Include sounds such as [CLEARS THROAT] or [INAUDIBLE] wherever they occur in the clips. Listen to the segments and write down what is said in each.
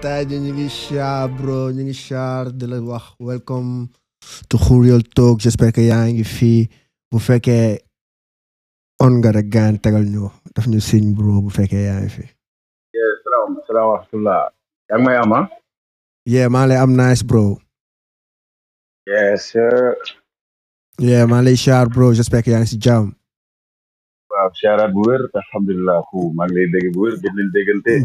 Tadio ñu ngi char bro ñu ngi char di wax welcome to Xoureul Talk j'espère que yaa ngi bu fekkee on nga rek gaan ñu daf ñu signe bro bu fekkee yaa fi. salaam salaam wa rahmatulah. am ah. yeah maa lay am bro. yes sir. yeah char bro j'espère que yaa ngi si jàmm. waaw charaat bu bu wér gën leen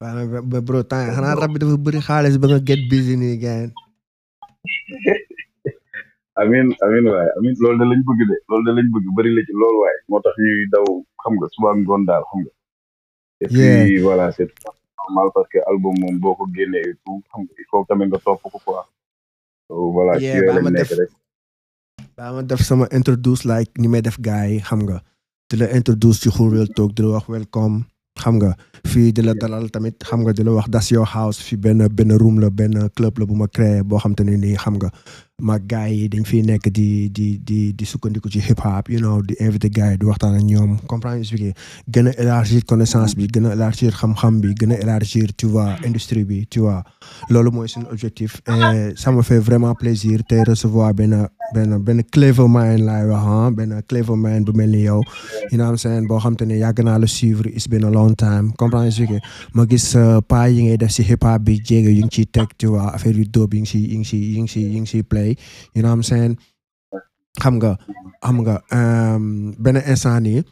waaw ba rab bi dafa bari xaalis ba nga get busy nii gaan [LAUGHS] amin amin waaye amin loolu da lañ bëgg de loolu da lañ bëgg bëri la ci loolu moo tax daw xam nga suba ngoon daal xam nga parce que album moom boo ko génnee il faut tamit nga topp ko quoi voilà ci yooyu introduce like ni may def gars yi xam nga di la introduce ci Xur Real Talk di wax welcome xam nga fii di la dalal tamit xam nga di la wax das your house fi benn benn room la benn club la bu ma créé boo xam te ne nii xam nga ma gars yi dañ fiy nekk di di di di sukkandiku ci hip hop you know di invité gars yi di waxtaan ak ñoom comprendre expliqué gën a élargir connaissance bi gën a élargir xam-xam bi gën a élargir tu vois industrie bi tu vois loolu mooy suñu objectif et ça me fait vraiment plaisir tey recevoir benn benn benn clever mind laay wax ah benn clever mind bu mel ni yow you know what boo xam te ne yàgg naa la suivre it's been comprendre expliqué ma gis euh, pas yi ngay def si hip hop bi jéego yi ngi ciy teg tu affaire yu dóob yi ngi ciy yi ngi ciy yi ngi ciy yi ngi ciy play you know am seen xam nga xam nga euh, benn instant nii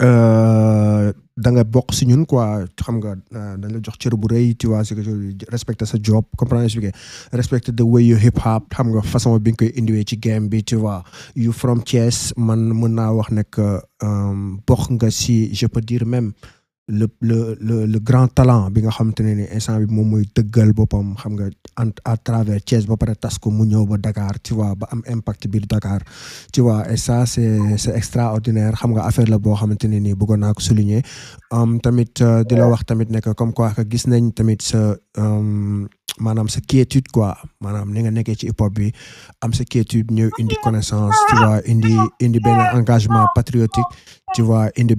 euh, da nga bokk si ñun quoi xam nga dañ la jox cër bu rëy tu vois si respecter sa job comprendre expliqué respecter the way you hip hop xam nga façon bi nga koy indiwee ci game bi tu vois you from Thiès man mën naa wax nekk bokk nga si je peux dire même le le le le grand talent bi nga xamante ne ni instant bi moom mooy dëggal boppam xam nga en à travers Thiès ba pare tas ko mu ñëw ba Dakar tu vois ba am impact biir Dakar tu vois et ça c' extraordinaire xam nga affaire la boo xamante ne nii bëggoon naa ko souligner tamit euh, di la wax tamit nekk comme quoi que gis nañ tamit sa euh, maanaam sa quiétude quoi maanaam ni nga nekkee ci hip hop bi am sa quiétude ñëw indi connaissance tu vois indi indi benn engagement patriotique tu vois indi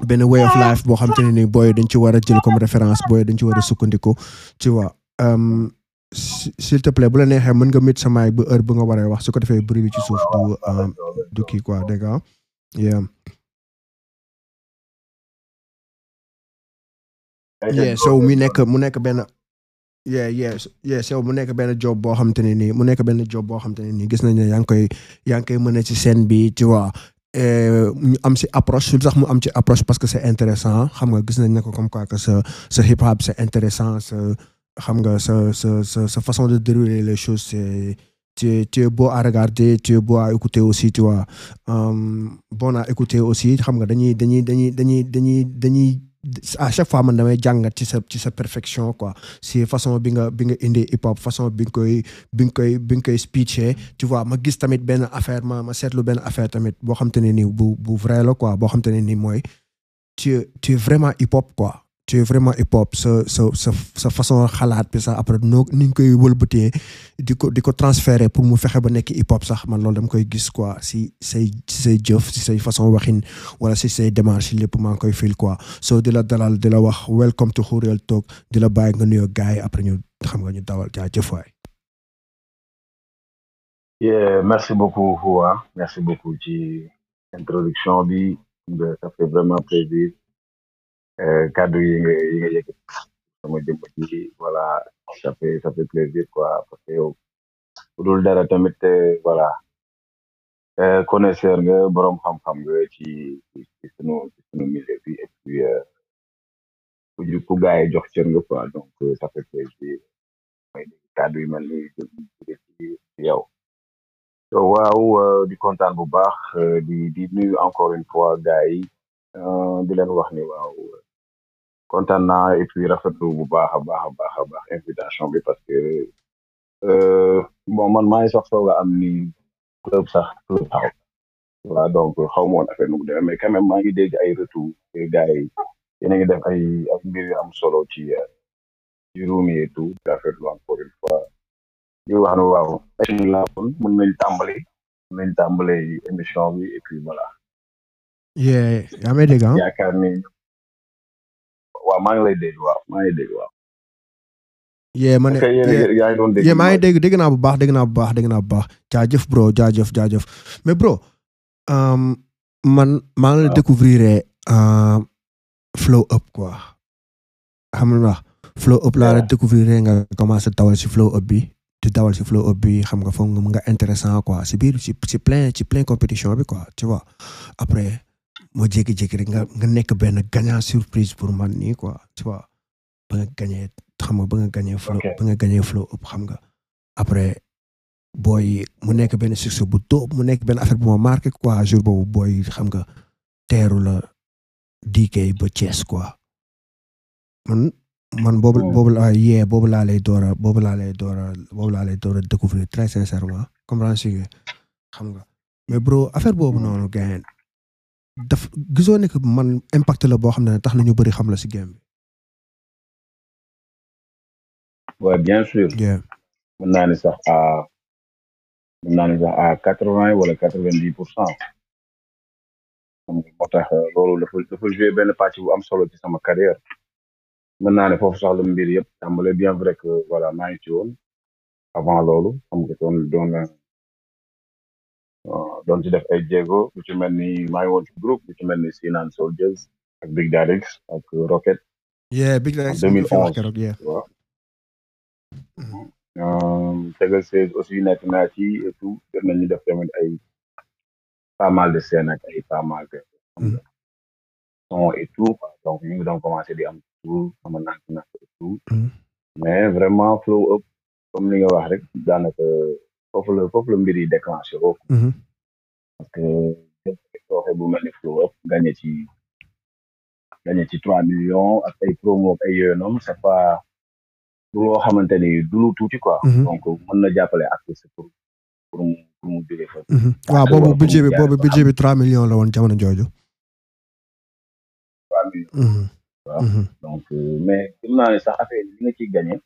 benn way of life boo xam ne ni booy dañ ci war a jël comme référence booy dañ ci war a sukkandiku tu vois s'il te plaît bu la neexee mën nga mit sa mic ba heure bu nga waree wax su ko defee bruit bi ci suuf du du kii quoi dégg nga yeah yeah so mu nekk mu nekk benn yeah job boo xam te ne nii mu nekk benn job boo xam ne nii gis nañ yaa ngi koy yaa ngi koy mën a ci scène bi tu Euh, ñu am ci approche lu tax mu am ci approche parce que c'est intéressant xam nga gis nañ ne ko comme quoi que sa sa hip hop c'est intéressant sa xam nga sa sa sa sa façon de dérouler les choses c'est tu es tu es beau à regarder tu écouter aussi tu vois euh, bon à écouter aussi xam nga dañuy dañuy dañuy dañuy dañuy dañuy à chaque fois man damay jàngat ci sa ci sa perfection quoi si façon bi nga bi nga indi hip hop façon bi nga koy bi nga koy bi nga koy speeché tu vois ma gis tamit benn affaire ma ma seetlu benn affaire tamit boo xam te ne nii bu bu vrai la quoi boo xam te ne nii mooy tu tu vraiment hip hop quoi tu vraiment hip hop sa sa sa façon xalaat bi sax après noo ni ñu koy wëlbatee di ko di ko transférer pour mu fexe ba nekk hip hop sax man loolu dama koy gis quoi si say say jëf si say façon waxin wala si say démarche lépp maa ngi koy fil quoi soo di la dalal di la wax welcome to Xouréel Talk di la bàyyi nga nuyoo gars yi après ñu xam nga ñu dawal jaajëf waay. Yeah, merci ci kàddu euh, yi nga yi nga yëg sama jëmm voilà ça fait plaisir quoi parce que yow bu dul dara tamit euh, voilà euh, connaisseur nga boroom xam-xam nga ci ci sunu ci bi et puis ku ku gars jox cër nga quoi donc ça fait plaisir mooy kàddu yi mel ni jóge ci yow waaw di kontaan bu baax di di nuyu encore une fois gars di leen wax ni kontaan naa et puis bu baax a baax a baax a baax invitation bi parce que euh, bon man maa ngi sax soog a am ni club sax club taxaw donc xaw ma a affaire nu mu demee mais quand même maa ngi dégg ay retour gars yi yéen a ngi def ay ay am solo ci ci ruum yi et tout rafetlu encore une fois di wax ne waaw émission laa kon mën nañ tàmbali mën émission bi et puis voilà. yaa ngi waaw maa ngi lay ma maa ngi dégg dégg naa bu baax dégg naa bu baax dégg naa bu baax jaajëf bro jaajëf jaajëf mais bro um, man maa ngi la ah. découvrir um, flow up quoi xam nga flow up laa la découvrir nga commencé tawal si flow up bi di dawal si flow up bi xam nga foog nga intéressant quoi si biir si si plein si plein compétition bi quoi tu vois après. moo jékki-jékki rek nga nga nekk benn gagnant surprise pour man nii quoi tu vois ba nga gagné xam nga ba nga gagné flow ba nga gagné flow ëpp xam nga après booy mu nekk benn succès bu dóob mu nekk benn affaire bu ma marqué quoi jour boobu booy xam nga teeru la DK ba Thiès quoi man man boobu hmm. boobu laa yee boobu laa lay door a boobu laa lay boobu laa lay door a découvrir très sincèrement comprendre xam nga mais bro affaire boobu hmm. noonu gain daf gisoo ne man impact la boo xam ne tax na ñu bari xam la si game bi. bien sûr. mën naa ne sax à mën naa ne sax à quatre vingt wala quatre vingt dix pour cent. xam nga moo tax euh, loolu dafa benn pàcc bu am solo ci sama carrière. mën naa ne foofu sax la mbir yëpp tàmbale bien vrai que voilà maa ngi avant loolu xam nga doon doon ci def ay jéego lu ci mel ni maa ngi woon ci groupe lu ci mel ni Sinan Soldiers ak Big Daddy X ak Rocket. yeah Big Daddy X 2011 waaw. Um, tegal sees aussi nekk naa ci et tout def nañu def tamit ay pas mal de scène ak ay pas mal de. Mm-hmm. son et donc ñu ngi doon commencé di am tout sama nànk-nànk et mm-hmm. mais vraiment flow up comme li nga wax rek daanaka. foofu la foofu la mbir yi déclenché woo. Mhm. parce que sooxe ci gagné ci trois millions ak ay promo ak ay yooyu noonu c'est pas du loo ni du tuuti quoi. Mhm. donc na jàppale artiste pour pour mu pour mu mhm. trois millions la woon jamono jooju. trois millions. waaw donc euh, mais gëm naa ne sax affaire yi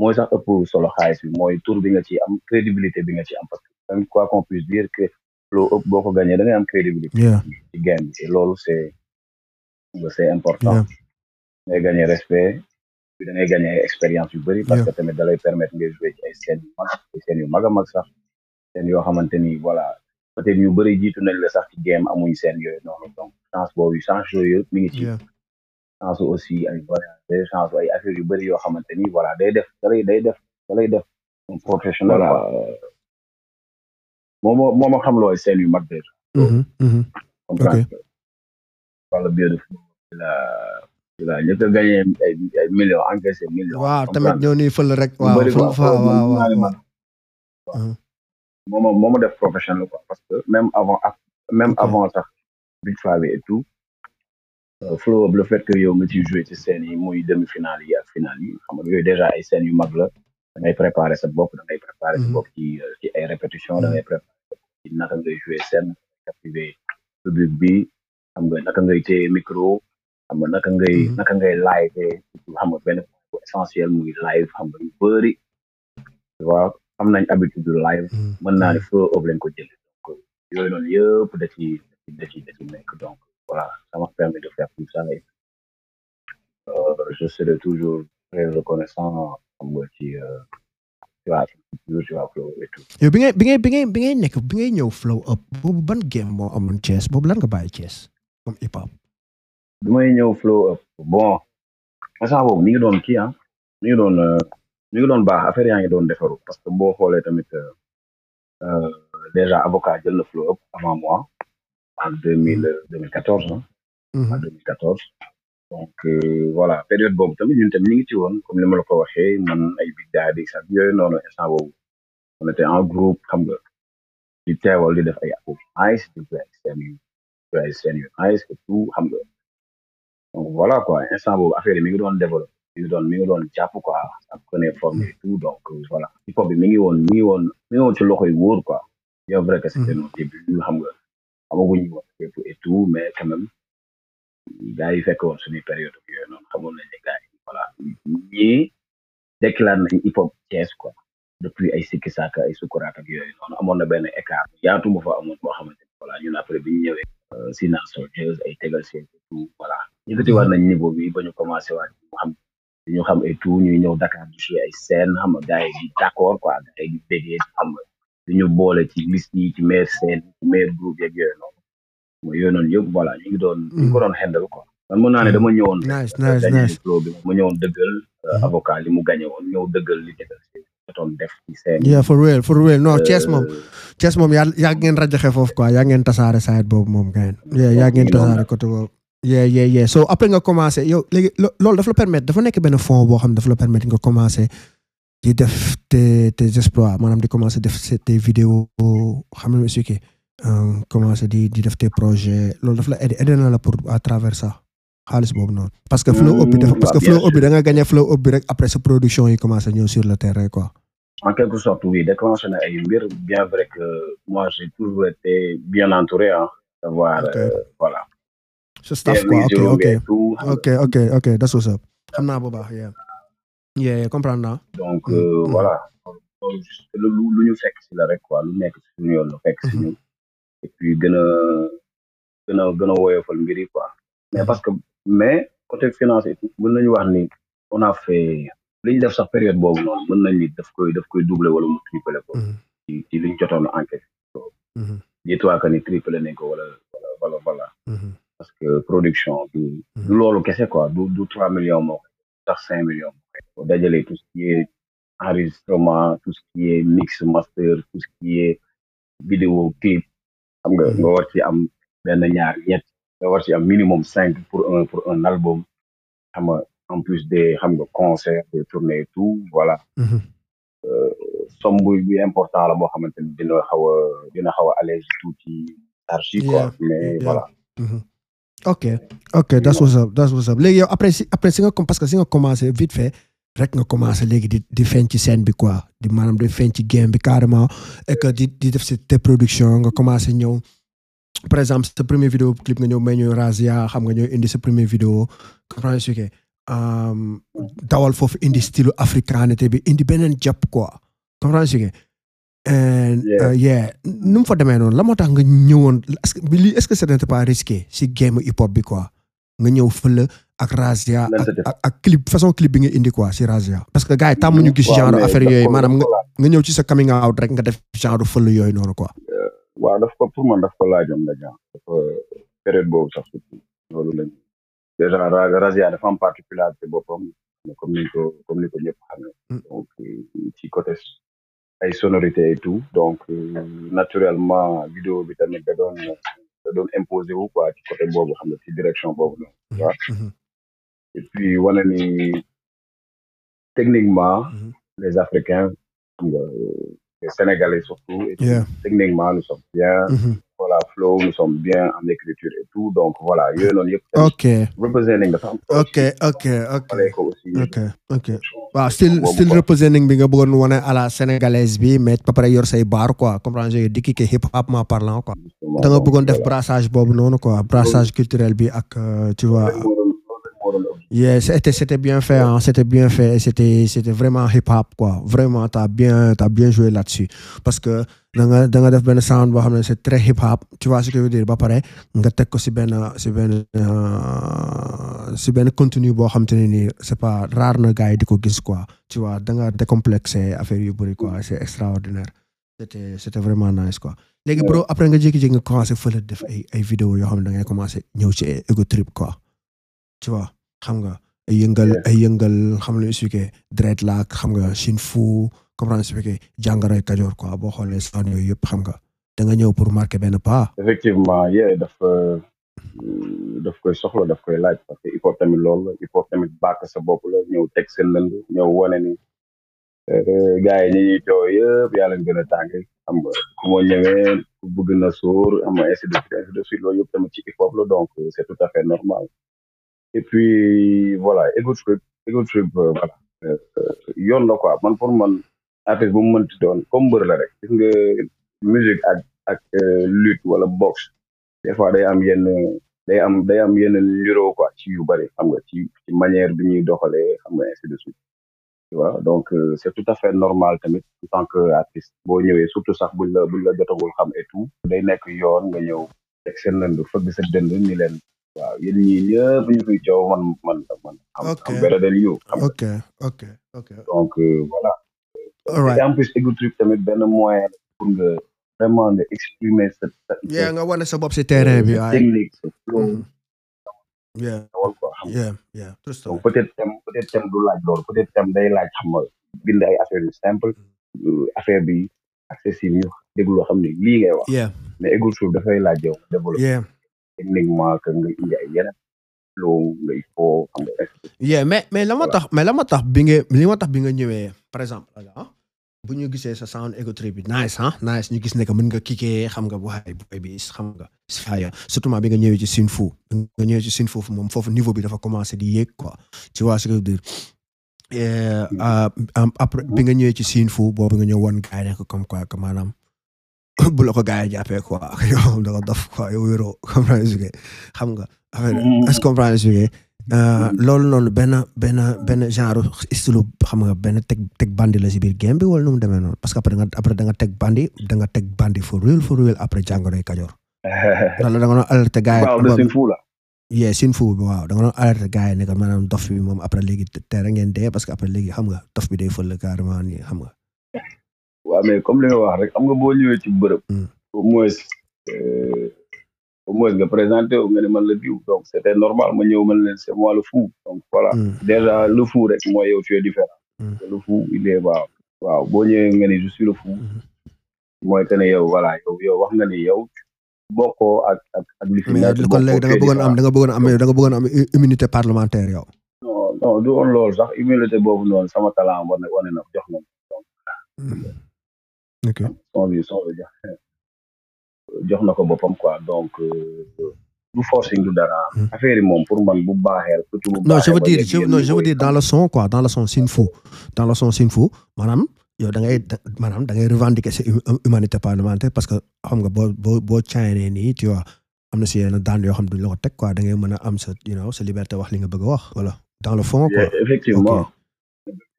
mooy sax ëpp solo xaalis bi mooy tour bi nga ci am crédibilité bi nga ci am parce que quoi qu'on puisse dire que loo ëpp boo ko gagné da ngay am crédibilité ci gain bi loolu c'est c'est important ngay gagné respect bi da ngay gagné expérience yu bëri parce tamit da lay permettre ngay jouer ci ay yu mag mag a mag sax scène yoo xamante ni voilà peut-être ñu bëri jiitu nañ la sax ci game amuñ scène yooyu noonu donc chance boobu chance yooyu yëpp mi ngi ci chance aussi a voyages chance ay affaires yu bëri yoo xamante ni voilà day def da lay day def da lay def un professionnel a moom xam looy seen yu mag déjà comprendre par le biais de la la ñëkk a gagné ay ay millions encaissé ni fël rek waaw waaw waaw mhm. moom def professionnel quoi parce que même avant même avant sax Euh, flow up le fait que yow nga ciy joué ci scène yi muy demi-finale yi ak finale yi xam nga yooyu déjà ay scènes yu mag la da ngay préparé sa bopp da ngay préparé mhm. euh, mhm. sa bopp ci ci ay répétition da ngay préparé ci naka ngay joué scène captivé public bi xam nga naka nga téye micro xam nga naka ngay mhm. naka nga benn bu essentiel muy live xam nga yu bëri waaw am nañ habitude live mën naa ne flow ko jëlee donc yooyu noonu yëpp da ci da ci voilà, ça m'a permis de faire comme ça. Et, euh, je serai toujours très reconnaissant am nga ci flow et tout. yow bi ngay bi ngay bi ngay ñëw flow up boobu ban game moo amoon Thiès boobu lan nga bàyyi Thiès comme hip may ñëw flow up bon instant boobu mi ngi doon kii ah mi ngi doon euh, mi ngi doon baax affaire yaa ngi doon defaru parce que boo xoolee tamit euh, euh, déjà avocat jël flow up avant moi. en 2000 2014 ah. en 2014. donc euh, voilà période boobu tamit ñun tamit ñu ngi ci woon comme ni ma la ko waxee man ay big daddy sax yooyu noonu instant boobu on était en groupe xam nga di teewal di def ay affaires yu nice di jouer ay scènes yu jouer ay scènes xam nga donc voilà quoi instant affaire yi ngi doon développé mi ngi mi ngi doon jàpp quoi ça prenait forme et donc euh, voilà hip hop bi mi ngi woon mi ngi woon mi ngi woon ci loxo yu wóor quoi vrai que c'était mhm. nos débuts amaguñu woon fépp et tout mais quand même gars yi fekk suñuy période ak xamoon nañ ne gars yi voilà ñii déclare nañ hip hop Thiès quoi depuis ay sikki saaka ay sukuraat ak yooyu noonu amoon na benn écart yaatu fa amoon boo xamante ni voilà ñun après bi ñu ñëwee euh, Sina Soldiers ay tegal seen et tout voilà yëkkati waat nañ niveau bi ba ñu commencé waat ñu xam ñu xam ñuy ñëw Dakar di jouer xam nga gars yi di d' xam yu ñu boole ci liste yi ci maire seen ci maire groupe yeeg yooyu noonu mooy yooyu noonu yëpp voilà ñu ngi doon ñu ko mm. doon xendal quoi man mën naa ne dama ñëwoon euh, flow bi ma ñëwoon euh, mm. woon ñëw dëggal li dëggal si doon def euh, moom Thiès moom yaa yaa ngeen rajaxe foofu quoi yaa ngeen tasaare side boobu moom gayen mm, yaa ngeen tasaare côté boobu yeah yeah yeah après nga commencé yow léegi loolu dafa la permettre dafa nekk benn fond boo xam ne dafa la permettre nga commencé di def te tes exploits maanaam di commencé def tes vidéos xam nga expliqué euh, commencé di di def tes projets loolu daf la aidé aidé na la pour à traversa ça xaalis boobu noonu. parce que flow up parce que flow bi da nga gagné flow up bi rek après sa production yi commencé ñëw sur le terrain quoi. en quelque sorte oui da commencé na ay mbir bien vrai que moi ok euh, ok ok ok ok that's what's up xam naa bu baax yeah. yeah comprendre donc mm, euh, mm. voilà loolu lu ñu fekk si la rek quoi lu nekk suñu yoon la fekk si ñu mm-hmm. et puis gën a gën a gën mbir yi quoi mais parce que mais côté finance et tout mën nañu wax ni on li ñu def sax période boobu noonu mën nañu daf koy daf koy double wala mu tripler ko mm-hmm. ci ci li ñu jotoon enquête jituwaaka mm-hmm. nañ ko wala parce que production du du loolu kese quoi du du trois millions moo koy tax cinq millions boo dajalee tout ce qui est enregistrement tout qui est mix master tout qui est vidéo clip xam nga mhm. nga war ci am benn ñaar ñett nga war ci am minimum cinq pour un pour un album xam nga en plus des xam nga concerts des tournées et tout voilà mhm. euh, somme bu important la boo xamante ni dina xaw a dina xaw a allégé tuuti archi quoi mais mhm. ok ok that's what's up that's what's up après si après si nga commencé vite fait rek nga commencé léegi di di feeñ ci scène bi quoi di maanaam di feeñ ci game bi carrément et di di def sa production nga commencé ñëw par exemple sa premier vidéo clip nga ñëw may ñëw Razia xam nga ñëw indi sa premier vidéo comprendre expliqué dawal foofu indi style africanité bi indi beneen jàpp quoi comprendre expliqué and uh, nu mu fa demee noonu la moo tax nga ñëwoon est-ce que lii est-ce que ce n'était pas risqué si game hip hop bi quoi nga ñëw fële ak Razia ak ak clip façon clip bi nga indi quoi si Razia. parce que gars yi tàmm ñu gis genre affaire yooyu maanaam nga ñëw ci sa coming out rek def genre fël yooyu noonu quoi. Euh, waaw daf ko pour man daf ko laajoon nga ah. jàng dafa période boobu sax surtout loolu lañ déjà Razia dafa am boppam comme ni ko comme ni ko ñëpp xamee hmm. euh, ci côté ay sonorité et tout donc euh, naturellement vidéo bi tamit da doon da doon imposé wu quoi ci côté boobu xam ne ci direction boobu noonu et puis wane ni techniquement mhm. les Africains euh, Sénégalais surtout et techniquement nous sommes bien mhm. voilà flow nous sommes bien en écriture et tout donc voilà yooyu noonu yëpp ok ok ok ok ok ok waaw style style representing bi nga bëggoon wane à la sénégalaise bi mais ba pare yor say baar quoi comprendre hip hop parlant quoi da nga euh, def brassage boobu noonu quoi brassage culturel bi ak euh, tu Yeah, c'était, c'était bien fait, hein, c'était bien fait. C'était, c'était vraiment hip-hop, quoi. Vraiment, t'as bien, t'as bien Parce que da nga def benn sound boo xam ne c'est très hip-hop. Tu ce que je dire ba pare nga teg ko si benn si benn euh, si benn contenu boo xam te ne nii c'est pas rare na gars di ko gis quoi. Tu vois da nga décomplexé affaire yu bëri quoi c'est extraordinaire. c'était c'était vraiment nice quoi. léegi bro après nga jékki-jékki nga commencé fële def ay ay yoo xam ne da ngay commencé ñëw ci ego trip quoi. Tu xam nga ay yëngal ay yëngal xam nga lu expliqué dreadlock xam nga chin fu comprendre expliqué jàngoroy kajoor quoi boo xoolee fan yooyu yëpp xam nga da nga ñëw pour marquer benn pas effectivement yee daf daf koy soxla daf koy laaj parce que hip hop tamit loolu la hip tamit bàkk sa bopp la ñëw teg sa lënd ñëw wane ni euh, gars yi ñuy tooy yëpp yàlla gën a tàng xam nga bëgg na sóor am ainsi de suite ainsi de suite tamit ci hip hop la donc c'est tout à fait normal et puis voilà ego trip ego trip voilà euh, yoon la quoi man pour man artiste bu mu mënti doon comme mbër rek gis nga musique ak ak euh, lutte wala boxe des fois day am yenn day am day am yenn niroo quoi ci yu bëri xam nga ci manière bi ñuy doxalee xam nga ainsi de suite tu donc euh, c'est tout à fait normal tamit en tant que artiste boo ñëwee surtout sax buñ la buñ la jotagul xam et day nekk yoon nga ñëw teg seen lënd fëgg sa ni leen waaw yéen ñi ñëpp ñu koy coow man man man. ok am benn benn en plus ego trip tamit benn moyen pour nga vraiment nga exprimer sa. yaa nga wane sa si terrain bi waaye. technique sa flow. Mm-hmm. yeah yeah du laaj loolu peut être day laaj xam nga bind ay affaire bi simple affaire bi accessible ñu déglu xam ne lii ngay wax. mais ego trip dafay laaj yow nañ ma que nga indi loo nga yeah mais mais la ma tax mais la ma tax bi nga li ma tax bi nga ñëwee par exemple ah, bu ñu gisee sa sound ego trip bi nice ah nice ñu gis ne que mën nga kiikee xam nga waaye boy bi xam nga faya surtout ment bi nga ñëwee ci sin fou nga ñëwee ci sin foofu moom foofu niveau bi dafa commencé di yéeg quoi tu vois ce que je veux euh, mm. après bi nga ñëwee ci sin fou boobu nga ñëw woon ne comme quoi que maanaam bu la ko gaa yi jàppee quoi yow da nga dof quoi yow yoroo comprendre suñu xam nga. est-ce que comprendre suñu loolu noonu benn benn benn genre style xam nga benn teg teg bandi la si biir game bi wala nu mu demee noonu parce que après da nga après da nga teg bandi da nga teg bandi for real for real après jàngoroy Kajoor. loolu da nga doon alerter dof bi moom après léegi tere ngeen dee après léegi xam nga dof bi day fël carrément nii xam nga. waaw mais comme li nga wax rek am ga boo ñëwee ci bërëb. Hmm. au moins euh, au moins nga présenté wu nga ne man la diw donc c' était normal ma ñëw ma ne leen c' est moi le fou donc voilà. Hmm. déjà le fou rek mooy yow tu es différent. Hmm. le fou il est waaw. boo ñëwee nga ne je suis le fou. yow voilà yow wax nga ni yow. bokkoo ak ak ak li fi mais kon léegi da nga bëggoon am da nga bëggoon am da nga bëggoon am immunité parlementaire yow. non non du woon loolu sax immunité boobu noonu sama talent wane na jox na ok jox na ko boppam quoi donc euh, du forcing du dara. Hmm. affaire yi moom man bu baaxee surtout bu baaxee non je veux dire je je veux dire dans le son quoi dans le son sin fou dans le son sin fou maanaam yow da ngay maanaam da ngay revendiquer sa humanité parlementaire parce que xam nga bo bo boo caayee nii tu vois am na si yenn daan yoo xam duñ la ko teg quoi da ngay mën a am sa you liberté wax li nga bëgg a wax wala dans le fond quoi effectivement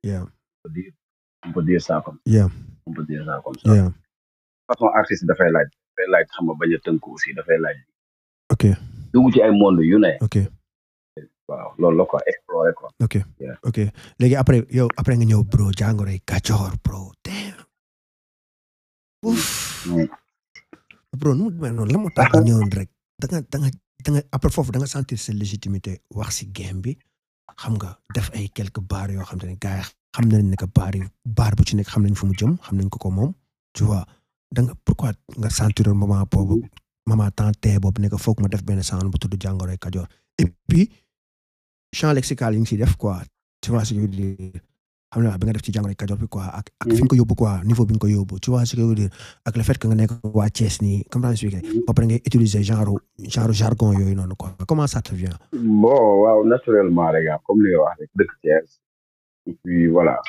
yeah on peut dire dafay laaj dafay laaj xam nga bañ a tënk dafay laaj. ok dugg ci ay waaw loolu la quoi explorer après yow après nga ñëw bro jàngoro Kajoor bro damn. ouf. Mm. bro nu mu demee noonu la moo tax nga ñëwoon rek da nga da après foofu da nga sentir sa légitimité wax si game bi xam nga def ay quelques bar yoo xam te ne gars xam nañ ne que baar baar bu ci nekk xam nañ fu mu jëm xam nañ ko ko moom tu vois da nga pourquoi nga sentir moment boobu moment temps tee boobu ne que ma def benn sang bu tudd jàngoroy Kajoor et puis champ lexical yi ngi ciy def quoi tu vois ce que je veux dire def ci jàngoroy Kajoor bi quoi ak ko yóbbu quoi niveau bi nga ko yóbbu tu vois ce que je ak le fait que nga nekk waa Thiès nii comme ça expliqué ba pare utiliser genre genre jargon yooyu noonu quoi comment ça te vient bon waaw naturellement et voilà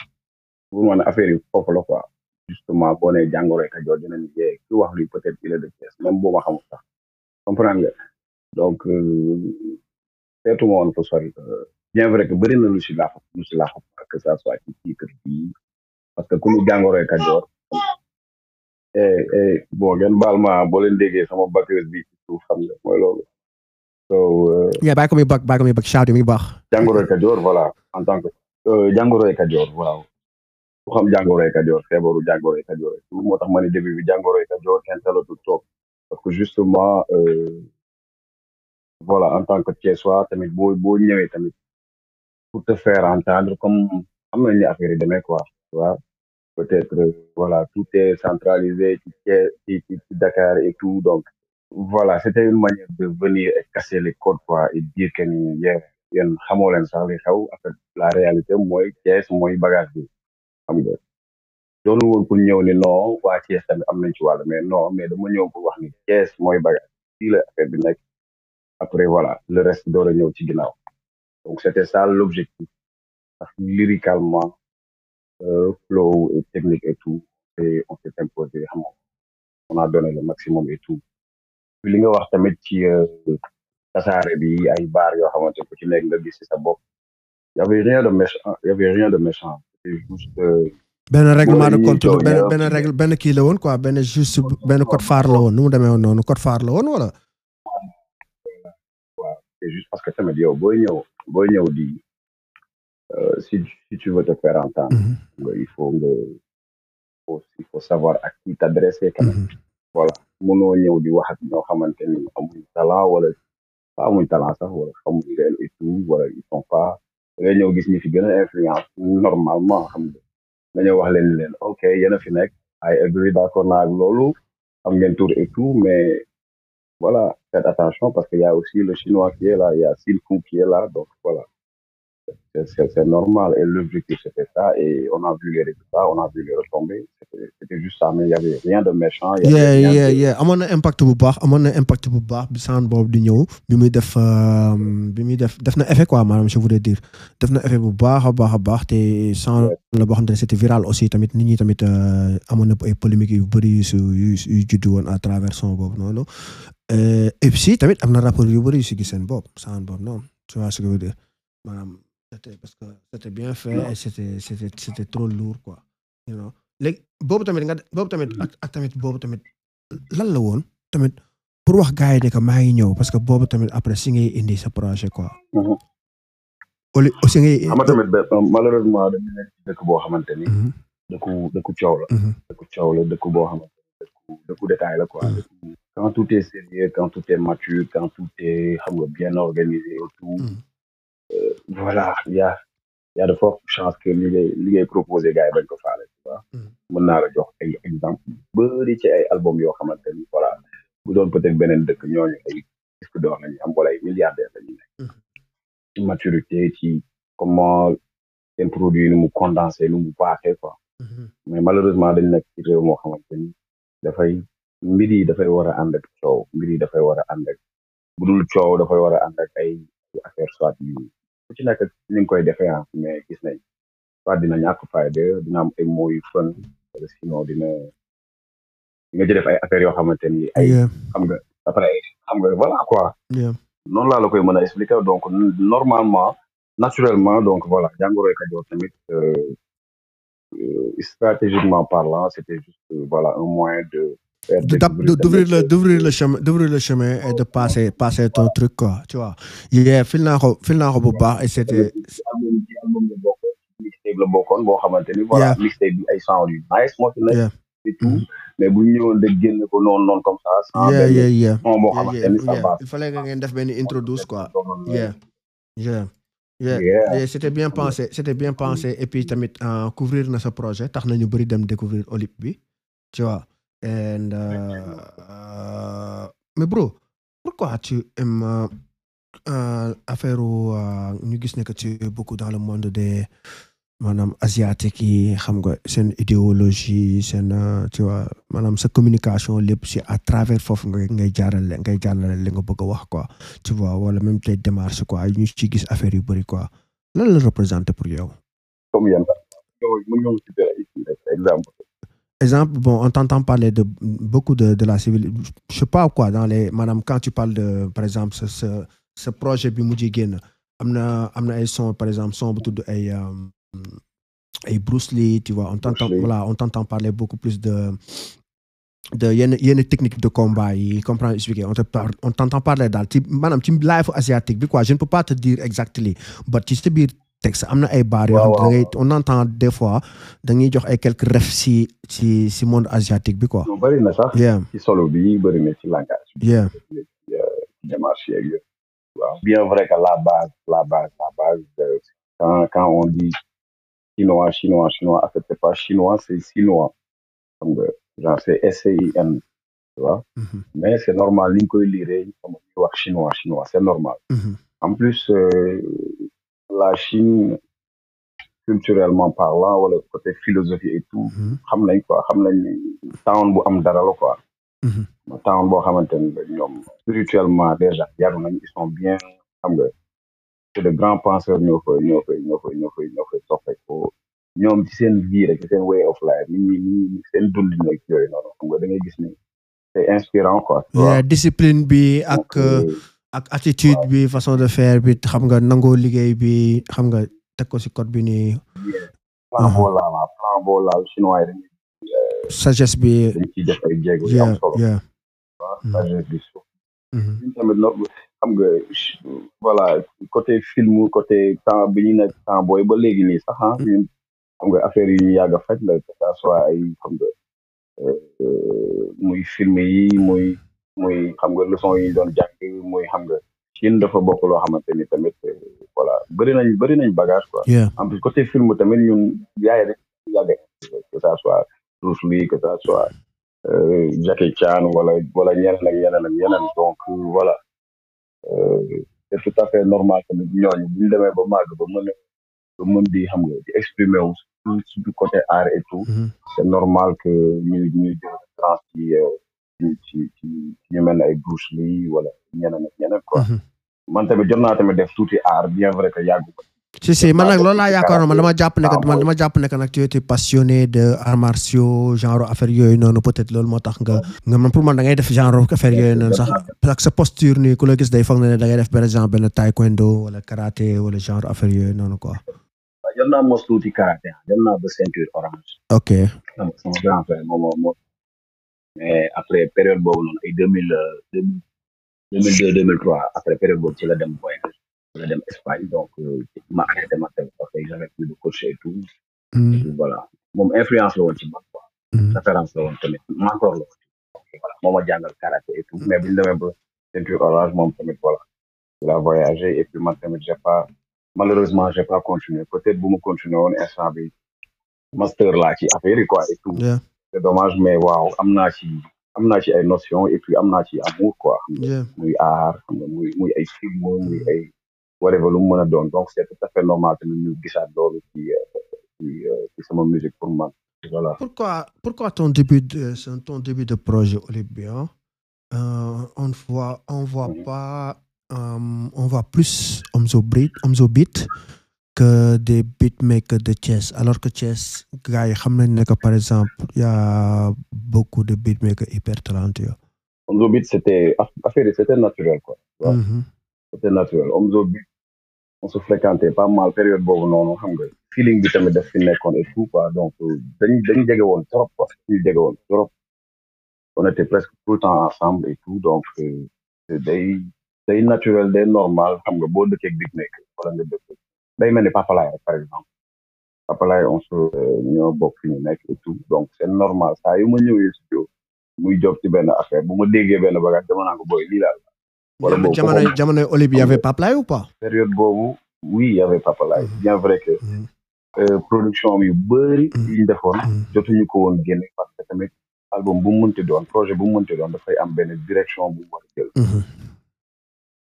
pour man affaire yi foofu la quoi justement boo nee jàngoro Kajoor dinañ ki wax luy peut-être il est de Thiès même boo ma xamul sax comprendre nga donc euh, seetuma woon fa sori euh, bien vrai que bëri na lu si que ça soit ci titre bi parce que ku ñu jàngoro Kajoor eh eh bon ngeen baal sama bakkees bi ci suuf xam nga mooy bak euh, bàyyi ko muy bak mi baax. jàngoro en tant Euh, jàngoroy Kajoor waaw ku xam jàngoroy Kajoor feebaru jàngoroy moo tax ma ne début bi jàngoroy Kajoor kenn talatul justement euh, voilà en tant que Thiessois tamit boo boo ñëwee tamit pour te faire entendre comme am nañ ni affaire yi peut-être euh, tout est centralisé Dakar et donc voilà c'était une manière de venir et casser les codes quoi et dire yéen xamoo leen sax li xew en la réalité mooy Thiès mooy bagage bi xam nga doonul woon pour ñëw ni non waa am nañ ci wàll mais non mais dama ñëw pour wax ni Thiès mooy bagage fii la affaire bi nekk après voilà le reste door a ñëw ci ginnaaw donc c'était ça l'objectif parce que lyricalement euh, flow technique et tout et on s'est imposé xam nga on maximum et tout li wax tamit ci euh, tasaare bi ay baar yoo xamante ku ci nga gis ci sa bopp y avait rien de méchant y avait rien de méchant c'est juste euh, benn règlement kii la woon quoi benn juste benn code phare la woon nu mu demee woon noonu code phare la woon wala waaw c'est juste parce que tamit yow booy ñëw booy ñëw di euh, si si tu veux te faire entendre mm-hmm. il mm-hmm. di wax ak xamante ni amuñ talent wala pas amuñ talent sax wala xamuñ leen et tout wala ils sont pas da ngay gis ñu fi gën a influence normalement xam nga nga wax leen leen ok yéen a fi nekk ay agree d'accord loolu am ngeen tour et tout mais voilà faites attention parce que y a aussi le chinois qui est là y a Silkou qui donc voilà c'est normal. Et l'objectif, c'était ça. Et on a on a vu les retombées. C'était juste ça, mais amoon na impact bu baax amoon na impact bu baax bi sound di ñëw bi muy def euh, bi muy def def na effet quoi maanaam je voulais dire def na effet bu baax a baax a baax te sound la boo xam aussi tamit nit ñi tamit euh, amoon na ay polémiques yu bëri yu si yu juddu woon boobu noonu euh, tamit am na rapport yu bëri yu si gis seen bopp sound boobu noonu tu vois que je dire c'était parce que bien fait et c'était c'était c'était trop lourd quoi you boobu tamit nga boobu tamit mm. ak tamit boobu tamit lan la woon tamit pour wax gars yi ne que maa ngi ñëw parce que boobu tamit après si ngay indi sa projet quoi. Mm-hmm. au aussi ngay. xam nga tamit malheureusement dañu nekk ci dëkk boo xamante ni. Mm-hmm. dëkku dëkku coow la. Mm-hmm. dëkku coow la dëkku boo xamante ni dëkku dëkku détail la quoi. xam nga bien organisé et tout. Euh, voilà y a y a de fortes chances que li ngay li faale tu vois mm. mën naa la jox ay exemple bëri ci ay album yoo xamante ni voilà bu doon peut-être beneen dëkk ñooñu ay disque d'or lañu am wala ay milliardaires lañu nekk mm. ci maturité ci comment seen produit nu mu condensé nu mu baaxee quoi mm-hmm. mais malheureusement dañ nekk ci réew moo xamante ni dafay mbir yi dafay war a ànd ak coow mbir dafay war a ànd ak bu dul coow dafay war a ànd ay affaire soit yu ku ci nekk ni koy defee ah mais gis nañ soit dina ñàkk fayda dina am ay mooy fën wala sinon dina dina ci def ay affaires yoo xamante ni ay xam nga après xam nga voilà quoi noonu laa la koy mën a expliquer donc normalement naturellement donc voilà jàngoroy Kajoor tamit euh, euh, stratégiquement parlant c'était juste euh, voilà un moyen de d'ouvrir le eh, d'ouvrir le chemin d'ouvrir le chemin et de passer passer ton truc quoi tu vois yeah fil naa ko bu baax et c'était mixtape la bokkoon boo xamante ni voilà mixtape bi ay sound mm-hmm. mais bu ñu de génn ko noonu noonu comme ça sans ni ça passe quoi yeah yeah Yeah. Yeah. c'était bien pensé c'était bien pensé et puis tamit euh, couvrir na sa projet tax nañu bëri dem découvrir Olip bi tu And uh, uh, mais bro pourquoi tu aimes affaire ñu gis ne que tu es beaucoup dans le monde des maanaam asiatique yi xam nga seen idéologie seen tu vois maanaam sa communication lépp si à travers foofu nga ngay jaarale ngay jaarale li nga bëgg a wax quoi tu vois wala même tey démarche quoi ñu ci gis affaire yu bëri quoi lan la pour yow. exemple. exemple, bon, on t'entend parler de beaucoup de, de la civilisation. Je sais pas quoi, dans les. Madame, quand tu parles de, par exemple, ce, ce, projet bi mujj génn am na am na ay son par exemple son bu tudd ay euh, ay Bruce Lee tu vois on t'entend voilà on t'entend parler beaucoup plus de de yenn yenn technique de combat yi comprendre expliquer on te parler daal ci maanaam ci life asiatique bi je ne peux pas te dire exactement but ci sa biir texte am na ay baar yoo xam da ngay on entend des fois dañuy jox ay quelques ref si si si monde asiatique bi quoi. bëri na sax. ci solo bi bëri na ci langage bi. Euh, démarche yeeg bien vrai que la base la base la base euh, de on dit chinois chinois chinois en pas chinois c'est chinois xam nga genre c'est mm-hmm. mais c'est normal li ñu koy lire comme chinois chinois c'est normal. Mm-hmm. la Chine culturellement parlant wala côté philosophie et tout mhm. xam nañ quoi xam nañ town bu am dara la quoi mhm. town boo xamante ne ñoom spirituellement déjà yaru nañ ils sont bien xam nga c'est de grands penseurs ñoo koy ñoo koy ñoo koy ñoo koy ñoo koy seen vie seen way of life ni ni ñuy dund nag yooyu noonu xam nga da ngay gis ni inspirant quoi discipline bi ak euh, ak attitude bi façon de faire bi xam nga nangoo liggéey bi xam nga teg ko si code bi nii. plan boo laal ah bi. dañ ciy def ay jéego yu mhm. mhm. nga voilà côté film côté temps bi ñu nekk ba léegi nii ah, mhm. nga affaire yi ñu yàgg faj la que ça soit euh, euh, muy film yi muy xam nga leçon yi ñu doon jàng muy xam nga Chine dafa bokk loo xamante ni tamit euh, voilà bëri nañ bëri nañ bagage quoi. en plus côté film tamit ñu yaay rek yàgg que ça soit Bruce Lee que ça soit euh, Jackie Chan wala wala ñeneen ak ñeneen ak ñeneen donc euh, voilà c'est tout à fait normal tamit ñooñu bu demee ba màgg ba mën ba xam nga di exprimer wu surtout côté art et tout mm-hmm. normal que ñu ñu jël trans ci ci mel ne ay Bruce Lee wala ñeneen ak ñeneen quoi. Mhm. man tamit jot naa tamit def tuuti art bien vrai que yàggu ko. si si man nag loolu laa yaakaaroon man dama jàpp ne que man dama jàpp ne que nag tu étais passionné de arts martiaux genre affaire yooyu noonu peut-être loolu moo tax nga nga man pour man da ngay def genre affaire yooyu sax posture nii ku la gis day foog ne da ngay def par exemple benn taekwondo wala karaté wala genre affaire yooyu noonu quoi. waaw jot naa mos ok mais après période boobu noonu ay deux mille deux mille deux deux trois après période boobu ci la dem voyage ci la dem Espagne donc euh, ma arrêté ma teg parce que j'avais plus de coach et mm. moom influence la ci man quoi. Mm. référence la ma bu ñu tamit a voyagé et puis man tamit j'ai pas malheureusement j'ai pas continué peut-être ma continué woon instant bi master laa ci affaire c'est dommage mais waaw am naa ci am naa ci ay notion et puis am naa ci amour quoi mm. a doon donc c'est tout à fait normal tamit ñu gisaat loolu ci ci man voilà pourquoi début de euh, ton début de projet Olympian euh, on voit on voit mm -hmm. pas euh, on voit plus Omzo Beat Omzo Beat que des beatmakers de Thiès alors que Thiès gars yi xam nañ ne que par exemple y a beaucoup de beatmakers hyper talentueux. Omzo Beat c'était affaire yi c'était naturel quoi. waaw mm -hmm. c'était naturel Omzo Beat on pas mal période boobu noonu xam nga feeling bi tamit def fi nekkoon et tout donc dañ dañu jege woon trop quoi dañu jege woon trop. on était presque tout le temps ensemble et tout donc euh, day day naturel day normal xam nga boo dëkkee beatmaker day mel ni Papa Laye rek par exemple Papa Laye on se ñoo bokk ñu nekk et donc c' normal saa yu ma ñëwee studio muy job ci benn affaire bu ma déggee benn bagage dama naa ko booy lii daal. wala boobu jamono jamono Olivier y' avait Papa Laye ou pas. période boobu oui y' avait Papa mm-hmm. bien vrai que. Mm-hmm. Euh, production am yu bëri. yi ñu defoon. Mm-hmm. jotuñu ko woon génne parce que tamit album bu mu doon projet bu mu doon dafay am benn direction bu mu war a jël.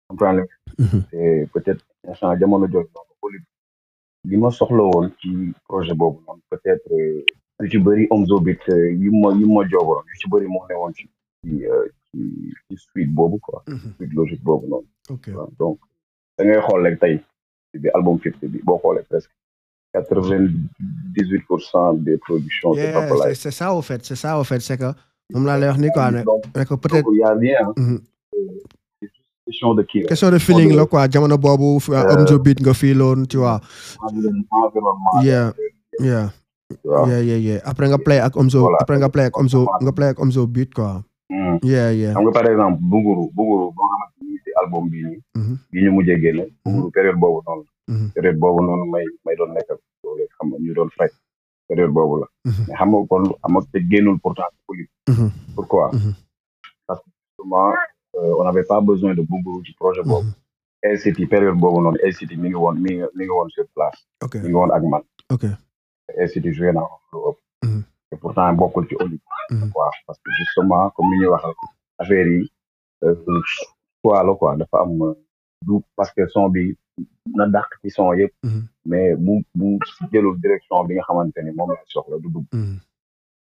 comprendre nga. te peut li ma soxla woon ci projet boobu noonu peut-être euh, yu ci bëri Omzo Beat euh, ma yu ma joogoon yu ci bëri moo ne woon ci euh, ci ci suite boobu quoi mhm. suite logique boobu noonu donc da ngay xool rek tey bi album fifty bi boo xoolee presque quatre vingt dix huit pour cent des productions de Papalaye c'est c'est ça au fait c'est que moom laa lay wax ni quoi ne question de kii question de la quoi jamono boobu am jo biit nga fiiloon tu vois environnement yeah yeah yeah yeah après nga play ak Omzo après nga play ak Omzo nga play ak Omzo beat quoi hmm. yeah nga par exemple Buguru Buguru boo xamante ni ci Buguru mm-hmm. mm-hmm. période boobu noonu mm-hmm. période boobu may may doon nekk loolu xam nga ñu doon faj période la mais xam nga kon am ak te génnul pourtant politique pourquoi parce Euh, on n'avait pas besoin de Bungur ci projet mhm. boobu. LCT période boobu noonu LCT mi ngi woon mi ngi mi ngi woon sur place. ok mi ngi woon ak man. ok LCT joué naa lu ëpp. et pourtant bokkul ci Olympique. waaw mhm. parce que justement comme ni ñuy wax affaire yi euh, choix la quoi dafa am euh, parce que son bi na dàq ci son yëpp. Mhm. mais bu bu jëlul direction bi nga xamante ni moom la soxla du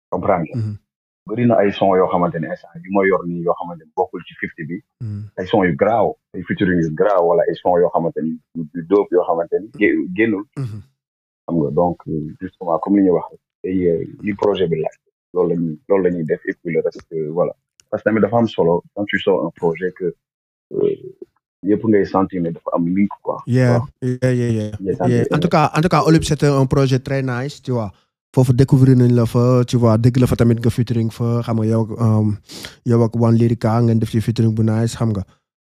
comprendre bëri na ay son yoo xamante ne instant yi mooy yor nii yoo xamante ne bokkul ci fifty bi hmm. ay son yu garaaw ay featuring yu garaaw wala ay son yoo xamante ni yu dóob yoo xamante ni génnul hmm. xam nga donc justement comme li ñuy wax ay li projet bi laaj loolu lañu def et puis le reste euh, voilà parce que tamit dafa am solo quand tu sors un projet que euh, yëpp ngay sentir ne dafa am link quoi yeah yeah yeah yeah en tout euh, cas en tout cas Olub c'était très nice tu vois foofu découvrir nañ la fa tu vois dégg la fa tamit nga featuring fa xam nga yow um, yow ak One Lyrica ngeen def ci featuring bu nice xam nga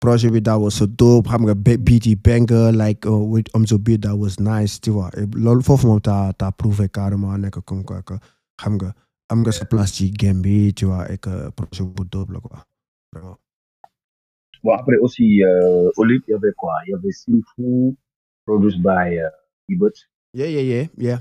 projet bi that was so dope xam nga beat yi banger like uh, with Omzo that was nice tu vois foofu moom ta ta prouvé carrément nekk comme quoi que xam nga am nga sa place ci game bi tu projet bu dope la quoi bon après aussi euh, Olympe y avait quoi y avait Sinfou produced by Ibot. Euh, yeah yeah yeah yeah.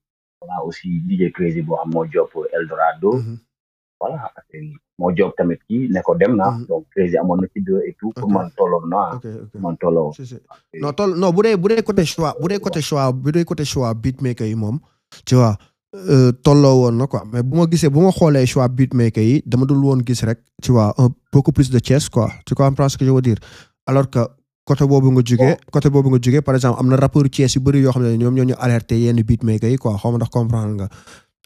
voilà aussi DJ boo xam moo job Eldorado mhm. voilà moo job tamit kii ne dem na mhm. donc Crazy amoon man tolloon na man tolloo ah, non toll non bu dee bu dee côté choix bu dee côté choix bu dee côté choix beatmaker yi moom tu vois euh, tolloo woon na quoi mais bu ma gisee bu ma xoolee choix beatmaker yi dama dul gis rek tu vois un beaucoup plus de chess quoi tu comprends ce que je veux dire alors que côté boobu nga jugee côté boobu nga jugee par exemple am na rapport Thiès yu bëri yoo xam ne ñoom ñoo ñu alerté yenn beatmaker yi quoi xaw ndax comprendre nga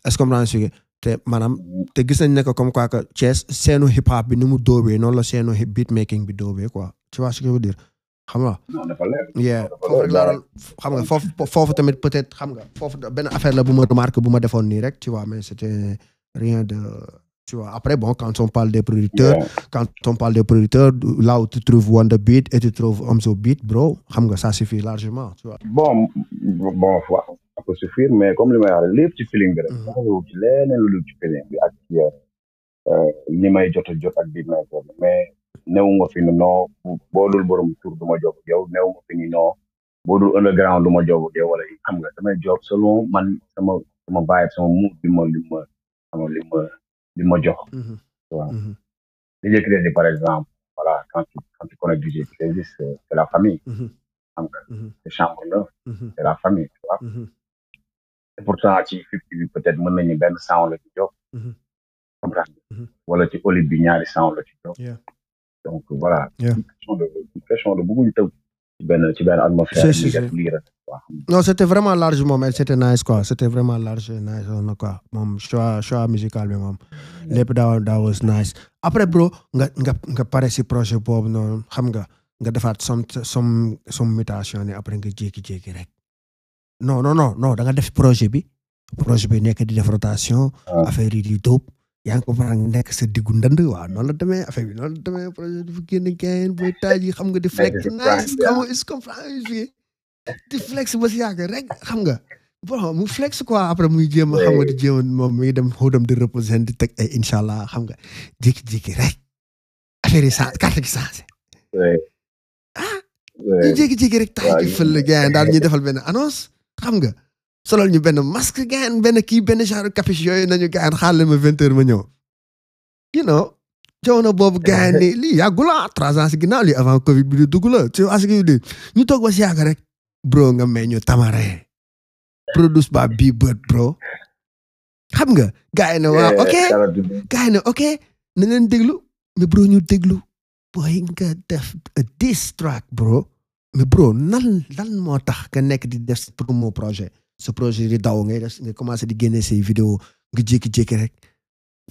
est-ce que comprendre te maanaam te gis nañ ne que comme quoi que Thiès seenu hip hop bi ni mu dóobee noon la seenu beatmaking bi dóobee quoi tu vois ce que je dire xam nga foofu rek laa xam nga foofu tamit peut-être xam nga foofu benn affaire la bu ma remarque bu ma defoon nii rek tu vois mais c'était Tu vois, après, bon, quand on parle des producteurs, yeah. quand on parle des producteurs, là où tu trouves Wonder Beat et tu trouves largement, tu Bon, bon, voilà. ça peut mais comme le meilleur, lépp ci feeling bi rek. dafa yow ci leneen lu ci feeling bi ak euh, euh, li may jot a jot ak bi may jot mais néew nga fi non boo dul borom tur du ma jóg ak yow néew nga fi dul underground du ma jóg ak yow wala xam nga damay jóg selon man sama sama vibe sama mood bi ma li ma ma li ma jox. Mhm. voilà mhm. li nga créé par exemple voilà quand tu quand tu connais budget crédit euh, c'est la famille. Mhm. xam nga c'est chambre la. c'est la famille tu vois. et pourtant ci fukki bi peut-être mën nañu benn la ci jox. comprendre wala ci de question de bëgguñu benn ci benn atmosphère. si non c' était vraiment large moom c' était nice quoi c' vraiment large nice on a moom choix choix musical bi moom lépp daa daa was nice après bro nga nga si projet boobu noonu xam nga nga defaat som som som mutation ne après nga jékki-jékki rek non non non non da nga projet bi projet bi nekk di def rotation ah. affaire yi di dóob yaa ngi comprendre nekk sa diggu ndand waaw noonu la demee affaire bi noonu la demee projet dafa génn gain booy taaj yi xam nga di flex nice xam nga is comprendre di flex ba si yàgg rek xam nga bon mu flex quoi après muy jéem a nga di jéem a moom mi dem xóotam di reposer di teg ay incha allah xam nga jékki-jékki rek affaire yi sa carte gi changé ah ñu jékki daal ñuy [LAUGHS] defal benn annonce xam nga solal ñu benn masque gaan benn kii benn genre capuche yooyu nañu gaan xaarale ma vingt heures ma ñëw you know jamono boobu gaan ni lii yàggul la ah, trois ans si avant covid bi di dugg la ci askan toog ba si yàgg rek bro nga may ñu tamare produce ba bii bro xam nga gars eh, ok gars ok na leen déglu mais bro ñu déglu booy nga def a bro mais bro nan lan moo tax nga nekk di def promo projet sa projet di daw ngay def nga commencé di génne say vidéo nga jékki-jékki rek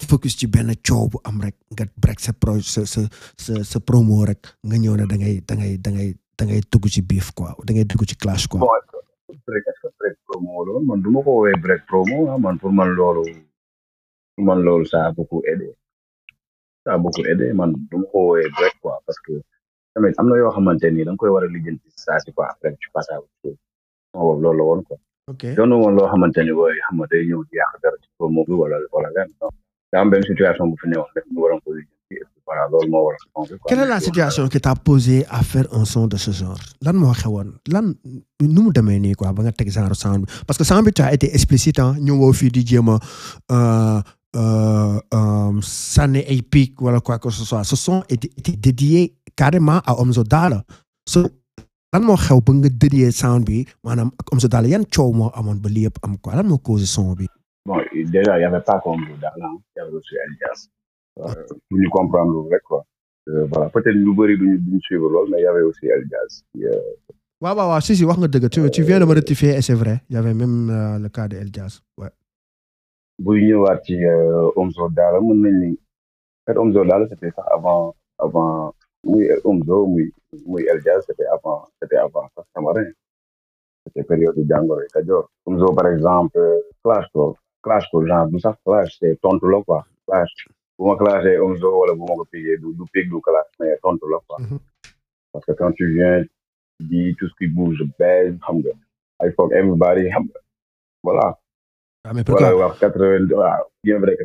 focus ci benn coow bu am rek nga break sa pro sa sa sa promo rek nga ñëw ne da ngay da ngay da ngay da ngay dugg si biif quoi da ngay dugg ci clash quoi. break est man duma ko woowee break promo ah, man pour man loolu pour man loolu ça a beaucoup aidé ça man du ma ko woowee break quoi parce que tamit am na yoo xamante ni da nga koy war a lijjanti saa si quoi après tu passes à woon quoi. ok doonu loo xamante ni booy xam nga day ñëw dara ci kaw moom wala wala situation bu fi newoon rek la situation qui t'a posé à faire un son de ce genre lan moo xewoon lan nu mu demee nii quoi ba nga teg genre son parce que son bi tu as été explicite ah ñëwoo fii di jéem euh, euh, euh, sànni ay pic wala quoi que ce soit ce son était dédié carrément à Omzo Dollar lan moo xew ba nga dédié sound bi maanaam ak Omzo Dollar yan coow moo amoon ba lii yëpp am ko lan moo causé son bi. bon déjà y avait pas Omzo Dollar y avait aussi Elias. Euh, pour ñu comprendre euh, bëri duñu duñu suivre lool mais euh, si si wax nga dëgg tu tu viens de me rectifier et c'est vrai y avait le cas de Elias ouais. buy ñëwaat ci Omzo Dollar mën nañ ni en fait Omzo Dollar c'était sax avant muy Omzo um muy muy El Diaz c'était avant c'était avant sax Samarin c'était période jàngoro yi Kajoor Omzo um par exemple clash ko genre du sax clash c'est tontu la quoi clash bu ma clashee Omzo um wala bu ma ko pigee du du pig du clash mais tontu la quoi mm-hmm. parce que quand tu di tout qui bouge baise xam nga I fuck everybody voilà. ah mais quatre-vingt waaw bien vrai que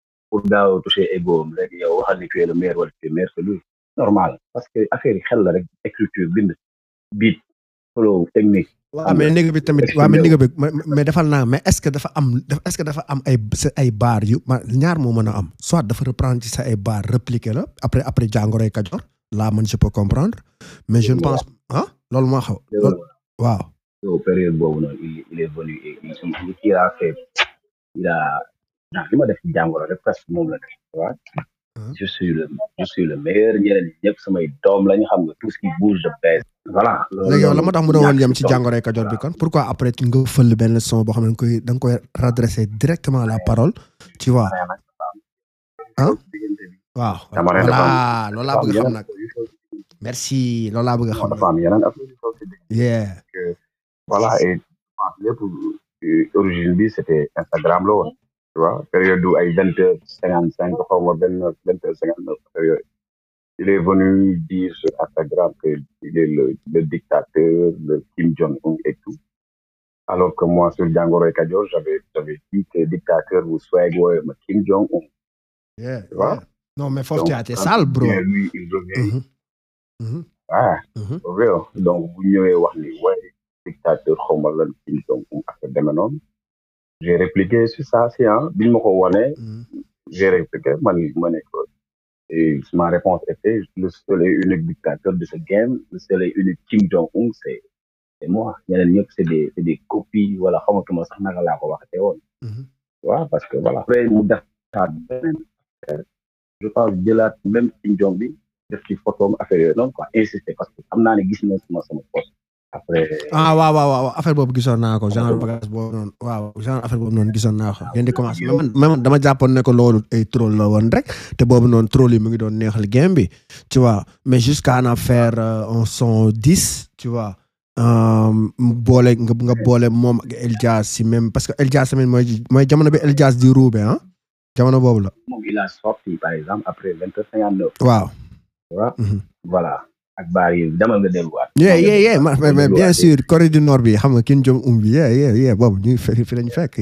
pour gaaw a toucher ego waxal ni tu le meilleur wala tu es meilleur que lui normal parce que affaire xel la rek écriture bind beat flow technique. waaw mais néeg bi tamit waaw mais néeg bi mais defal naa mais est-ce que dafa am est-ce que dafa am ay sa ay ma ñaar moo mën a am soit dafa reprendre ci sa ay baar répliquer la après après jàngoroy Kajoor laa man je peux comprendre mais je ne pense ah loolu moo xaw waaw. ndax li ma def ci jàngoro rek la def tu vois lañu xam nga tout ce qui de baisse voilà léegi yow la moo tax mu doon yem ci jàngoroy Kajoor bi kon pourquoi après nga fël benn son boo xam ne koy da koy redresser directement la parole tu vois ah waaw voilà loolu laa bëgg xam nag merci loolu laa bëgg xam nag yeah voilà et lépp euh, waaw période ay vingt heures cinquante cinq xaw ma vingt neuf vingt heures cinquante neuf période il est venu dire sur Instagram qu'il est le, le dictateur de Kim Jong-un et tout. Alors que moi, sur Django et Kadio, j'avais, j'avais que dictateur ou swag, ouais, mais Kim Jong-un. Yeah, mais faut que tu sale, bro. Et lui, il revient. Mm-hmm. Mm-hmm. Ah, mm -hmm. real. Donc, vous n'y avez pas ouais, Kim Jong-un, affaire de j'ai répliqué sur ça si ah bi ñu ma ko wonee mm-hmm. j'ai répliqué ma ma réponse était le seul et unique dictateur de ce game le seul unique Kim Jong-un c'est moi ñeneen ñëpp c'est des c'est wala xamatuma sax naka laa ko waxatee woon mm-hmm. waaw parce que voilà après mu def ça beneen je pense même Kim Jong bi def ci photo affaire yooyu noonu quoi parce que xam naa ne gis na sama sama après. ah waaw waaw affaire boobu gisoon naa ko genre bagage boobu noonu waaw genre affaire boobu noonu gisoon naa ko. ngeen di commencé man dama jàppoon ne ko woon rek te boobu noonu troll yi mu ngi doon neexal game bi tu vois mais jusqu'à en faire euh, un son dix tu euh, boole nga nga boole moom ak Eldias si même parce que Eldias tamit mooy mooy jamono bi Eldias di ruube ah jamono boobu a waaw. ak baar yi demal nga delluwaat. yeah bien sûr Corée du Nord bi xam nga Kim Jong Un bi yeah yeah yeah boobu ñu fi fekk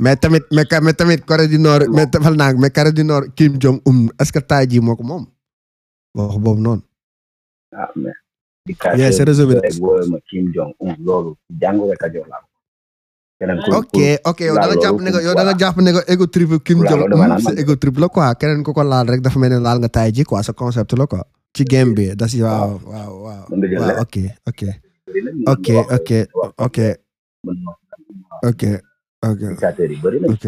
mais tamit mais tamit Corée du Nord mais tafal naa mais Corée du Nord Kim Jong Un est-ce que taay ji moo ko moom wax boobu noonu. ah mais. a jox la ok ok yow da nga jàpp ne ko yow da nga jàpp ego trip Kim Jong Un c'est ego trip la quoi keneen ku laal rek dafa mel ne laal nga taay ji quoi sa concept la quoi. ci game bi da si waaw waaw waaw ok ok ok ok ok ok ok dictateur yi bëri na mën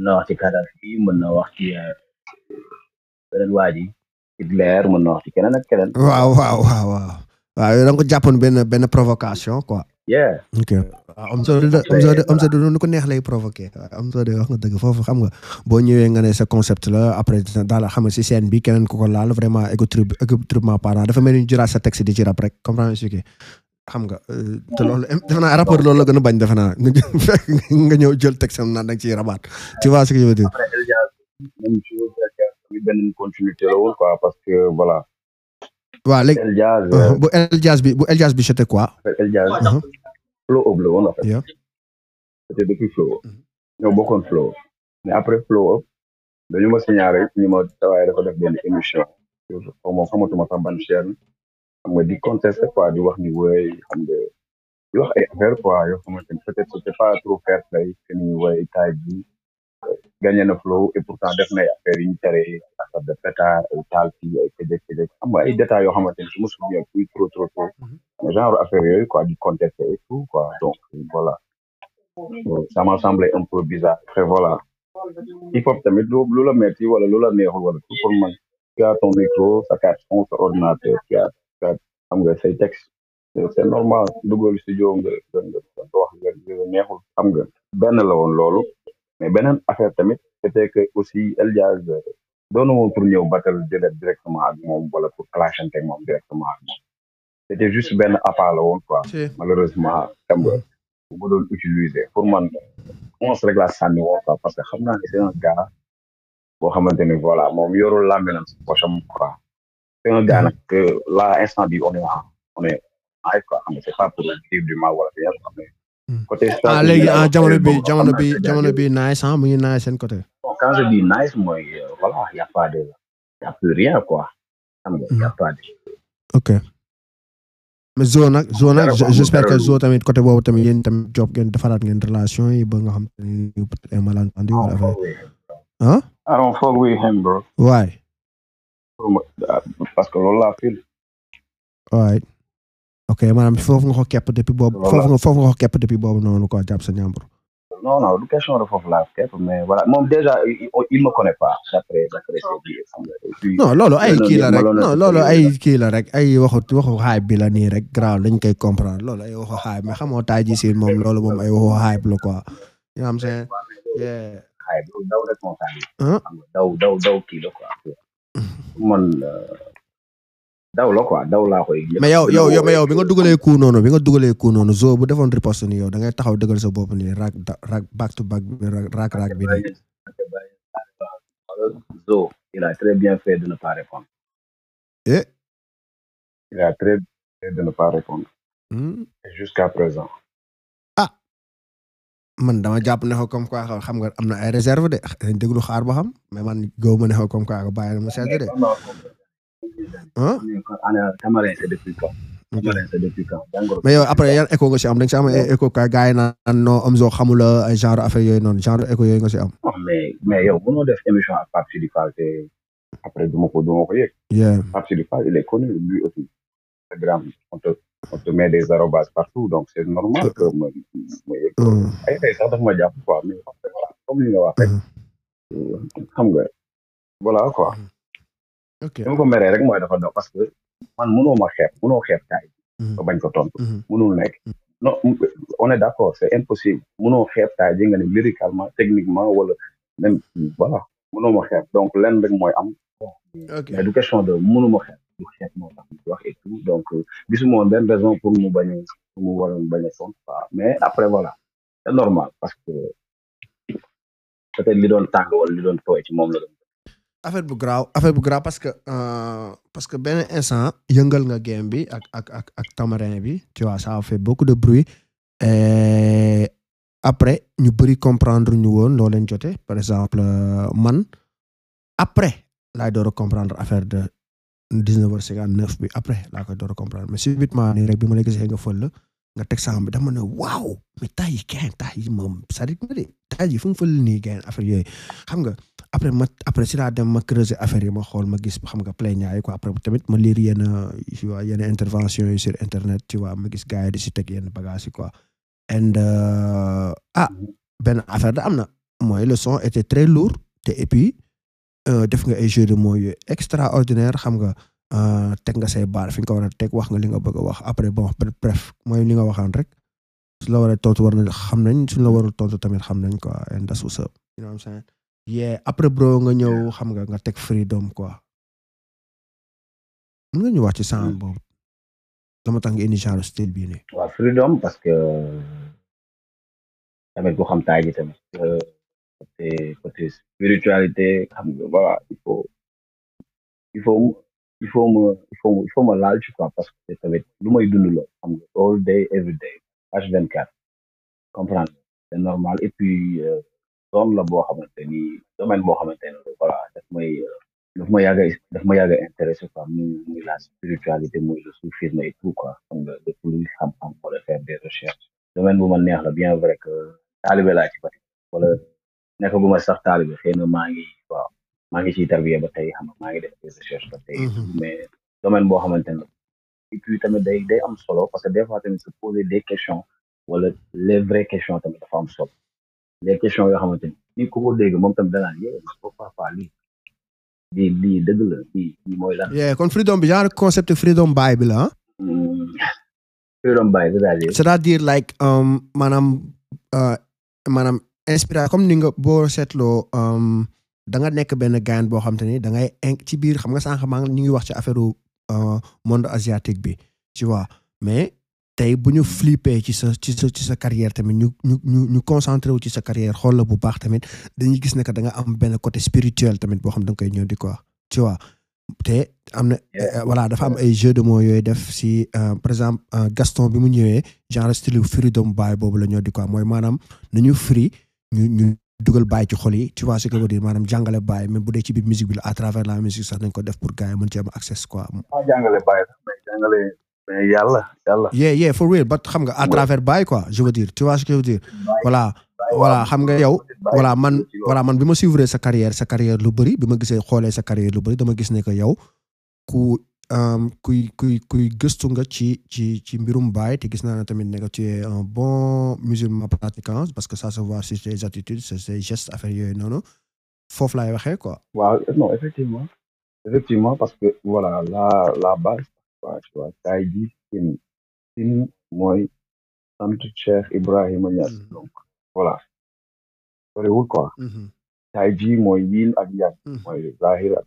na wax ci Kadhafi mën na wax ci euh, beneen waa ji Hitler mën na wax ci keneen ak keneen waaw waaw waaw waaw waaw da nga ko jàppoon benn benn provocation quoi yeah. ok am Amzodé Amzodé noonu ko neex lay provoqué Amzodé wax nga dëgg foofu xam nga boo ñëwee nga ne sa concept la après daal xam nga si scène bi keneen ko ko laal vraiment écotrip écotripement parlant dafa mel ni juraat sa texte di ci rap rek comprendre expliqué xam nga euh, te loolu defe naa rapport loolu la gën a bañ defe naa nga [LAUGHS] ñëw jël texte am naan da nga ciy rabaat tu vois ce que je veux dire. benn continuité la woon quoi parce que voilà. waaw léegi bu Eljaz bi bu Eljaz bi c'était quoi. Eljaz flow up la woon en fait. depuis flow up. Mm-hmm. ñoo bokkoon flow up. mais après flow up dañu ma signaler ñu ma tawaay def benn émission. xaw ma xamatuma sax ban chaîne xam nga di contester quoi di wax ni wooy xam nga di wax ay affaire quoi yoo xamante ni peut-être c'était pas trop fair play ni wooy taay gagné na flow et pourtant def na ay affaires yi tere affaire de ay taal fii ay këjëk këjëk xam nga ay détails yoo xamante ne je me souviens plus trop trop trop mhm. genre affaire yooyu quoi du contexte et euh, tamit lu lu la metti wala lu la neexul wala tout man tu as ton micro sa carte son sa ordinateur tu as xam nga say texte c'est normal dugal studio nga nga neexul xam nga benn la woon loolu mais beneen affaire tamit c'était que aussi El Diaz doonu woon pour ñëw battle directement ak moom wala pour clashante moom directement ak moom c'était juste benn appât la woon malheureusement xam nga bu ko doon pour man onze rek laa sànni woon quoi parce que xam naa ne c'est un gars boo xamante ni voilà moom yorul làmmelam si pocham instant bi on est on est ay quoi xam c'est pas pour le du mal wala bien xam Hmm. côté ah léegi ah jamono bi jamono bi jamono bi nice ah mu ngi nice seen côté. bon euh, a pas de y hmm. ok mais Zo nag Zo nag j'espère que tamit côté boobu tamit yéen tamit job ngeen defaraat ngeen relation yi ba nga xam te ne ay malentendu wala affaire ah. I don't ah, ok maanaam foofu nga ko képp depuis boobu. foofu nga ko képp depuis boobu noonu ay kii la rek non loolu ay kii la rek ay waxu waxu xaay bi la nii rek grave dañ koy comprendre loolu ay waxu xaay mais xamoo taa ji si moom loolu moom ay waxu xaay la quoi. yoo [LAUGHS] daw la quoi daw laa koy. mais yow yow yow mais yow bi nga dugalee kuu noonu bi nga dugalee kuu noonu zo bu defoon riposte nii yow da ngay taxaw dëggal sa bopp nii raak raak back to back raak raak bi il a très bien fait de ne pas répondre. eh. a très bien hmm? ah! man dama jàpp ne ko comme quoi xam nga am na ay réserve de déglu xaar ba xam mais man gaw ma ne ko comme quoi bàyyi de. ah. mais yow après yan écho nga si am da si am écho kay gars yi naan noo xamula ay euh, genre affaire yooyu noonu genre écho yooyu nga si am. mais mais yow mënoo def émission ak Pape Sidi Fall te après du ma ko du ma ko yëg. il est connu lui aussi. Instagram on te on te donc c'est normal que ma ma ok dama ko rek mooy dafa doon parce que man mënoo ma xeeb mënoo xeeb kaay. ba bañ ko tontu. mënul nekk non on est d' accord c' est impossible mënoo xeeb taay ji nga ne lyricalement techniquement wala même voilà mënoo ma xeeb donc lenn rek mooy am. ok mais du question de mënu ma xeeb du xeeb moo tax ñu wax et tout donc gisuma woon benn raison pour mu bañ mu waroon bañ a sonn mais après voilà c' est normal parce que peut être li doon tàng wala li affaire bu garaaw affaire bu garaaw parce que euh, parce que benn instant yëngal nga game bi ak ak ak ak tamarin bi tu vois ça a fait beaucoup de bruit après ñu bëri comprendre ñu woon loo leen jote par exemple euh, man après laa door a comprendre affaire de dix neuf heures cinquante neuf bi après laa koy door a comprendre mais subitement nii rek bi ma la gisee nga fël la nga teg saam bi dama ne waaw mais taay yi kenn taay yi moom c'est-à-dire fu mu fël nii kenn affaire yooyu xam nga. après ma après si laa dem ma creuser affaire yi ma xool ma gis xam nga plaignant yi quoi après tamit ma lire yenn tu vois yenn intervention yi sur internet tu vois ma gis gars yi di si teg yenn bagages yi quoi and euh, ah benn affaire da am na mooy le son était très lourd te et puis euh, def nga ay jeux de mots yu extraordinaire xam nga euh, teg nga say baar fi nga ko war a teg wax nga li nga bëgg wax après bon bref mooy li nga waxaan rek su la war a tontu xam nañ su la warul tontu tamit xam nañ quoi and that's what's yeah après bro nga ñëw xam nga nga teg freedom quoi mën nga ñu wax ci saan mm. boobu dama tax nga indi genre style bii nii. waaw freedom parce que euh, tamit ku xam taay ji tamit euh, côté spiritualité il faut il faut ma laal ci parce que tamit lu may dund la day every day H24 comprendre c'est normal et puis. Euh, zone la boo xamante ni domaine boo xamante ni voilà daf may daf ma yàgg a daf ma yàgg a intéressé quoi muy muy la spiritualité muy le soufisme et quoi xam nga lépp luy xam-xam wala faire des recherches domaine ma neex la bien vrai que taalibe laa ci bari wala nekk bu ma sax taalibe xëy na maa ngi waaw maa ngi ciy tarbiya ba tey xam nga maa ngi def des recherches ba tey mhm. mais domaine boo xamante ni et puis tamit day day am solo parce que des fois tamit se poser des questions wala les vraies questions tamit dafa am solo les questions yoo xamante ni kii ku ko dégg moom tam danaan yee pourquoi eh, pas lii lii kon freedom bi genre concept freedom buy la ah. Hmm. freedom c'est-à-dire. like um, maanaam uh, maanaam inspiration comme ni nga boo seetloo um, da nekk benn gaañ boo xam ni da ngay ci biir xam nga sànq maa ngi ngi wax ci affaire uh, monde asiatique bi tu vois mais. tey bu ñu flippé ci sa ci sa carrière tamit ñu ñu ñu ñu wu ci sa carrière xool la bu baax tamit dañuy gis ne que da am benn côté spirituel tamit boo xam da nga koy ñëw na eh, voilà dafa am ay jeu de mots yooyu def si euh, par exemple euh, Gaston bi mu ñëwee genre style freedom baay boobu la ñoo di quoi mooy maanaam nañu free ñu ñu dugal baay ci xol yi tu vois ce que veut dire maanaam jàngale baay même bu dee ci biir musique bi la à travers la musique sax nañ ko def pour gars yi ci am accès quoi. Ah, mais yàlla yàlla. yeah yeah for ba xam nga à travers Baye quoi je veux dire tu vois ce je veux dire voilà. voilà xam nga yow voilà man voilà man bi ma suivre sa carrière sa carrière lu bëri bi ma gisee xoolee sa carrière lu bëri dama gis ne que yow ku euh, kuy kuy kuy gëstu nga ci ci ci mbirum Baye te gis naa ne tamit ne que tu es un bon musulman pratiquant parce que ça se voit sur ses attitudes sur ses affaire yooyu noonu foofu laay waxe quoi. waaw non effectivement parce que voilà la la Waay ji Siin Siin mooy santu Cheikh Ibrahima Niass mm-hmm. donc mm-hmm. ji mooy yiin ak yàgg mm-hmm. mooy zahir ak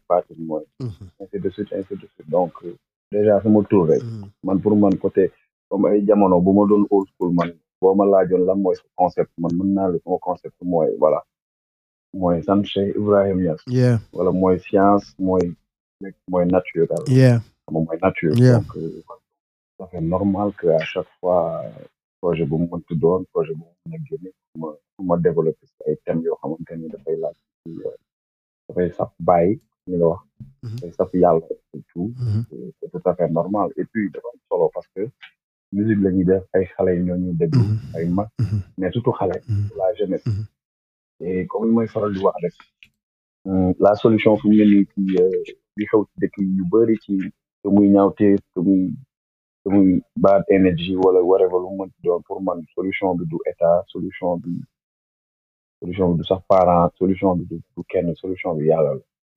man pour man côté comme bu ma doon old school ma laajoon lan mooy concept man mën sant Cheikh Ibrahima Niass wala mooy science mooy mooy nature moom un moment naturel. Yeah. Donc, euh, ça fait normal qu'à chaque fois, euh, projet bu mu doon projet bu mu mën a génne ma ma développé ay thèmes yoo xamante dafay laaj euh, dafay saf bàyyi ñu la wax mm-hmm. dafay saf yàlla et tout mm-hmm. c'est tout normal et puis dafa solo parce que musique la ñuy def ay xale yi ñoo ñu déglu mm-hmm. ay mag mais surtout xale la jeunesse et comme ni may faral di wax rek la solution fu mu ne nii ci li xew ci yu bëri ci lu muy ñaawteef lu muy lu muy wala wareva lu mën pour man solution bi du état solution bi du sax parent solution bi du kenn solution bi yàlla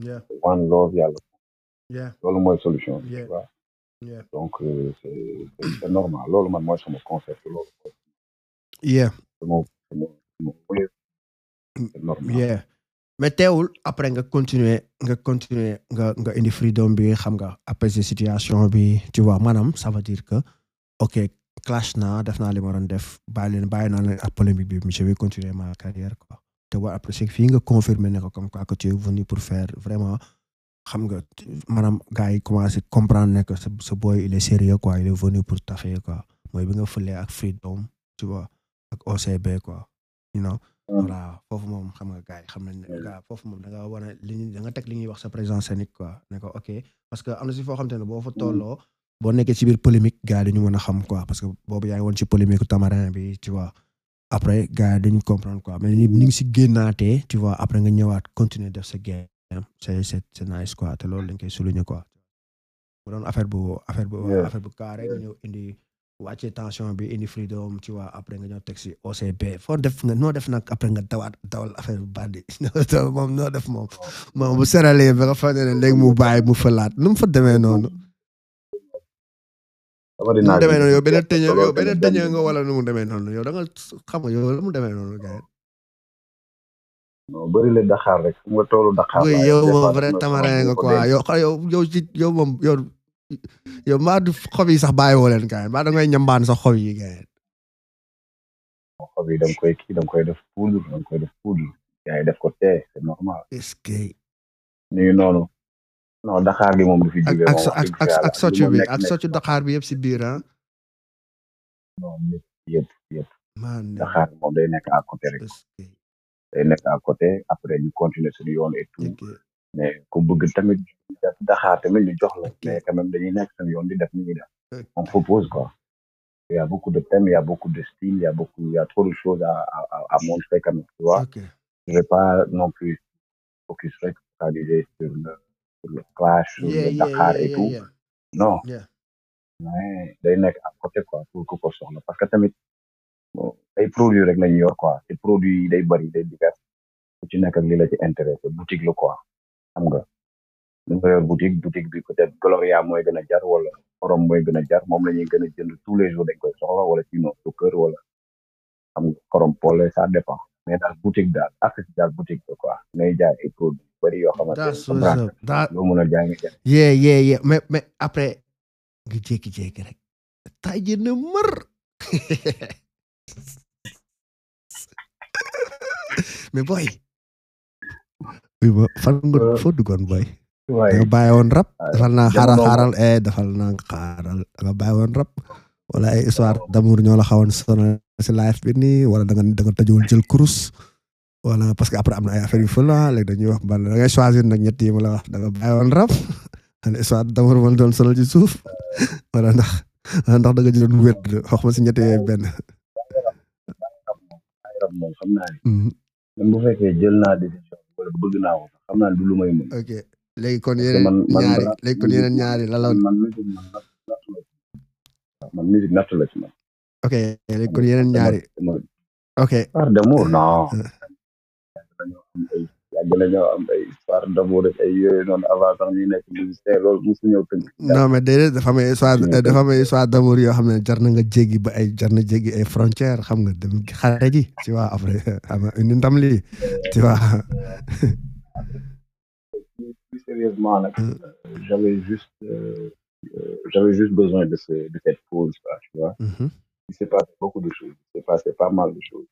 la one love yàlla loolu mooy solution bi waaw donc euh, c'est normal loolu man mooy sama concept loolu yeah mm, yeah mais teewul après nga continuer nga continuer nga nga indi freedom bi xam nga apaiser situation bi tu vois maanaam ça veut dire que ok clash naa def naa li ma doon def bàyyi leen bàyyi naa leen ak polémique bi je vais continuer ma carrière ko te waa après c'est fii nga confirmer ne ko comme quoi que tu es venu pour faire vraiment xam nga maanaam gars yi commencé comprendre ne que ce boy il est sérieux quoi il est venu pour taffer quoi mooy bi nga fëlee ak freedom tu vois ak OCB quoi voilà foofu moom xam nga gars yi xam nañ ne gars foofu moom da nga war a li da nga teg li wax sa présence scénique quoi ne ko ok parce que am na si foo xam te boo fa mm. tolloo boo nekkee ci biir polémique gars dañu mën a xam quoi parce que boobu yaa ngi woon ci polémique tamarin bi tu vois après gars yi dañu comprendre quoi mais ni si génnaatee tu après nga ñëwaat continuer def sa game c'est nice quoi te loolu dañ koy souligner quoi doon affaire bu affaire bu affaire indi wàccee tension bi indi freedom ci waa après nga ñoo teg si OCB foo def nga noo def nag après nga dawaat dawal affaire bi bandi [LAUGHS] moom noo def moom moom bu seralee ba nga fa ne léegi mu bàyyi mu falaat nu mu fa demee noonu. nu mu demee noonu yow benn tëñë yow benn tëñë wala nu mu demee noonu yow da xam nga yo la mu demee noonu gars non bëri la Dakar rek nga toolu Dakar. yow moom vrai tamarin nga quoi yow yow yow yow mbaa du xob yi sax bàyyi woo leen kaay mbaa ñambaan sax xob yi kaay. yi da koy da koy def poudre da koy def poudre yaa ngi def ko tee c'est normal. est-ce que. noonu. non Dakar gi moom ak ak ak soccu bi Dakar bi yëpp si biir ah. non yëpp yëpp yëpp. Dakar moom day nekk à côté rek. day nekk à côté après ñu continuer suñu yoon et tout. mais ku bëgg tamit def Dakar tamit ñu jox la mais quand même dañuy nekk seen yoon di def ñu ngi def on propose quoi il y a beaucoup de thèmes il y a beaucoup de styles il a a trop de choses à à à montrer quand même tu vois okay. clash sur yeah, le yeah, Dakar yeah, et tout non mais day nekk à côté quoi pour ku ko soxla parce que tamit ay produits rek la ñu yor quoi te produits yi day bëri day divers ku ci nekk ak li la ci intéressé boutique la quoi xam nga lu nga yor boutique boutique bi peut-être Gloria gën a jar wala xorom mooy gën a jar moom la ñuy gën a jënd tous les jours dañ koy soxla wala sinon suukar wala xam nga xorom pole ça dépend mais daal boutique daal affaire daal boutique bi quoi ngay jaay ay produits bari yoo xamante loo mën a jaay nga jaay yee yee yee après nga jékki-jékki rek tàjji na mër [LAUGHS] mais boy wa fan nga foo duggoon boy da nga bàyyi woon rap dafal eh, naa xaaral xaaral e dafal xaaral da nga bàyyi woon rap wala ay histoire d'amour ñoo la xawoon sonal si life bi nii wala da nga da nga tëjowul jël course wala parce que après am na ay affaire yu fëla ah, léegi dañuy da ngay choisir la wax da nga bàyyi woon rap an [LAUGHS] histoire d'amour ma la wala ndax wala ndax da nga jëloon wér ma si ñett yooyu benn moom wala bëgg naa ko xam naa du lu may mën. ok léegi kon yeneen ñaari léegi kon yeneen ñaari la man musique man ok léegi kon yeneen ñaari. ok. yàgg nañoo am ay histoire d'amour ak ay yooyu noonu avant sax ñuy nekk musicien loolu mosu ñëw tënk. non mais déedéet dafa am histoire dafa am histoire d'amour yoo xam ne jar na nga jéggi ba ay jar na jéggi ay frontières xam nga dem xare ji tu vois après xam [LAUGHS] nga indi ndam lii tu vois. plus mm. euh, euh, juste besoin de ce de cette pause là tu vois. Mm-hmm. il de choses il s'est passé pas mal de choses.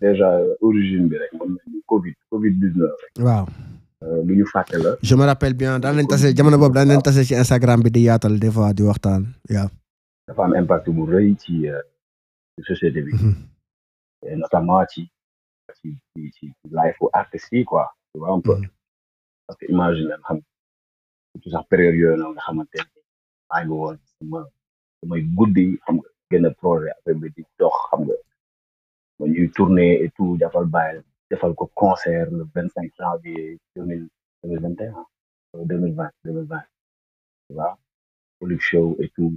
déjà euh, origine bi rek moom nañu Covid Covid waaw. Euh, lu ñu la. je me rappelle bien daan leen tase jamono boobu daan leen tase ci Instagram bi di yaatal des fois di waxtaan waaw. dafa am impact bu rëy ci euh, société bi. Mhm. et notamment ci ci ci life fu artistes yi mhm. imagine nga xam période yooyu noonu nga xamante ne guddi xam nga gën a projet affaire bi di dox xam nga. ba ñuy tourner et tout defal bàyyil defal ko concert le vingt cinq janvier deux mille deux mille vingt euh, deux mille vingt deux Olive Show et tout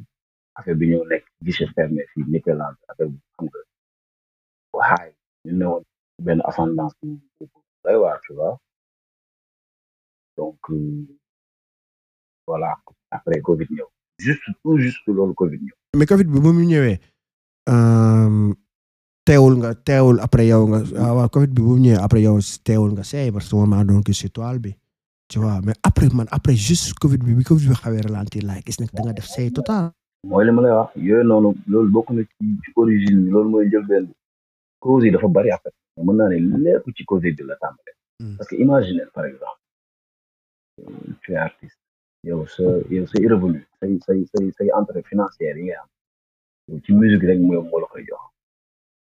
affaire bi ñoo nekk guichet fermé fii Nicolas affaire bu xam nga waaye ñu newoon benn bu doy waar tu vois donc euh, voilà après Covid ñëw juste tout juste loolu Covid ñëw. mais Covid bi moom ñu teewul nga teewul après yow nga ah, waaw Covid bi bu ñëwee après yow teewul nga seey parce que moom maa doon si toile bi tu vois mais après man après juste Covid bi bi Covid bi xawee ralenti laa gis nag da nga def seey total. mooy li ma lay wax yooyu noonu loolu bokk na ci origine bi loolu mooy njëlbeen bi causes yi dafa bari après mën naa ne lépp ci causes de la tàmbalee. Hmm. par exemple tu es artiste yow sa yow sa revenu say say rek mooy moo la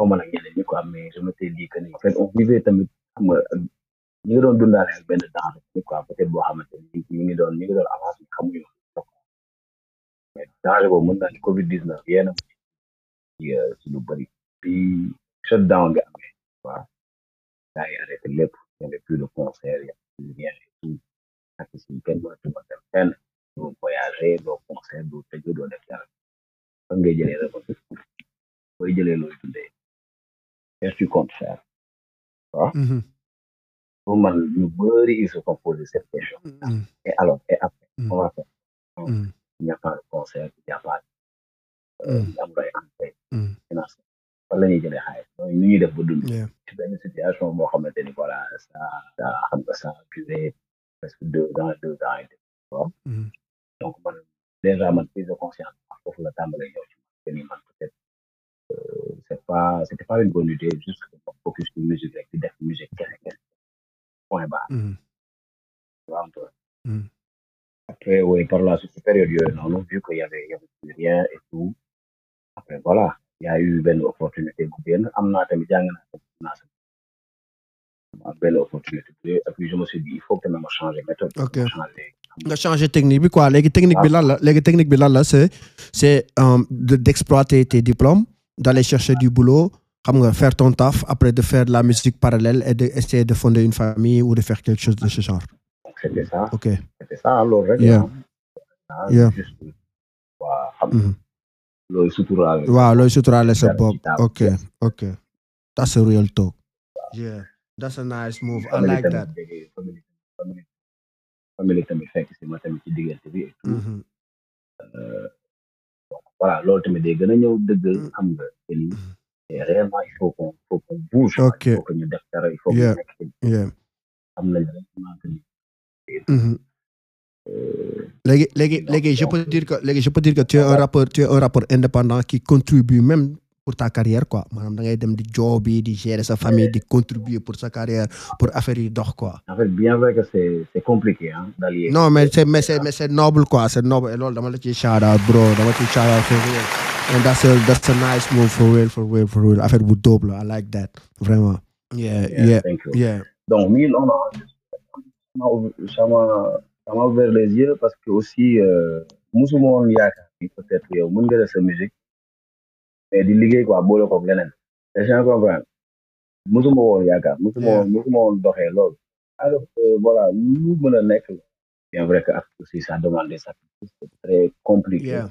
xaw ma nag ñeneen ñi ko am mais je me ni en fait on vivait tamit xam nga ñi ngi doon dundaale ak benn danger ni quoi peut être boo xamante ni ñu ngi doon ñu ngi doon avancé xamuñu woon mais danger boobu mën naa Covid 19 yéen a ci euh, ci lu bëri bi shutdown bi amee waaw si kenn mënatu ma dem fenn doo voyager doo concert doo tëju doo def yàlla fan et du contraire. Hein? Mm -hmm. Pour moi, le beurre, se sont posé cette question. Mm -hmm. Et alors, et après, mm -hmm. on va faire. Donc, mm-hmm. a pas de concert, il n'y de. wala euh, mm-hmm. mm-hmm. donc ñu ñuy def ba dund ci boo xamante ni voilà ça ans deux ans et demi donc man déjà man de conscience Euh, c'est pas c'était pas une bonne idée juste focus ci musique rek di def musique kese kese point bas mm-hmm. mm-hmm. après oui par la suite période yooyu noonu vu que y avait y avait rien et tout après voilà y a eu benn opportunité bu génn am naa tamit jàng naa am benn opportunité et puis je me suis dit il faut que ma changer méthode ok nga changer technique bi quoi léegi technique bi lan la léegi technique bi lan la c'est c'est euh, d'exploiter tes diplômes d'aller chercher du boulot xam nga faire ton taf après de faire la musique parallèle essayer de fonder une famille ou de faire quelque chose de ce ok c'était looy suturaale. waaw looy ok ok. that's a real talk. yeah a nice move I like that. voilà loolu tamit day gën a ñëw dëggal mm. xam nga te lii mm. réellement il faut qu'on faut qu'on bouge ok il faut que ñu def dara mm-hmm. euh, je euh, peux dire que léegi je peux dire que tu un rappeur indépendant qui contribue même pour ta carrière quoi maanaam da ngay dem di joobi di gérer sa famille di contribuer pour sa carrière pour affaire yi dox quoi. en fait bien vrai que c'est c'est compliqué noble quoi c'est noble et loolu dama la ciy shout out bro dama ciy shout out for a that's a nice move for bu dope la I like that vraiment. yeah yeah yeah, aussi euh, musuma woon yaakaar mais eh, di liggéey quoi boole koog leneen. est ce comprendre mosuma woon yaakaar mosuma woon mosuma woon doxee loolu. alors voilà lu a nekk bien vrai que ak aussi ça demande ça c'est très compliqué.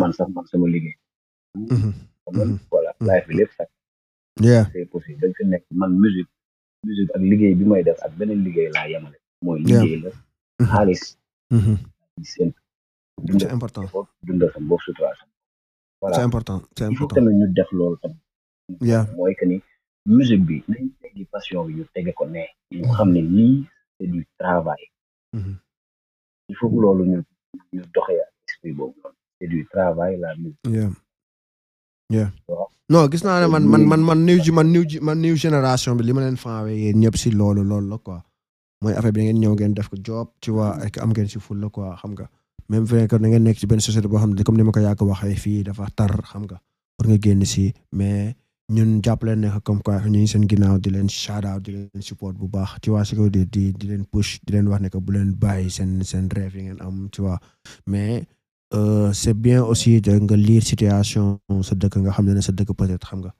man sax man sama liggéey. Mm-hmm. Mm-hmm. voilà mm-hmm. life bi lépp sax. c'est possible man musique musique ak liggéey bi may def ak beneen liggéey laa yemale. mooy liggéey la xaalis. c'est important dundal sa bopp dundal voilà c'est important c'est important il faut tamit ñu def loolu tamit. yaa mooy que ni musique tege ko ne. ñu xam ne lii mm-hmm. loolu ñu ñu la musique. gis naa ne man man man man new man new man new génération bi li ma leen faawee yéen ñëpp si loolu loolu la quoi mooy affaire bi ngeen ñëw ngeen def ko job ci waa ak am ngeen si ful la quoi xam nga. même vrai que da ngeen nekk ci benn société boo xam ne comme ni ma xam nga war nga génn si mais ñun jàppaleen ne comme quoi ñu ngi seen ginnaaw di leen shout out di bu baax tu vois si di di leen push di leen wax ne que bu leen bàyyi seen seen rêve yi ngeen am tu vois mais euh, c'est bien aussi de nga lire situation sa dëkk nga xam ne sa dëkk peut-être xam nga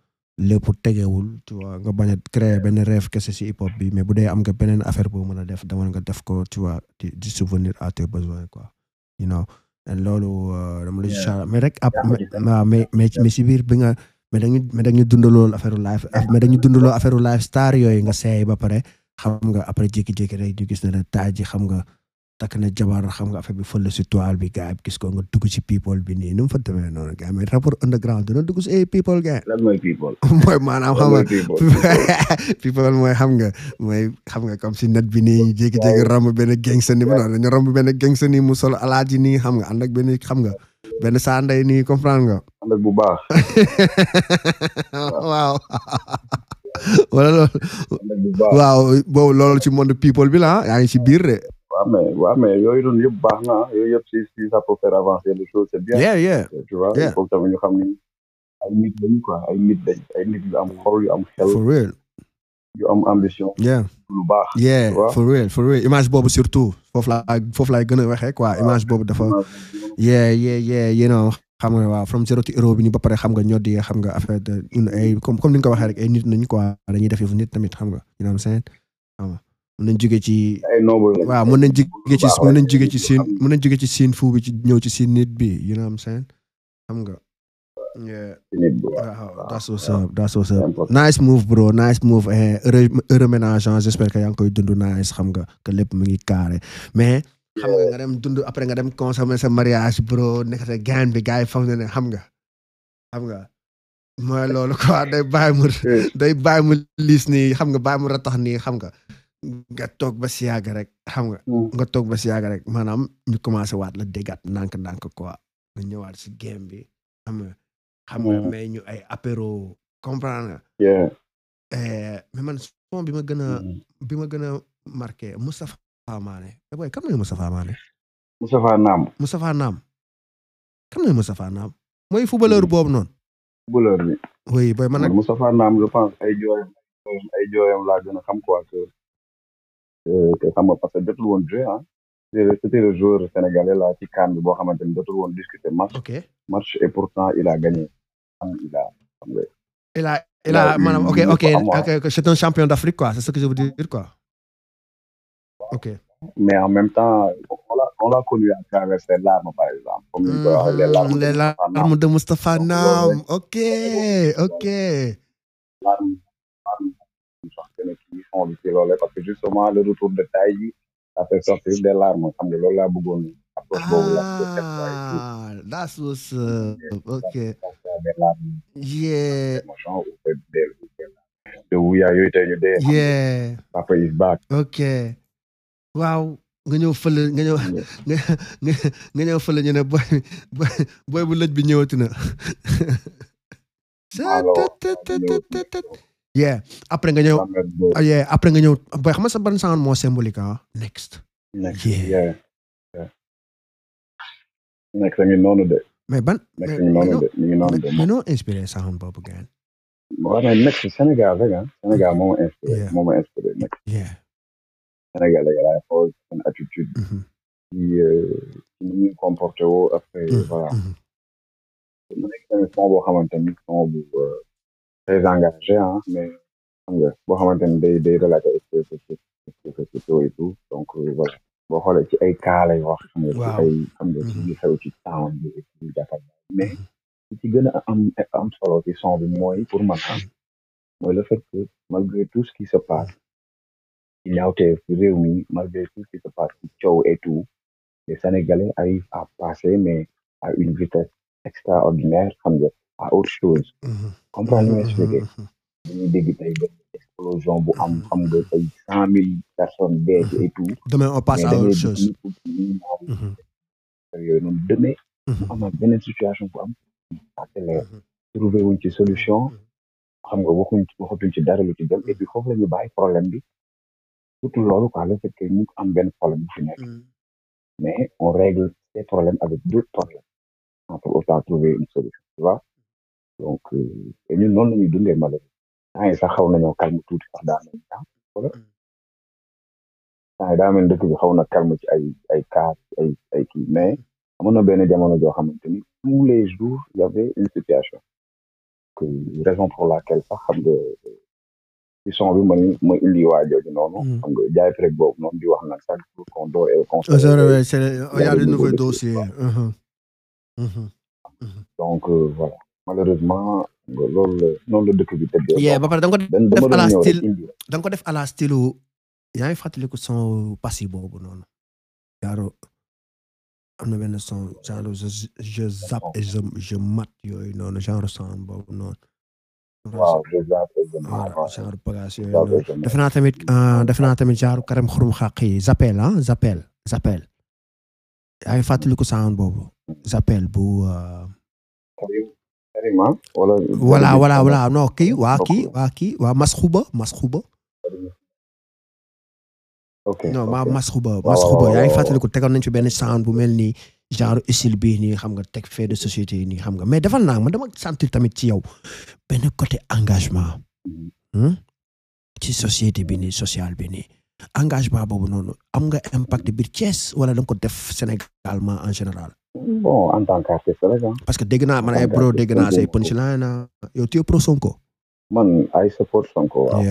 lépp tegewul tu vois nga a créer benn rêve kese si hip hop bi mais bu dee am nga beneen affaire boo mën a def dama nga def ko tu vois di di subvenir à tes besoins quoi. you know loolu uh, dama la ci mais rek ab waaw mais mais si biir bi nga mais dañu mais dañu dundaloo affaire life mais dañu dundaloo affaire life star yooyu nga seey ba pare xam nga après jékki-jékki rek ñu gis ne la ji xam nga takk na jabar xam nga affaire bi fële si toile bi gars gis ko nga dugg people bi nii ni mu fa demee noonu gars mais rapport underground dina dugg si eh, people gars. [LAUGHS] mooy maanaam xam nga [LAUGHS] people mooy xam nga mooy si net bi nii jékki-jékki romb benn gangster nii benn gangster nii mu solo alaaji nii xam nga ànd ak benn xam nga benn saa ndey nii comprendre nga. ànd bu baax. [LAUGHS] waaw. wala loolu. waaw boobu loolu ci monde people bi la yaa ngi ci biir de. Ouais, mais, ouais, mais yooyu noonu yëpp baax na yooyu yëpp si si ça peut faire avancer les ñu xam ni ay nit lañ quoi ay nit lañ ay nit yu am xol yu am xel. for am ambition. yeah lu baax. yeah for real for real image boobu surtout foofu laa foofu laay gën a waxee quoi image boobu dafa. yeah yeah yeah you know xam nga waaw from zero to hero bi ni ba pare xam nga ñoo di xam nga affaire de ay comme comme ni nga ko waxee rek ay nit nañ quoi dañuy def yëfu nit tamit xam nga you know what mën nañ jóge ci waaw mën nañ jóge ci mën nañ jóge ci seen mën nañ jóge ci seen fu bi ci ñëw ci seen nit bi you know what xam nga waaw that's what's up that's what's up nice move bro nice move heureux eh, ménage j'espère que yaa ngi koy dund nice xam nga que lépp mu ngi carré mais xam nga nga dem dund après nga dem consommer sa mariage bro nekk sa gaan bi gars yi na ne xam nga xam nga mooy loolu quoi day bàyyi mu liis nii xam nga bàyyi mu ratax nii xam nga nga toog ba si rek xam nga. Hmm. nga toog ba si yàgg rek maanaam ñu commencé waat la déggaat ndànk-ndànk quoi nga ñëwaat si game bi xam nga. xam hmm. ñu ay apéro comprendre nga. Eh, mais man bi ma gën a. Hmm. bi ma gën a marqué Moustapha Mané. eh boy kan mooy Moustapha Mané. Moustapha Naam. Moustapha Naam. mooy Moustapha Naam. mooy footballeur boobu noonu. footballeur bi. oui boy man nag Moustapha xam quoi te euh, xam nga parce que jotul woon joué ah c'était le joueur sénégalais là ci CAN boo xamante ni jotul woon discuter match et pourtant il a gagné ah, il a il a il ok ok c'est champion d'Afrique quoi c'est ce que je veux dire quoi ok mais en même temps on l'a on l'a connu à par exemple. comme ni ko Naam ok ok. xam xamante ne parce que justement le retour de taille bi ça sortir des larmes loolu laa bëggoon approche boobu la that was uh, okay yeah the wuya yooyu tey ñu dee yeah boy bu lëj bi ñëwati yeah après nga ñëw ah, yeah après nga ñëw sa ban sound moo symbolique ah? next. next a ngi noonu de. mais ban next a ngi noonu de next Sénégal rek ah Sénégal moo ma Sénégal rek laay xool attitude. Mm-hmm. Euh, ci ni ñuy comporté après mm-hmm. voilà. mu mm-hmm. nekk tamit son boo très engagé ah mais xam nga boo xamante ci ay cas lay wax. xam nga ci ay xam nga ci mm-hmm. li xew ci temps mais mm-hmm. ci gën a am am solo ci son mooy pour man xam mooy le fait que malgré tout ce qui se passe ci ñaawteef ci réew mi malgré tout ce qui se passe ci coow et tout les Sénégalais arrivent passer mais une vitesse extraordinaire xam nga. à autre chose. comprendre nga expliqué. Mhm. dañuy dégg tey benn explosion bu am xam nga tey cent mille personnes dee mhm. et tout. demain on passe à autre chose mhm. yooyu mu amaat beneen situation bu am. parce que trouvé ci solution. xam nga waxuñ waxatuñ ci dara lu ci dem et puis foofu la ñu bàyyi problème bi surtout loolu quoi le fait que am benn problème bu fi nekk. mais on règle ces problèmes avec d'autres problèmes sans pour autant solution donc euh, te noonu la ñuy dundee maladie temps yi sax xaw nañoo calme tuuti sax daa mel ah, mm. daa mel dëkk bi xaw na calme ci ay ay cas ay ay kii mais mm. amoon na benn jamono joo xamante ni tous les jours y avait une situation que raison pour laquelle sax xam nga ci son bi ma ma indi waa jooju noonu. Mm. xam nga jaay rek boobu noonu di wax nag chaque jour qu'on ah, uh-huh. Uh-huh. donc euh, voilà. malheureusement loolu yee ba pare ko def à la style da nga ko def boobu noonu. na benn son genre je je yooyu noonu genre son boobu noonu. genre bagage yooyu noonu. def tamit euh, def naa tamit genre karam xurum xaq yi zappel ah zappel zappel. yaa ngi fàttaliku boobu hmm. zappel bu. Euh, carrément wala. voilà voilà voilà non kii waa kii waa kii waa masxuba masxuba. ok non maa masxuba masxuba yaa ngi tegoon nañu fi benn saan bu mel nii genre usile bii nii xam nga teg fait de société nii xam nga mais defal naa ma dama sentir tamit ci yow benn côté engagement. Mhm. Hmm, ci société bi nii social bi nii engagement boobu noonu am nga impact biir Thiès wala da ko def Sénégal en général. bon en tant qu'artiste parce que dégg naa man ay pro dégg naa say punchline na ah. yow tu pro Sonko. man I support Sonko waaw.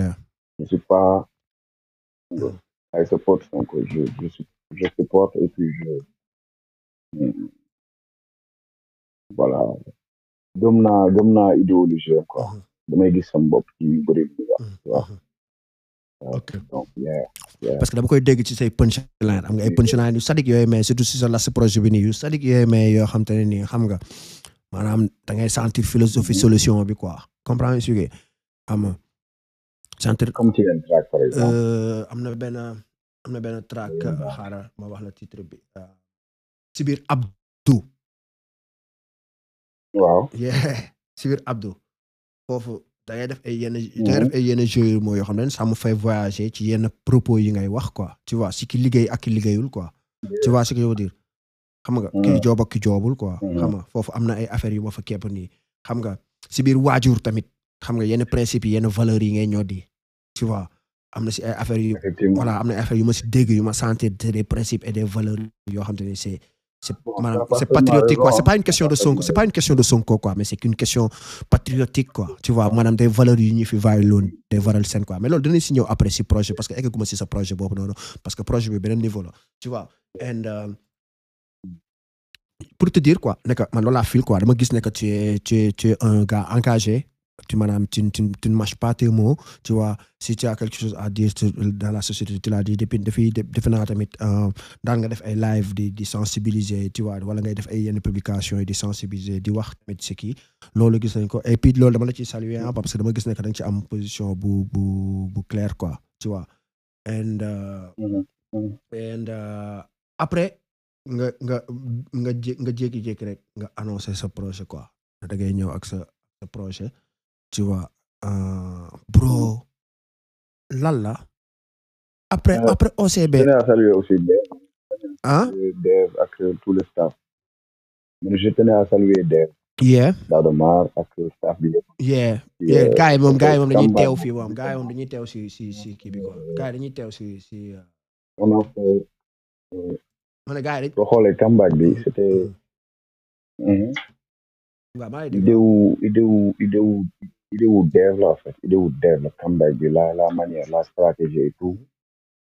je supporte et puis hmm. voilà gëm naa gëm naa idéologie quoi. Mm-hmm. damay gis sama bopp ci bëri ok donc parce que dama koy dégg ci say punchline am nga ay punchline sadik yooyu mais surtout si sa last projet bi nii yu sadik yooyu mais yoo xam te ne nii xam nga maanaam da ngay sentir philosophie mm-hmm. solution bi quoi comprendre suge am sentir comme euh, na benn am na benn track euh, xaaral ma wax la titre bi si euh, biir Abdou waaw [LAUGHS] da def ay yenn da ngay mhm. def ay yenn jeux yoo xam ne ça me fait voyager ci yenn propos yi ngay wax quoi tu vois si ki liggéey ak ki liggéeyul quoi tu vois ce que je xam nga ki mhm. joob ak ki joobul quoi mhm. xam nga foofu am na ay affaires yu ma fa nii xam nga si biir waajur tamit xam nga yenn principes yi yenn valeurs yi ngay ñoo di tu vois na si ay affaires yu voilà am na ay yu ma si dégg yu ma sentir des principes et des valeurs yoo xam te ne c'est maanaam c'est patriotique quoi c'est pas une question de Sonko c'est pas une question de Sonko quoi mais c'est qu'une question patriotique quoi tu vois maanaam des valeurs yu ñu fi vaay quoi mais loolu dinañ si ñëw après projet parce que eggaguma si sa projet boobu noonu parce que projet bi beneen niveau la tu vois euh, pour te dire quoi ne man loolu laa fil quoi dama gis ne que tu es un gars engagé tu madame tu, tu, tu, ne mâches pas tes mots tu vois si tu as quelque chose à dire tu, dans la société tu l'as dit depuis depuis defe naa tamit euh, daan nga def ay live di di sensibiliser tu vois wala ngay def ay yenn publication di sensibiliser di wax tamit si kii loolu gis nañ ko et puis loolu dama la ciy saluer ah parce que dama gis ne que da ci am position bu bu bu claire quoi tu vois euh, mm-hmm. Mm-hmm. Euh, après nga nga nga nga rek nga annoncé sa projet quoi da ngay ñëw ak sa sa projet tu vois euh, bro mmh. lan après après OCB. ah ak euh, tout le staff. je tenais à saluer Dave. yeah. Dadomar ak euh, staff bi yëpp. yeah teew fii moom gars yi moom teew si si si kii bi quoi teew si si. on a fait. ma ne gars yi. boo idée ou dev la en fait la la manière la stratégie et tout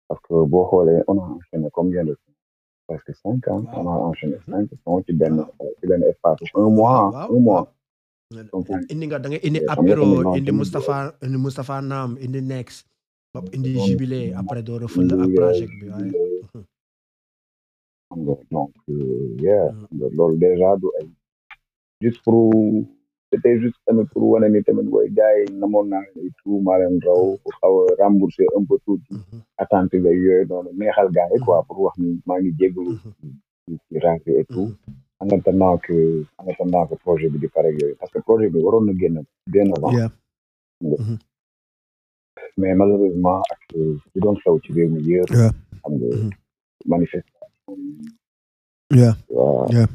parce que boo xoolee on a combien de temps parce que cinq ans on a enchaîné mhm. cinq ans euh, mois un mois. donc indi nga da nga indi apéro indi Moustapha indi Moustapha Naam indi next indi jubilé après doo refël ak projet bi waaye. Mhm. donc euh, yeah loolu déjà du ay juste pour. c'était juste tamit pour wane ni tamit booy gars yi namoon naa leen et a peu tout mhm. attente beeg noonu neexal gars yi quoi mhm. pour wax ni maa ngi jégalu mhm. ci rank et projet bi di pare yooyu parce que projet bi waroon na génn bien avant malheureusement ak li doon xew ci manifestation yeah yeah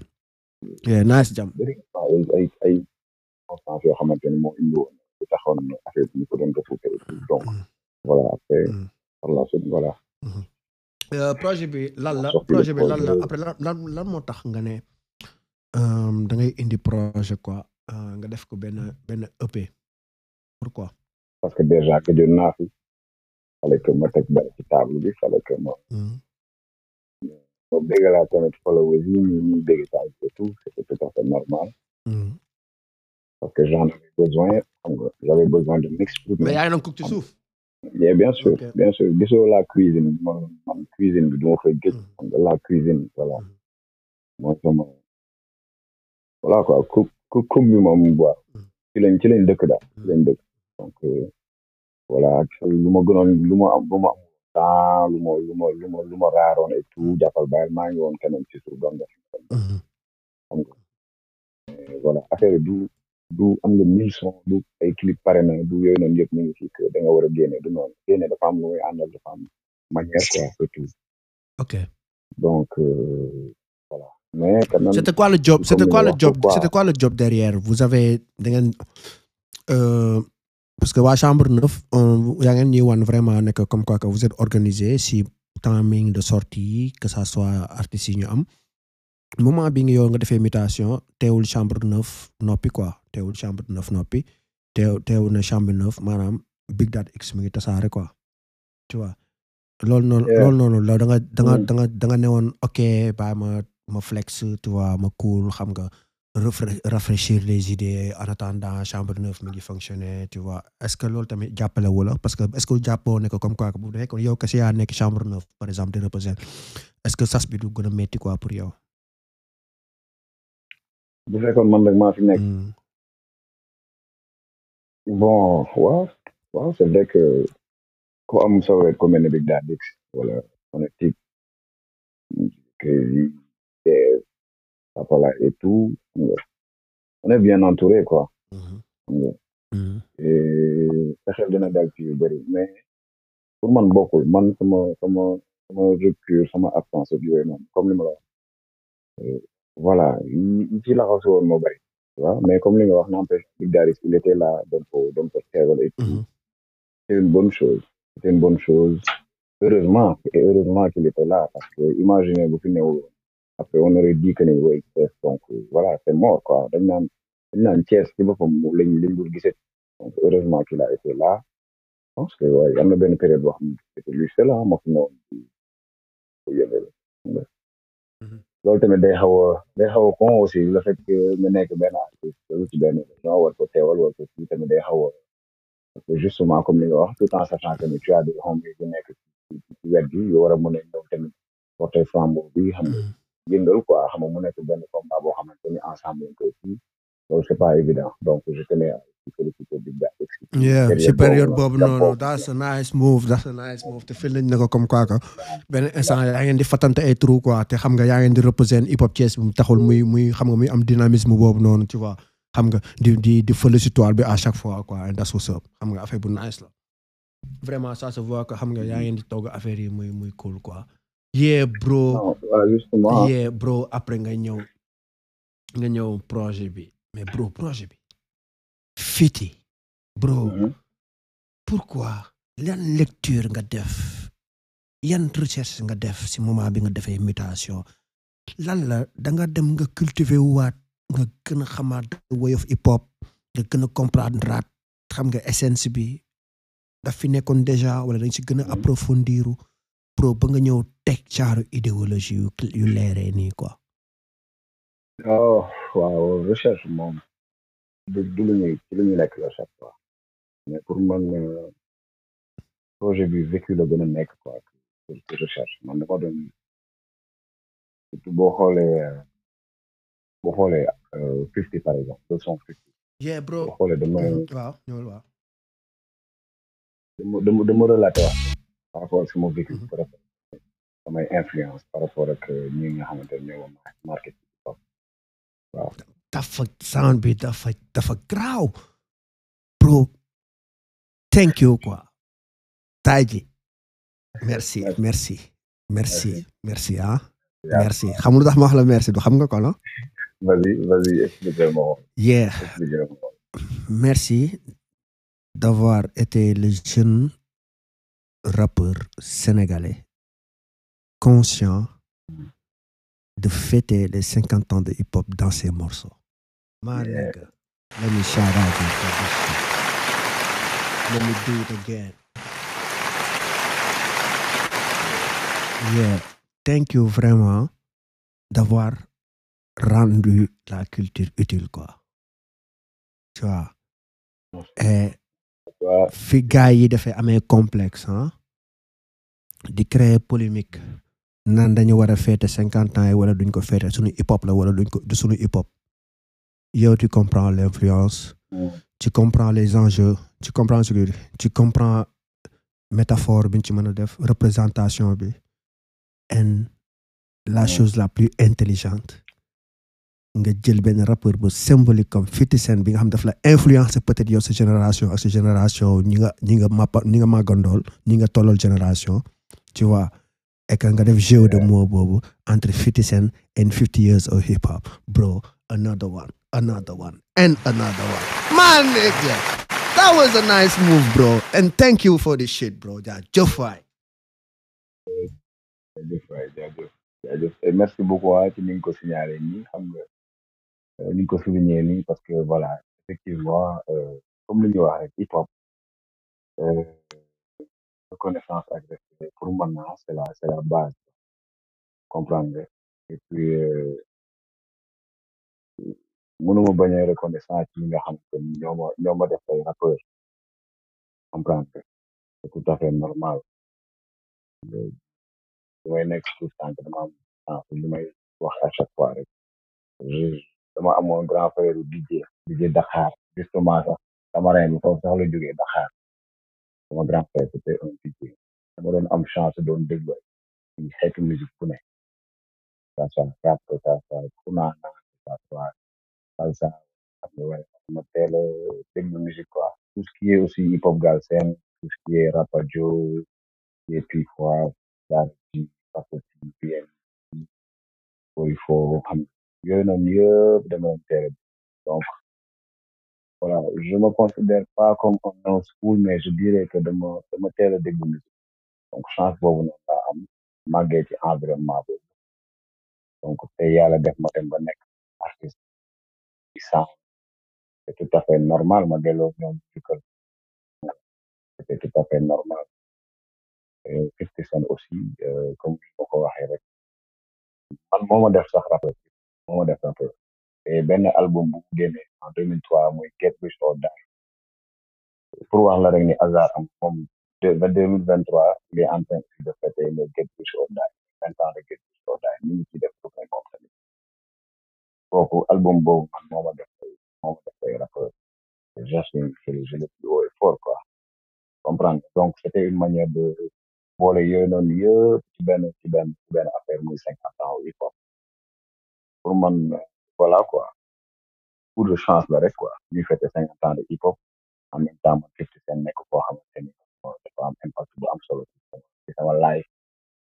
circonstances yoo xamante ni moo indi woon lu taxoon affaire bi mm-hmm. Mm-hmm. Mm-hmm. la euh, projet bi lan la projet la moo tax nga ne euh, da ngay indi projet quoi euh, nga def ko ben benn EP e pourquoi parce que déjà que jot naa fi fallait que ma table bi fallait que ma ma bégalaa tamit followers yi ñu ñu bégg taal tout c'était fait normal parce que j'en besoin xam nga j'avais besoin de m'exprimer. mais yaa ngi doon cook ci suuf. oui bien sûr bien sûr gisoo la cuisine man man cuisine bi ma fay gëj. Mm-hmm. la cuisine voilà mm-hmm. mooy sama voilà quoi cook cook cook bi moom quoi. Mm-hmm. ci lañ ci lañ dëkk daal ci lañ dëkk donc euh, voilà lu ma gënoon lu ma am lu ma am lu ma lu ma maa ngi woon keneen ci suuf doon def. xam du. du am nga mille son du ay pare na du yooyu noonu yëpp ñu ngi fii que da nga a génne du noonu génne dafa am lu muy àndal ok donc euh, voilà. quoi le job c'était quoi quoi le job derrière vous avez da euh, parce que waa chambre neuf euh, yaa ngeen ñuy wan vraiment nekk comme quoi que vous êtes organisé si timing de sortie que ça soit artistes yi ñu am moment bi nga yow nga defee mutation teewul chambre neuf noppi quoi. teewul chambre neuf noppi teew teewul na chambre neuf maanaam big data x mi ngi tasaare quoi tu vois. noonu loolu noonu da nga ne woon ok bàyyi ma ma flex tu vois ma cool xam nga rafraîchir les idées en attendant chambre neuf mi ngi fonctionner tu vois est-ce tamit jàppale wu la parce que est-ce que jàppoo ne ko comme quoi bu fekkoon yow kese nekk chambre neuf par exemple di reposer est que sas bi du gën a métti quoi Bon, waaw, waaw, c'est vrai que am sa wet ku mel Big Daddy wala Fnatic, Crazy, Dave, Apala et tout, xam nga, on bien entouré quoi. Mhm. sa xel dina dal ci yu mais pour man bokkul man sama sama sama rupture sama absence ak yooyu noonu comme li ma euh, Voilà, yi yi ci laxasu woon waaw mais comme li nga wax n'empêche Bulgaris il était là doon ko doon et tout mm-hmm. une bonne chose heureusement et heureusement qu'il était là parce que imaginez bu fi néew après on aurait dit que ne way Thiès donc euh, voilà c'est mort quoi dañ naan dañ naan Thiès ci boppam lañ lañ dul heureusement qu'il a été là je pense que waaye am na benn période boo xam ne c'était di loolu tamit day xaw a day xaw a con aussi le fait que nga nekk benn artiste loolu ci benn région xaw a parce que justement comme ni nga wax tout en sachant que ni tu as des hommes yu nekk ci wet gi yu war a mën bi xam nga yëngal quoi xam nga mu nekk benn combat boo xamante ni ensemble lañ c'est pas évident donc je tenais sollicité Big boobu noonu that's a nice move that's a nice move te fil nañ ne ko comme quoi benn instant yaa ngeen di fatante ay trou quoi te xam nga yaa ngeen di représent hip hop Thiès mu taxul muy muy xam nga muy am dynamisme boobu noonu tu vois xam nga di di di fële si toile bi à chaque fois quoi that's what's up xam nga affaire bu nice la vraiment ça se voit xam nga yaa ngeen di togg affaire yi muy muy cool quoi yeah bro après nga ñëw nga ñëw projet bi mais bro fiti bro mhm. pourquoi lan lecture nga def yan recherche nga def si moment bi nga defee mutation lan la da nga dem nga cultiver waat nga gën a xamaat way of hip hop nga gën a xam nga essence bi nga fi nekkoon déjà wala dañ si gën a mhm. approfondiru pro ba nga ñëw teg caaru idéologie yu leeree nii quoi. Oh, waaw recherche moom. du du lu ñuy ci lu ñuy nekk la chaque fois mais pour man euh, projet bi vécu la gën a nekk quoi que recherche man dama doon surtout boo xoolee euh, boo xoolee euh, fifty par exemple deux cent fifty yeah bro boo xoolee dama waaw ñëwal waaw dama dama relaté wax par rapport ak sama vécu mm-hmm. par rapport influence par rapport ak ñi nga xamante ne ñoo ma marqué dafa sound bi dafa dafa graaw bro thank you quoi taaji merci merci merci merci ah merci xamul tax ma wax la merci du xam nga ko no vas-y yeah merci d'avoir été le jeune rappeur sénégalais conscient de fêter les 50 ans de hip-hop dans ses morceaux. My vraiment d'avoir rendu la culture utile quoi. Tu vois. Et fi gars yi dafay amee complexe hein di créer polémique. naan dañu war a féete cinquante ans yi wala duñ ko féete suñu hip hop la wala duñ ko suñu hip hop yow tu comprends l'influence mm. tu comprends les enjeux tu comprends ce que tu comprends métaphore bi ñu ci mën a def représentation bi and la mm. chose la plus intelligente nga jël benn rappeur bu symbolique comme 50 Cent bi nga xam def la influencer peut-être yow sa génération ak sa génération ñi nga ñi nga nga màggandool ñi nga tollool génération tu vois et nga def jeu de mots boobu entre fifty cent and fifty years of hip hop bro another one another one and another one man nigga eh, that was a nice move bro and thank you for this shit bro jaajëf waay merci beaucoup waay ci euh, ni ko signalé nii ko souligné nii parce que voilà effectivement euh, comme li ñu wax rek hip hop euh, reconnaissance ak respect pour man naa c'est la c'est la comprendre nga et euh, reconnaissance ci ñi nga xam def rappeur comprendre tout à fait normal lu may nekk tout tànk dama am sens li wax à chaque fois rek dama amoon sama grand frère c'était un DJ dama doon am chance doon déglu ay xeetu musique bu ne ça soit rap ça soit kunaana ça soit salsa xam nga galsen tout ce qui est rapadio et puis quoi daal di pakoti bien voilà je me considère pas comme un school mais je dirais que dama dama teel a déglu musique donc chance boobu noonu laa am ci environnement boobu donc te yàlla def ma dem ba nekk artiste di sang c'est tout à fait normal ma delloo ñoom jukkal c'est tout à fait normal Fifty Cent aussi euh, comme ma ko waxee rek man moo def sax rappeur moo def rappeur E benn album bu mu génnee en 2003 muy Get Rich or pour wax la rek ni hasard am moom ba 2023 il est de fêter le Get Rich or Die album boobu man moo ma def tey moo ma def tey rappeur Jasmine Félix je le plus fort quoi comprendre donc c'était une manière de boole yooyu noonu yëpp ci benn ci benn ci muy cinquante ans hip hop pour man voilà quoi coup chance la rek quoi ñuy fête cinquante ans de hip hop en même temps man nekk koo xamante ni dafa am impact bu am solo ci sama life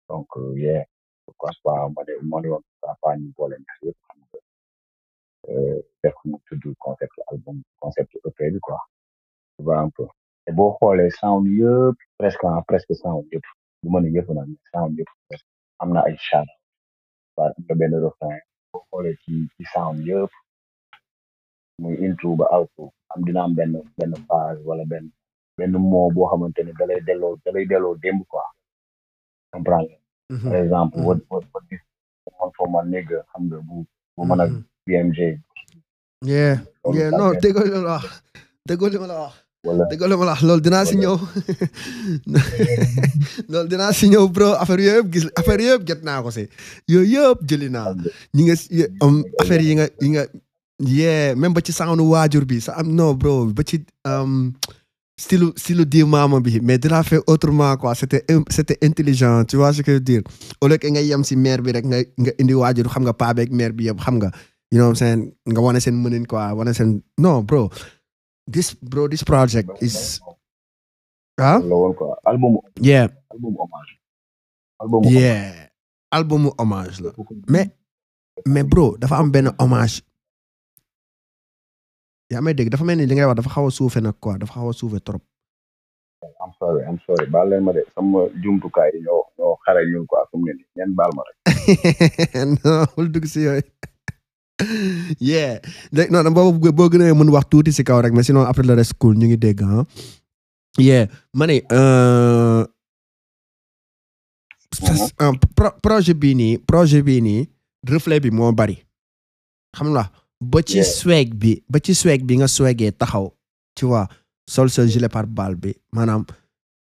donc euh, yeah pourquoi pas ma ne ma ne woon pourquoi pas ñu boole ñaar euh, mu tudd concept album concept EP bi quoi tu vois un peu te boo xoolee sound yëpp presque presque sound yëpp du ma ne nag sound yëpp presque am na ay chant waa am boo xoolee ci ci sound ba outro am dina am benn benn phrase wala ben benn mot boo xamante ne dalay delloo dalay delloo démb quoi comprendre mm-hmm. par exemple mm-hmm. wat wat wat gis man for my nigga xam nga bu bu mën a BMJ mm-hmm. wala dëgg loolu dinaa si ñëw loolu dinaa si ñëw bro affaire yooyu yëpp gis affaire yooyu yëpp jot naa ko si yooyu um, yëpp jëli naa ñi nga affaire yi nga yi nga yee même ba ci sanganu waajur bi sa am non ba ci style style di maama bi mais dinaa fait autrement quoi c'était c'était intelligent tu vois ce que je dire au lieu nga yem si mère bi rek nga nga indi waajur xam nga paa beeg bi yëpp xam nga you know what nga wane seen mënin quoi wane seen non bro this bro this project is ah album yeah album hommage album yeah album hommage la mais mais bro dafa am benn hommage yaa may dégg dafa mel ni li wax dafa xaw a suufe nag quoi dafa xaw a suufe trop I'm sorry baal leen ma de sama jumtukaay ñoo ñoo xare ñun quoi fu mu ne nii baal ma rek [LAUGHS] non wul dugg si yooyu [LAUGHS] yeah léegi non boobu boo gën a mën wax tuuti si kaw rek mais sinon après le reste cool ñu ngi dégg ah. yeah euh, euh, projet bii nii projet bii nii reflet bi moo bari. xam nga ba ci bi ba ci bi nga swagee taxaw. tu sol sa gilet pare-balle bi maanaam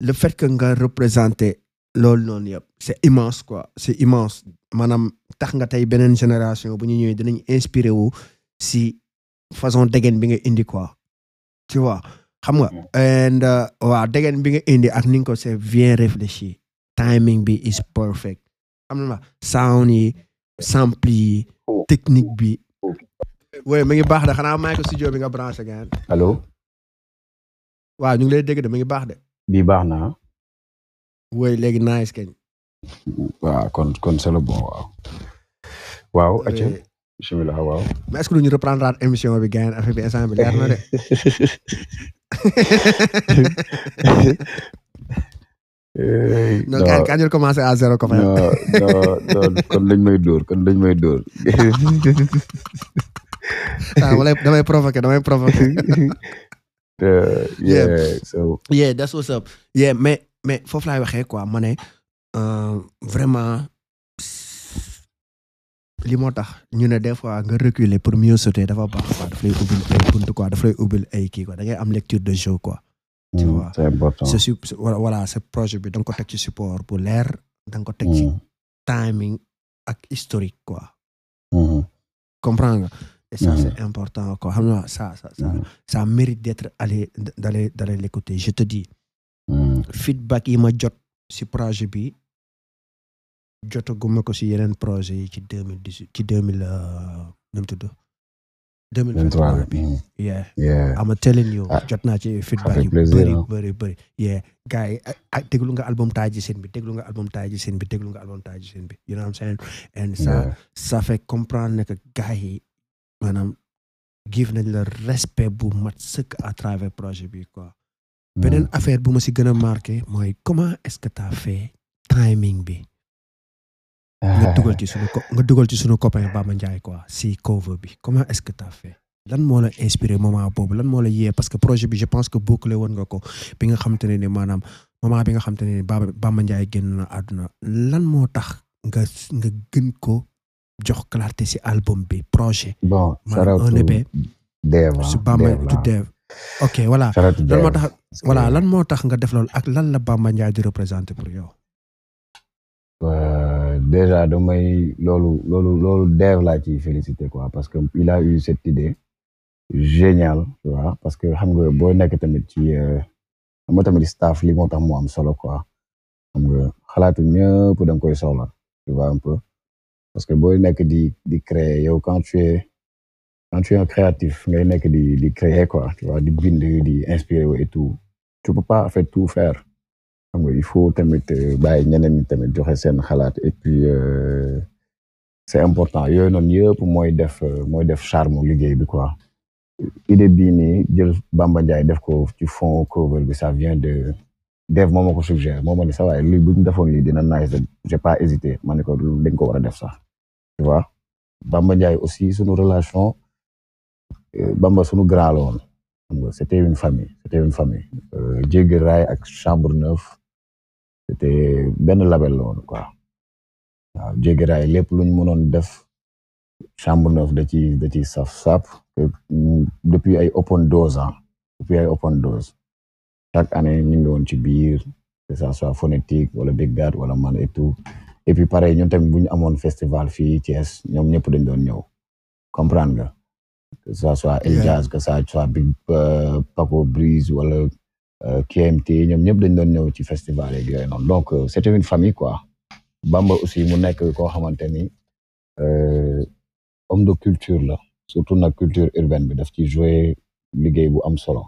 le fait que représenté loolu noonu yëpp c'est immense quoi c'est immense maanaam tax nga tey beneen génération bu ñu ñëwee dinañ inspiré wu si façon degen bi nga indi quoi ci vois xam nga and euh, waa degen bi nga indi ak ni nga ko c'est bien réfléchi timing bi is perfect xam nga sound yi sample yi technique bi woy mi ngi baax de xanaa may ko studio bi nga branché gaan allo waaw ñu ngi lay dégg de mi ngi baax de bi baax naa ah. woy léegi nice kañ. waaw kon kon c'est le waaw. waaw acca bismillah waaw. mais est-ce lu ñu reprendre émission bi gars affaire bi instant bi leer na de. [LAUGHS] non kañ kañ commencé à zéro comme kon dañ may kon dañ may [LAUGHS] ah, damay provoquer damay provoquer. [LAUGHS] yeah yeah so. yeah mais foofu laay waxee ko ma ne euh, vraiment li moo tax ñu ne des fois nga reculer pour mieux sauter dafa baax quoi daf lay ubbil ay lay ubbil ay kii quoi da am lecture de jeu quoi. tu hmm, vois c'est important voilà ce projet bi da nga teg ci support bu leer. da nga ko teg ci hmm. timing ak historique quoi. Hmm. comprends nga. et c'est important quoi xam nga ça ça ça ça mérite d'être allé d'aller d'aller l'écouter je te dis. feedback yi ma jot si projet bi jotaguma ko si yeneen projet yi ci deux mille dix ci deux mille euh, nu tudd. deux mille vingt-trois bi mm. yeah I'm telling you ah. jot naa ci feedback yu bëri bëri bëri yeah gars yi ak ah, ah, déglu nga album Taiji seen bi déglu nga album Taiji seen bi déglu nga album Taiji Scene bi you know what I'm saying and ça ça fait ne que gars yi maanaam give nañ la respect bu mat sëkk à travers projet bi quoi beneen hmm. affaire bu ma si gën a marqué mooy comment est-ce que t'as timing bi. nga ah. dugal ci sunu nga dugal ci sunu copain Baba Ndiaye quoi si cover bi comment est-ce que t'as fait. lan moo la inspiré moment boobu lan moo la yee parce que projet bi je pense que bouclé woon nga ko bi nga xamante ne ni maanaam moment bi nga xam xamante ne ni Baba Baba Ndiaye génn na àdduna lan moo tax nga nga gën ko jox clarté si album bi projet. bon un EP. Dev ah Dev ok voilà lan moo tax lan moo tax nga def loolu ak lan la Bamba Ndiaye di représenter pour yow. Euh, déjà do loolu loolu loolu deew laa ciy félicité quoi parce que il a eu cette idée géniale parce que xam nga boo nekk tamit ci euh, xam nga tamit staff li moo tax mu am solo quoi xam nga xalaatu da koy soxla tu parce que boo nekk di di créer yow quand tu quand tu es un créatif ngay nekk di di créer quoi tu vois di bind di inspirer wu et tout tu peux pas en fait xam nga il faut tamit euh, bàyyi ñeneen ñi tamit joxe seen xalaat et puis euh, c' est important yooyu noonu yëpp mooy def euh, mooy def charme liggéey bi quoi idée bii nii jël Bamba Ndiaye def ko ci fond cover bi ça vient de Dev moo ma ko suggéré moo ma ne sa waaye li bu ñu defoon lii dina nice j'ai pas hésité ma ne ko dañ ko war a def sax tu vois Bamba Ndiaye aussi sunu relation Euh, Bamba sunu grand la woon xam nga une famille c'était une famille. Euh, Jéggi ak Chambre Neuf c'était benn label la woon quoi waaw Jéggi Raay lépp lu mënoon def Chambre Neuf da ci da ciy saf sap euh, depuis ay open dos ah depuis ay open dose chaque année ñu ngi woon ci biir que ça soit phonétique wala déggat wala man et tout et puis pareil ñun tamit bu ñu amoon festival fii Thiès ñoom ñëpp dañ doon ñëw comprendre nga. que ça soit El Jazz que ça soit Big uh, Paco wala uh, KMT ñoom ñëpp dañ doon ñëw ci festival yeeg yooyu noonu donc euh, c'était une famille quoi Bamba aussi mu nekk koo xamante ni euh, homme de culture la surtout nag culture urbaine bi daf ci jouer liggéey bu am solo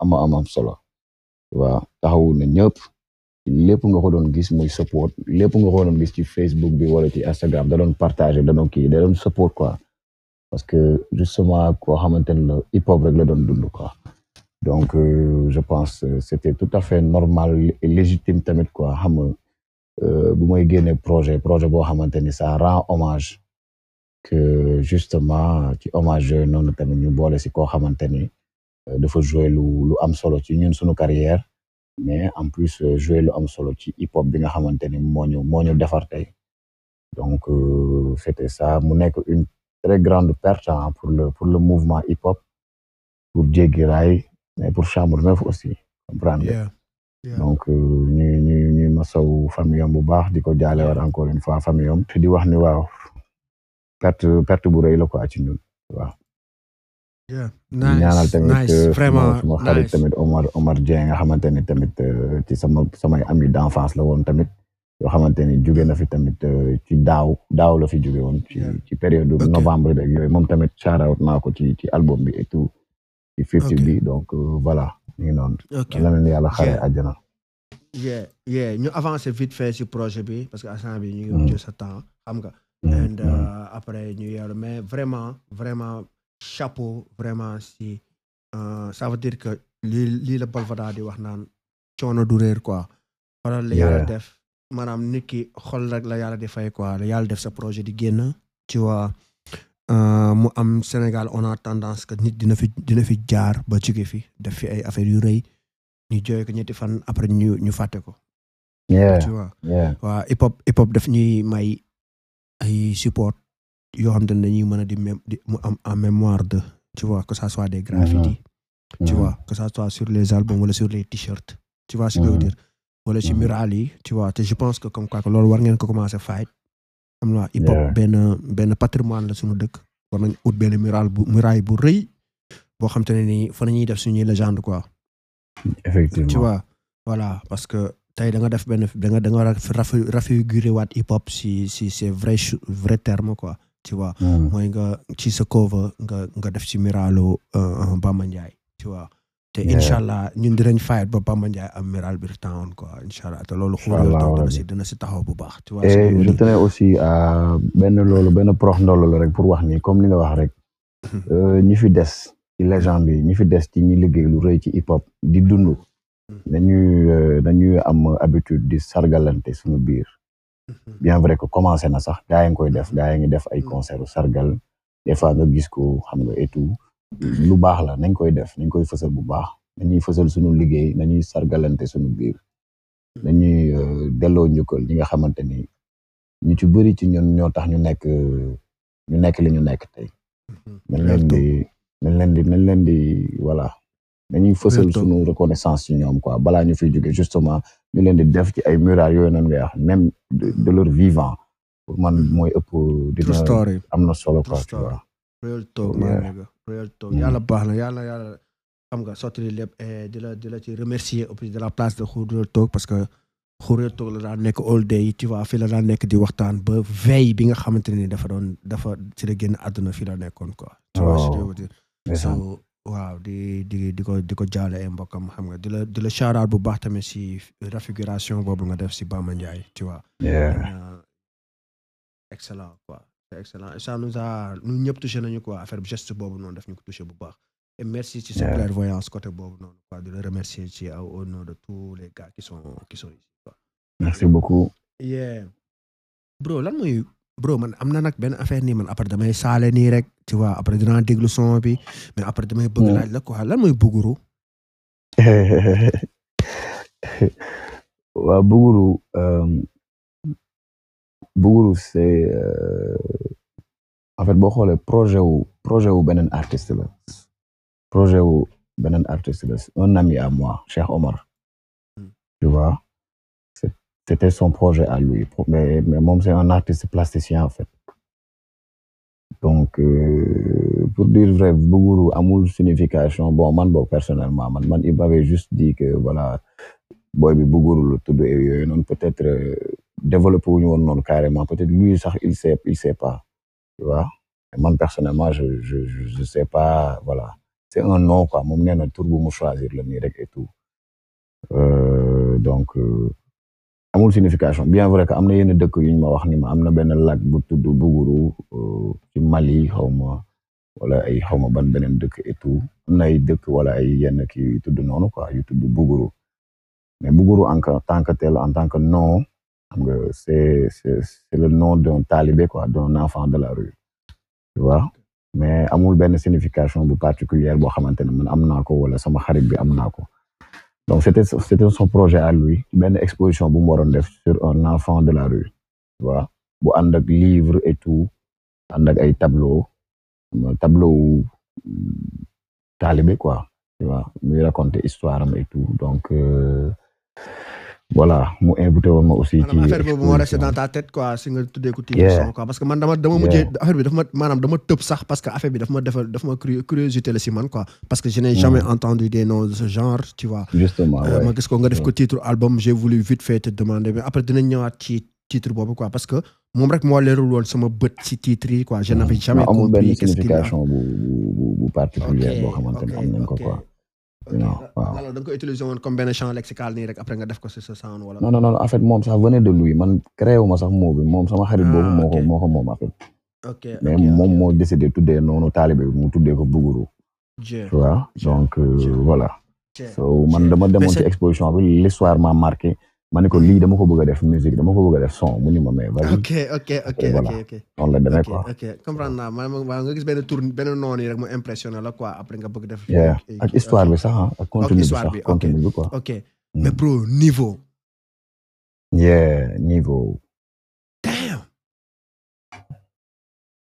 ama am am solo waaw taxawu na ñëpp lépp nga ko doon gis muy support lépp nga ko doon gis ci Facebook bi wala ci Instagram da partage partager ki doon kii da support quoi parce que justement koo xamante ne la hip hop rek la doon dund quoi donc euh, je pense euh, c'était tout à fait normal et légitime tamit quoi xam nga euh, bu may génne projet projet boo xamante ni ça rend hommage que justement ci hommage yooyu noonu tamit ñu boole si koo xamante ni dafa jouer lu lu am solo ci ñun suñu carrière mais en plus jouer lu am solo ci hip hop bi nga xamante ni moo ñu moo ñu defar donc c'était ça mu nekk très grande perte hein, pour, le, pour le mouvement hip-hop, pour Jéggi Raay mais pour Chambre Neuf aussi. comprendre donc euh, ñu ñu ñu masawu famille am bu baax di ko jaalewaat encore une fois famille am di wax ni waaw perte perte bu rëy la quoi ci ñun waaw. yeah nice ñaanal euh, Omar Omar Dieng nga xamante ne tamit euh, ci sama samay amis d'enfance la woon tamit. yoo xamante ni jóge na fi tamit euh, ci daaw daaw la fi jóge woon ci ci période novembre beeg yooyu moom tamit charaot naa ko ci ci album bi et tout ci fifty bi donc euh, voilà ñu ngi noonu la leen yàlla xare àjjana yeah yeah ñu avancé vite fait projet bi parce que instant bi ñu ngi mm. jël sa temps xam nga mm, and mm. Euh, après ñu yeeru mais vraiment vraiment chapeau vraiment si ça veut dire que lii lii la Balvada di wax naan coono du réer quoi waral la def maanaam nit ki xol rek la yàlla di fay quoi yàlla def sa projet di génn tu vois euh, mu am Sénégal on a tendance que nit dina fi jaar ba jóge fi def fi ay affaire yu rëy ñu jooy ko ñetti fan après ñu ñu fàtte ko. tu vois waaw hip hop hip hop daf ñuy may ay support yoo xam te ne dañuy mën a di même di mu am en mémoire de tu vois que ça soit des mm-hmm. graffitis. tu mm-hmm. vois que ça soit sur les albums wala sur les t-shirts. tu vois ce que wala ci mhm. mural yi tu vois te je pense que comme quoi que loolu war ngeen ko commencer fight am na hip hop benn benn patrimoine la suñu dëkk war nañ ut benn mural bu muraille bu rëy boo xam te ne nii na nañuy def suñuy légende quoi effectivement tu vois voilà parce que tey danga def benn da nga da nga raffigurer waat hip hop si si c'est vrai vrai terme quoi tu waa hmm. mooy nga ci sa cover nga nga def ci muralu euh, Bamba Ndiaye te incha allah ñun dinañ fayat ba Bamba Ndiaye am Meral bir town quoi incha allah te loolu. xoolal taw dina si dina si taxaw bu baax. tu vois et aussi à benn loolu benn prox ndollu la rek pour wax ni comme li nga wax rek. Mhm. Euh, ñi fi des ci légende yi ñi fi des ci ñi liggéey lu rëy ci hip hop di dund. dañuy mhm. dañuy euh, am habitude di sargalante suñu biir. Mhm. bien vrai ko commencé na sax gaa yi ngi koy def gaa yi ngi def ay concert sargal des fois nga gis ko xam nga et lu baax la nañ koy def nañ koy fësal bu baax nañuy fasal suñu liggéey nañuy sargalante suñu biir nañuy euh, delloo njukkal ñi nga xamante ni ñu ci bëri ci ñun ñoo tax ñu nekk ñu nekk li ñu nekk tey. Mm-hmm. nañ leen di nañ leen di nañ leen di voilà. nañuy fësal suñu reconnaissance ci ñoom quoi balaa ñu fiy jóge justement ñu leen di def ci ay murailles yooyu noonu ngay wax même de leur vivant pour man mooy ëpp. dina am na solo quoi real talk maa ngi real mm. baax na yàlla yàlla xam nga sotti li lépp eh, di la di la ci remercier au de la place de Khou Real Talk parce que Khou Real Talk la daan nekk all day tu vois fii la daan nekk di waxtaan ba veille bi nga xamante ne dafa doon dafa ci la génn àdduna fii la nekkoon quoi. tu vois waaw di di di ko di ko jaale ay mbokkam xam nga di la di la bu baax tamit si réfiguration boobu nga def si Bama Ndiaye tu excellent quoi. c'est excellent et ça nous a ñun ñëpp touché nañu quoi affaire boobu noon daf ñu ko touché bu baax. et merci ci sa clairvoyance côté boobu noonu ko di la remercier ci aw euh, au nom de tous les gars qui sont qui sont ici quoi. merci beaucoup. yeah bro lan mooy bro man am na nag benn affaire nii man après damay saale nii rek tu vois après dinaa déglu son bi mais après damay bëgg mm. laaj la quoi lan mooy buguru. [LAUGHS] waaw buguru. Euh, Bougoulou c'est euh, en fait boo xoolee projet wu projet wu beneen artiste la projet wu beneen artiste un ami à moi Cheikh Omar hmm. tu vois c'était son projet à lui mais mais moom c'est un artiste plasticien en fait donc euh, pour dire vrai Bougoulou amul signification bon man boobu personnellement man man il m'avait juste dit que voilà booy bi bëggul tudd yooyu noonu peut-être euh, développé wu ñu woon noonu carrément peut-être lui sax il sait il sait pas tu man personnellement je je je sais voilà c'est un nom quoi moom nee na tur bu mu choisir la nii rek et tout euh, donc euh, amul signification bien vrai que am na yenn dëkk yu ñu ma wax ni ma am na benn lac bu tudd Buguru ci Mali xaw ma wala ay xaw ma ban beneen dëkk et tout am na ay dëkk wala ay yenn kii yu tudd noonu quoi yu tudd Buguru Mais Bougourou, en tant que tel, en tant que nom, c'est le nom d'un talibé, d'un enfant de la rue. Tu vois mais amul benn signification bu particulière boo xamante ne man am naa ko wala sama xarit bi am naa ko donc c'était c'était projet à lui benn exposition bu mu def sur un enfant de la rue tu vois bu ànd ak livre et tout ànd ak tableau tableau talibé quoi tu vois muy raconter histoire am et tout donc euh, voilà mu invité woon ma aussi. ci affaire boobu moo resté dans ta tête quoi si nga tuddee ko Tigre Son quoi parce que man dama dama affaire bi dafa ma tëb sax parce que affaire bi dafa ma curiosité la si man quoi. parce que je n'ai mm. jamais entendu de ce genre tu vois. justement euh, ma gis ko nga def ko titre album j'ai voulu vite fait te demander après dinañ ñëwaat ci boobu quoi parce que moom rek moo leerul woon sama bët si titre yi quoi. je mm. n'avais jamais compris a amul benn signification bu bu non euh, waaw alors da nga ko utiliser comme benn champ lexical nii rek après nga def ko si sa sound wala. moom sax venait de lui man créé wu sax moo bi moom sama xarit ah, boobu moo ko moo ko moom mais moom moo décidé tuddee noonu taalibe bi mu tuddee ko Buguru. tu vois donc euh, voilà. so man dama demoon ci exposition bi l'histoire m'a marqué. ma ko lii dama ko bëgg a def musique dama ko bëgg a def son mu ni ma mais. vas-y ok ok ok voilà noonu ok comprendre gis benn tour benn noonu yi rek mu impressionné la bi sax ah ak bi sax contenu bi quoi. ok mm. mais pro niveau. yeah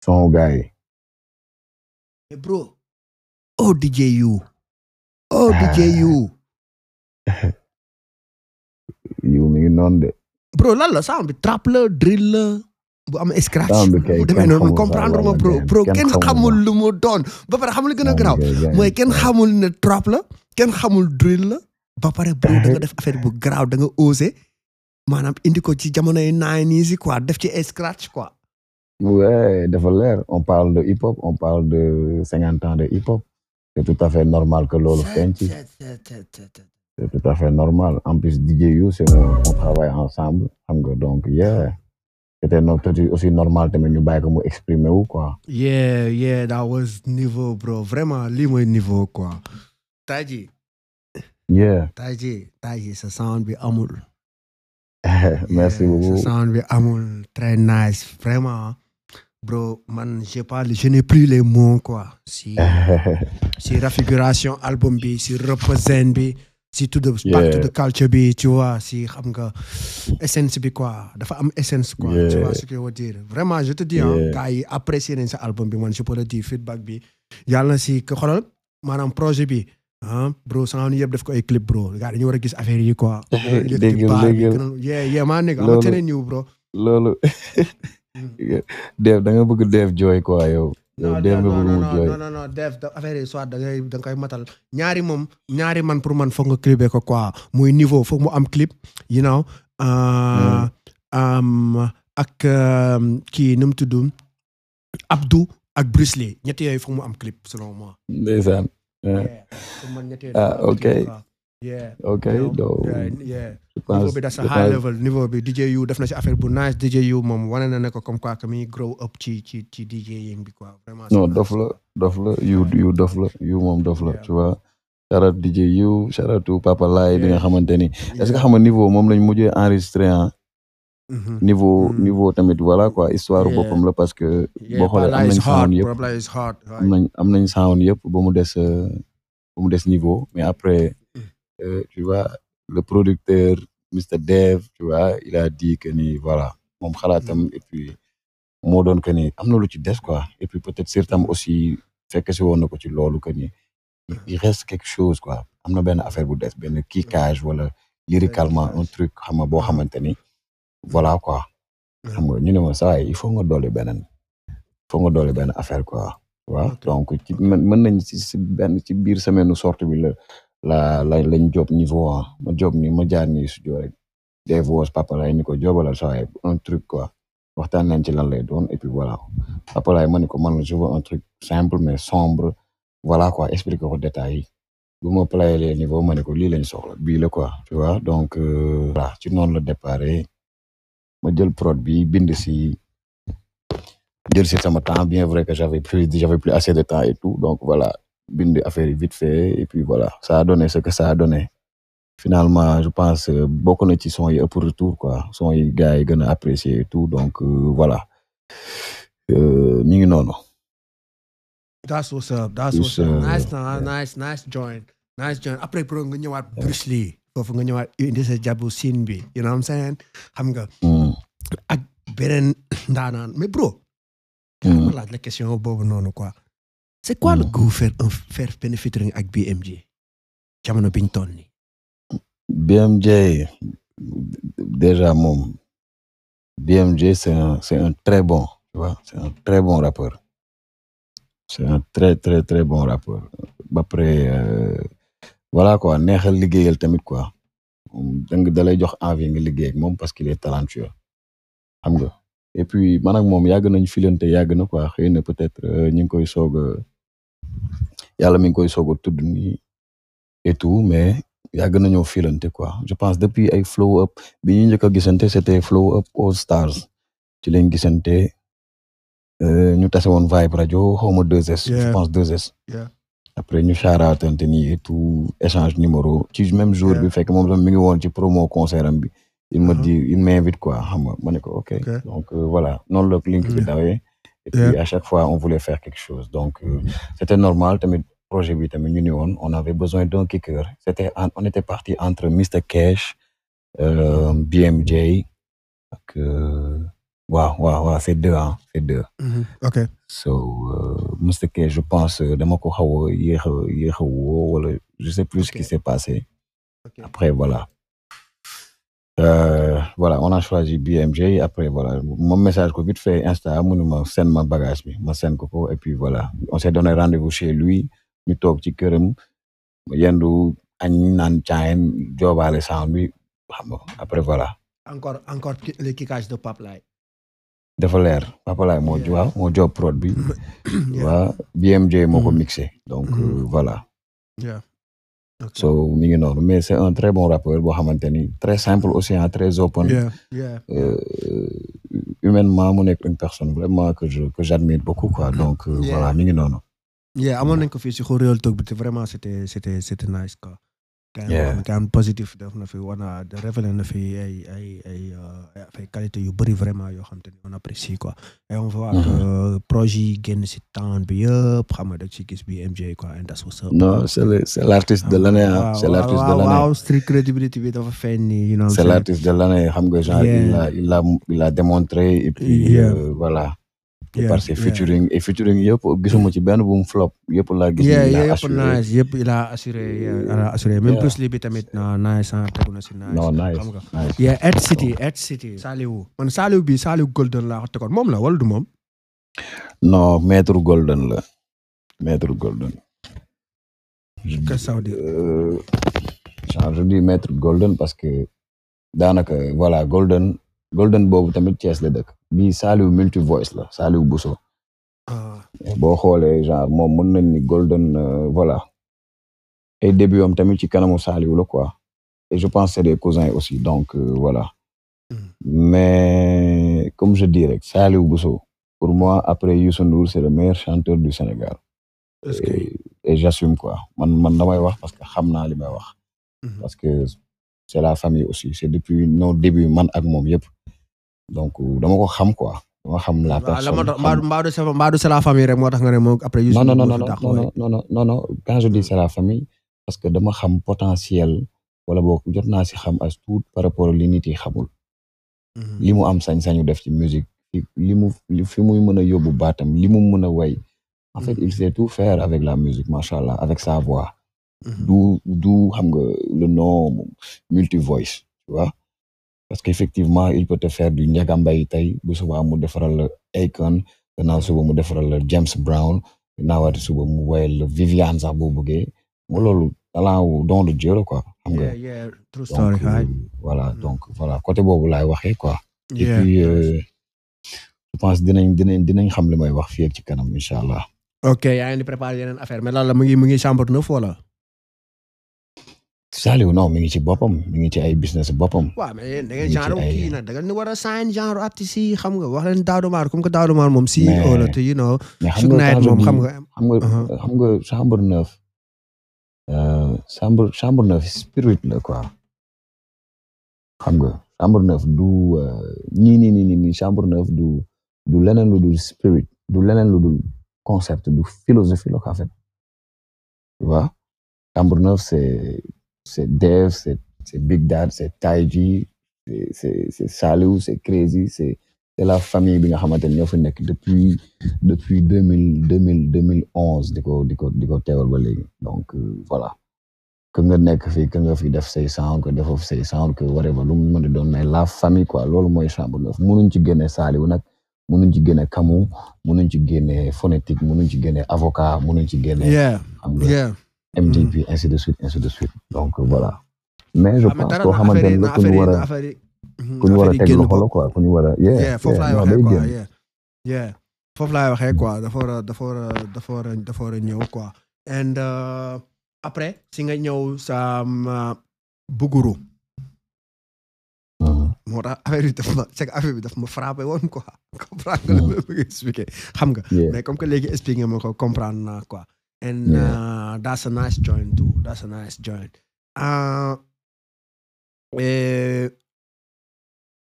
son gars yi. mais bro. oh DJ you. oh DJ you. [LAUGHS] yiw mi ngi noonu de. bro lan la sound bi trap la drill la bu am scratch. sound bi kay kenn xamul comprendre ma bro kenn xamul lu mu doon. ba xamul gën a garaaw kenn xamul ne trap la kenn xamul drill la. ba bro da [LAUGHS] def affaire bu garaaw da nga osé maanaam indi ko ci jamonoy nine easy quoi def ci scratch quoi. ouais dafa leer on parle de hip hop on parle de cinquante ans de hip hop c'est tout à fait normal que loolu feeñ ci. c'est normal en plus DJ Youssou no on travaille ensemble xam nga donc yeah c'était aussi normal tamit ñu bàyyi ko mu exprimer wu yeah yeah that was niveau vraiment lii mooy niveau quoi. Taji. yeah Taji Taji sa sound bi amul. [LAUGHS] merci beaucoup amul très nice vraiment. bro man je parle je n'ai plus les mots quoi. si [LAUGHS] si album bi si represent bi. si tout de yeah. partout de culture bi tu si xam nga essence bi quoi dafa am essence quoi yeah. tu vois ce que vraiment je te dis ah yeah. gars sa album bi man je peux le dire feedback bi yàlla na si ko xoolal maanaam projet bi ah bro sa nga yëpp def ko ay clip bro gars ñu war gis affaire yi quoi [LAUGHS] dégg dégg maa nekk ama tene new bro loolu [LAUGHS] [LAUGHS] def da nga bëgg def jooy ko yow Ah, non non non def affaire yi soit da ngay da matal ñaari moom ñaari man pour man foog nga clipé ko quoi muy niveau foog mu am clip you know ah, hmm. ak um, kii nu mu tudd Abdou ak Bruce Lee ñetti yooyu foog mu am clip selon moi. ndeysaan ah, ah ok. yeah ok donc bi that's a high level niveau bi def na si affaire bu nice DJ Yu moom wane na ne ko comme quoi que mi grow up ci ci ci DJing quoi vraiment. non dof la dof la Yu dof la Yu moom dof la tu vois. shout DJ Yu shout out to Papa nga xamante ni est-ce que xam nga niveau moom lañ mujjee enregistré ah. Mm-hmm. niveau mm-hmm. niveau tamit wala quoi histoire boppam la parce que. boo xoolee am nañ am nañ am nañ sound yëpp ba mu des euh, ba mu des niveau mais après. Euh, tu vois le producteur Mr Dev tu vois il a dit que ni voilà moom xalaatam mm. et doon que ni am na lu ci des quoi et puis peut-être Sirtam aussi fekk si woon na ko ci loolu que ni il reste quelque chose quoi am na benn affaire bu des benn kickage wala lyricalement un truc xam nga boo xamante ni voilà quoi. xam nga ñu ne ma saa il nga doole beneen il nga doole benn affaire quoi. waaw donc ci mën nañ ci benn ci biir semaine nu sorte bi la la lañ job ni ma job ni ma jaar ni studio rek des voix papa ni ko jobalal saa un truc quoi waxtaan nañ ci lan lay doon et puis voilà papa laay ma ni ko man je veux un truc simple mais sombre voilà quoi expliquer ko détails yi bu ma playé niveau ma ne ko lii lañ soxla bii la quoi tu vois euh, noonu la départ ma jël prod bi bind si jël si sama temps bien vrai que j'avais plus assez de temps donc voilà bind affaire yi vite fait et voilà ça a ce que ça a finalement je pense euh, bokk na ci son yi ëpp retour quoi son yi gars yi gën a apprécier donc euh, voilà ñu euh, ngi noonu. that's what's up that's what's up après pro nga ñëwaat Bruce Lee foofu nga ñëwaat indi sa jàpp scene bi you know what I'm xam nga. Hmm. ak beneen ndaanaan mais bro. ma hmm. laaj la question boobu noonu c'est quoi le mm. goût faire un faire benn featuring ak BMJ jamono biñ toll nii. BMJ déjà moom BMJ c'est un c'est très bon tu vois c'est très bon rappeur c'est un très très très bon rappeur ba pare euh, voilà quoi neexal liggéeyal tamit quoi dang da lay jox envie nga liggéey ak moom parce qu'il est talentueux xam nga et puis man moom yàgg nañ filante yàgg na quoi xëy na peut-être euh, ñu ngi koy soog yàlla mi ngi koy soog a tudd nii et tout mais yàgg nañoo filante quoi je pense depuis ay flow up bi ñu njëkk a gisante c'était flow up all stars ci lañ gisante euh, ñu tase woon Vibe rajo xaw ma 2S. je pense 2S. après ñu charaatante nii et tout échange numéro ci même jour bi fekk moom tam mi ngi woon ci promo concert am bi. ma uh-huh. di il m'invite quoi xam nga ma ne ko ok donc euh, voilà noonu la link bi mm-hmm. dawee. et chaque fois on voulait faire quelque chose donc euh, normal tamit projet bi tamit ñu ni woon on avait besoin d'un kicker c'était on était parti entre Mr Cash euh, BMJ ak euh, waaw waaw waaw c'est deux ah c'est deux mm-hmm. ok so euh, Mr je pense euh, dama ko xaw a yéex a je sais plus okay. ce qui après voilà Euh, voilà on a choisi BMG après voilà mon message ko vite fait insta munuma seen ma bagage bi ma seen ko ko et voilà on s'est donné rendez chez lui ñu toog ci këram yendu añ naan caayen joobaale sound bi xam nga après voilà. encore encore le kickage de Pape Laye. dafa leer Pape Laye moo waaw moo job prod bi. waaw [COUGHS] BMG moo ko mm-hmm. donc mm-hmm. euh, voilà. so mi ngi noonu mais c'est un très bon rappeur boo xamante ni très simple aussi hein très open. Yeah, euh, mu nekk une personne vraiment que je que j'admire donc euh, yeah. voilà ngi noonu. yeah amoon nañ ko fii si xool Real Talk vraiment c'était nice quoi. Kaane Kaane positif def na fi wana révélé na fi ay ay ay euh, ay qualité yu bëri vraiment yoo xam te on apprécie quoi. et on voit mm-hmm. projet yi génn si tan bi yëpp xam nga da ci gis bi MJ quoi Indas What's Up. non c'est le c'est l'artiste de l'année ah. c'est l'artiste de l'année waaw street crédibilité bi dafa feeñ c'est l'artiste de l'année xam nga genre il a il et puis euh, voilà. Yeah, parce que featuring et featuring yëpp gisuma ci benn bu mu flop yëpp laa gis. nice yëpp il a assuré assuré même plus li bi nice ah nice. Ed City Ed City. Saliou bi Saliou Golden laa ko la wala du moom. non maître Golden la maître Golden. que ça veut di euh, maître Golden parce que daanaka voilà Golden. golden boobu tamit Thiès la dëkk bii Saliou multi voice la Saliou Bousso ah. boo xoolee genre moom mën nañ ni golden euh, voilà ay début am tamit ci kanamu Saliou la quoi et je pense c'est des cousins aussi donc euh, voilà hmm. mais comme je dis rek Saliou Bousso pour moi après Youssou Ndour c'est le meilleur chanteur du Sénégal est-ce que et j'assume quoi man man damay wax parce que xam naa li may wax hmm. parce que c'est la famille aussi c'est depuis no début man ak moom yëpp donc euh, dama xam quoi. dama xam la personne waaw la Mbadou Mbadou c'est la famille rek moo tax nga ne moom après. non non non non parce que dama xam potentiel wala boog jot naa si xam as tuut par rapport li nit xamul. Mhm. li mu am sañ-sañu def ci musique li mu fi muy mën a yóbbu baatam li mu mën a way. en fait mhm. il sait tout faire avec la musique macha allah avec sa voix. Mhm. du du xam nga le nom multi parce qu'effectivement il peut te faire du Ndiaga Mbaye tey bu subaa mu defaral la Akon gannaaw suba mu defaral la James Brown naawaati suba mu wayal la Viviane sax boo bëggee mu loolu talent don de Dieu la quoi. nga true story euh, voilà mm. donc voilà côté boobu laay waxee quoi. et puis euh, je pense dinañ dinañ dinañ xam li may wax fii ak ci kanam incha allah. ok yaa ngi préparé yeneen affaire mais lan la mu ngi mu ngi chambre Saliou non mi ngi ci boppam mi ngi ci ay business boppam. waaw me yéen da ngeen genre kii nag da ngeen war a sign genre artiste si xam nga wax leen Daouda Mar comme que moom si. mais oh, te you know. xam nga moom xam nga. xam nga xam nga chambre neuf. chambre chambre neuf spirit la quoi. xam nga chambre neuf du ñii eh, nii nii nii chambre neuf du du leneen lu spirit du leneen lu dul concept du philosophie la quoi en fait neuf c'est c'est Dev, c'est Big Dad, c'est Taiji, c'est Salou, c'est Crazy, c'est la famille bi nga xamante ne ñoo fa nekk depuis depuis deux mille deux mille deux mille onze di ko di ko di ko teewal ba léegi donc euh, voilà que nga nekk fii que nga fi def say sound que defoo fi say sound que whatever lu mu mën a doon mais la famille quoi loolu mooy Chambre Neuf mënuñ ci génne Saliou nag mënuñ ci génne Kamou mënuñ ci génne phonétique mënuñ ci génne avocat mënuñ ci génne. MDP mm. ainsi de suite ainsi de suite donc voilà. mais je ah, pense koo xamante ne ku ñu war a ku ñu war a teg loxo la a. foofu laay waxee quoi foofu laay waxee quoi dafa war a dafa war a dafa war a dafa war a ñëw quoi. and euh, après si nga ñëw sa mm, euh, buguru. Mm-hmm. moo tax affaire daf ma c'est que affaire bi daf ma frappé woon quoi [LAUGHS] comprendre nga mm-hmm. li xam nga. mais comme que léegi expliqué ma ko and uh, a nice joint too. That's a nice joint. Uh, uh eh,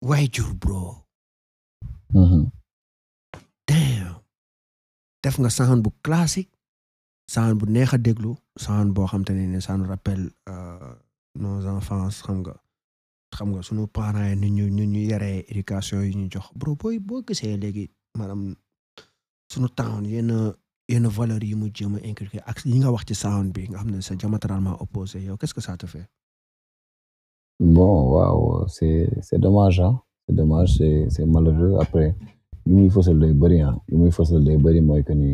waajur bro. Mm-hmm. def nga sound bu classique. sound bu neex a déglu. sound boo xam te ne ne ça nous xam nga. xam nga sunu parents yi ni ñu ni éducation yi ñu jox bro booy boo gisee léegi maanaam sunu town yenn yenn valeur yi mu jéem a inculquer ak yi nga wax ci sound bi nga xam ne c'est diamétralement opposé yow qu'est-ce que ça te fait bon waaw c'est c'est dommage ah c'est dommage malheureux après li muy fësal day bëri ah li muy fësal day bëri mooy que ni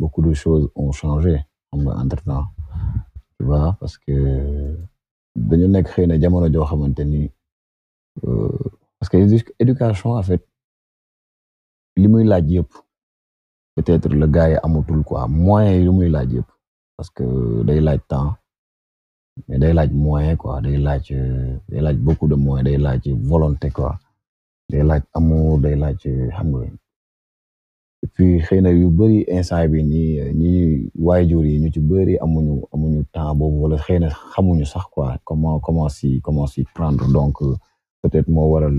beaucoup de choses ont changer xam nga entre-temps parce que dañu nekk xëy na jamono joo xamante ni euh, parce que éducation en fait li muy laaj yëpp peut-être le gars yi amatul quoi moyen yi muy laaj yëpp parce que day laaj temps mais day laaj moyen quoi day laaj euh, day laaj beaucoup de moyens day laaj volonté quoi day laaj amour day laaj euh, xam nga et puis xëy na yu bëri instant bi nii ñi waajur yi ñu ci bëri amuñu amuñu temps boobu wala xëy na xamuñu sax quoi comment comment si comment prendre donc euh, peut-être moo waral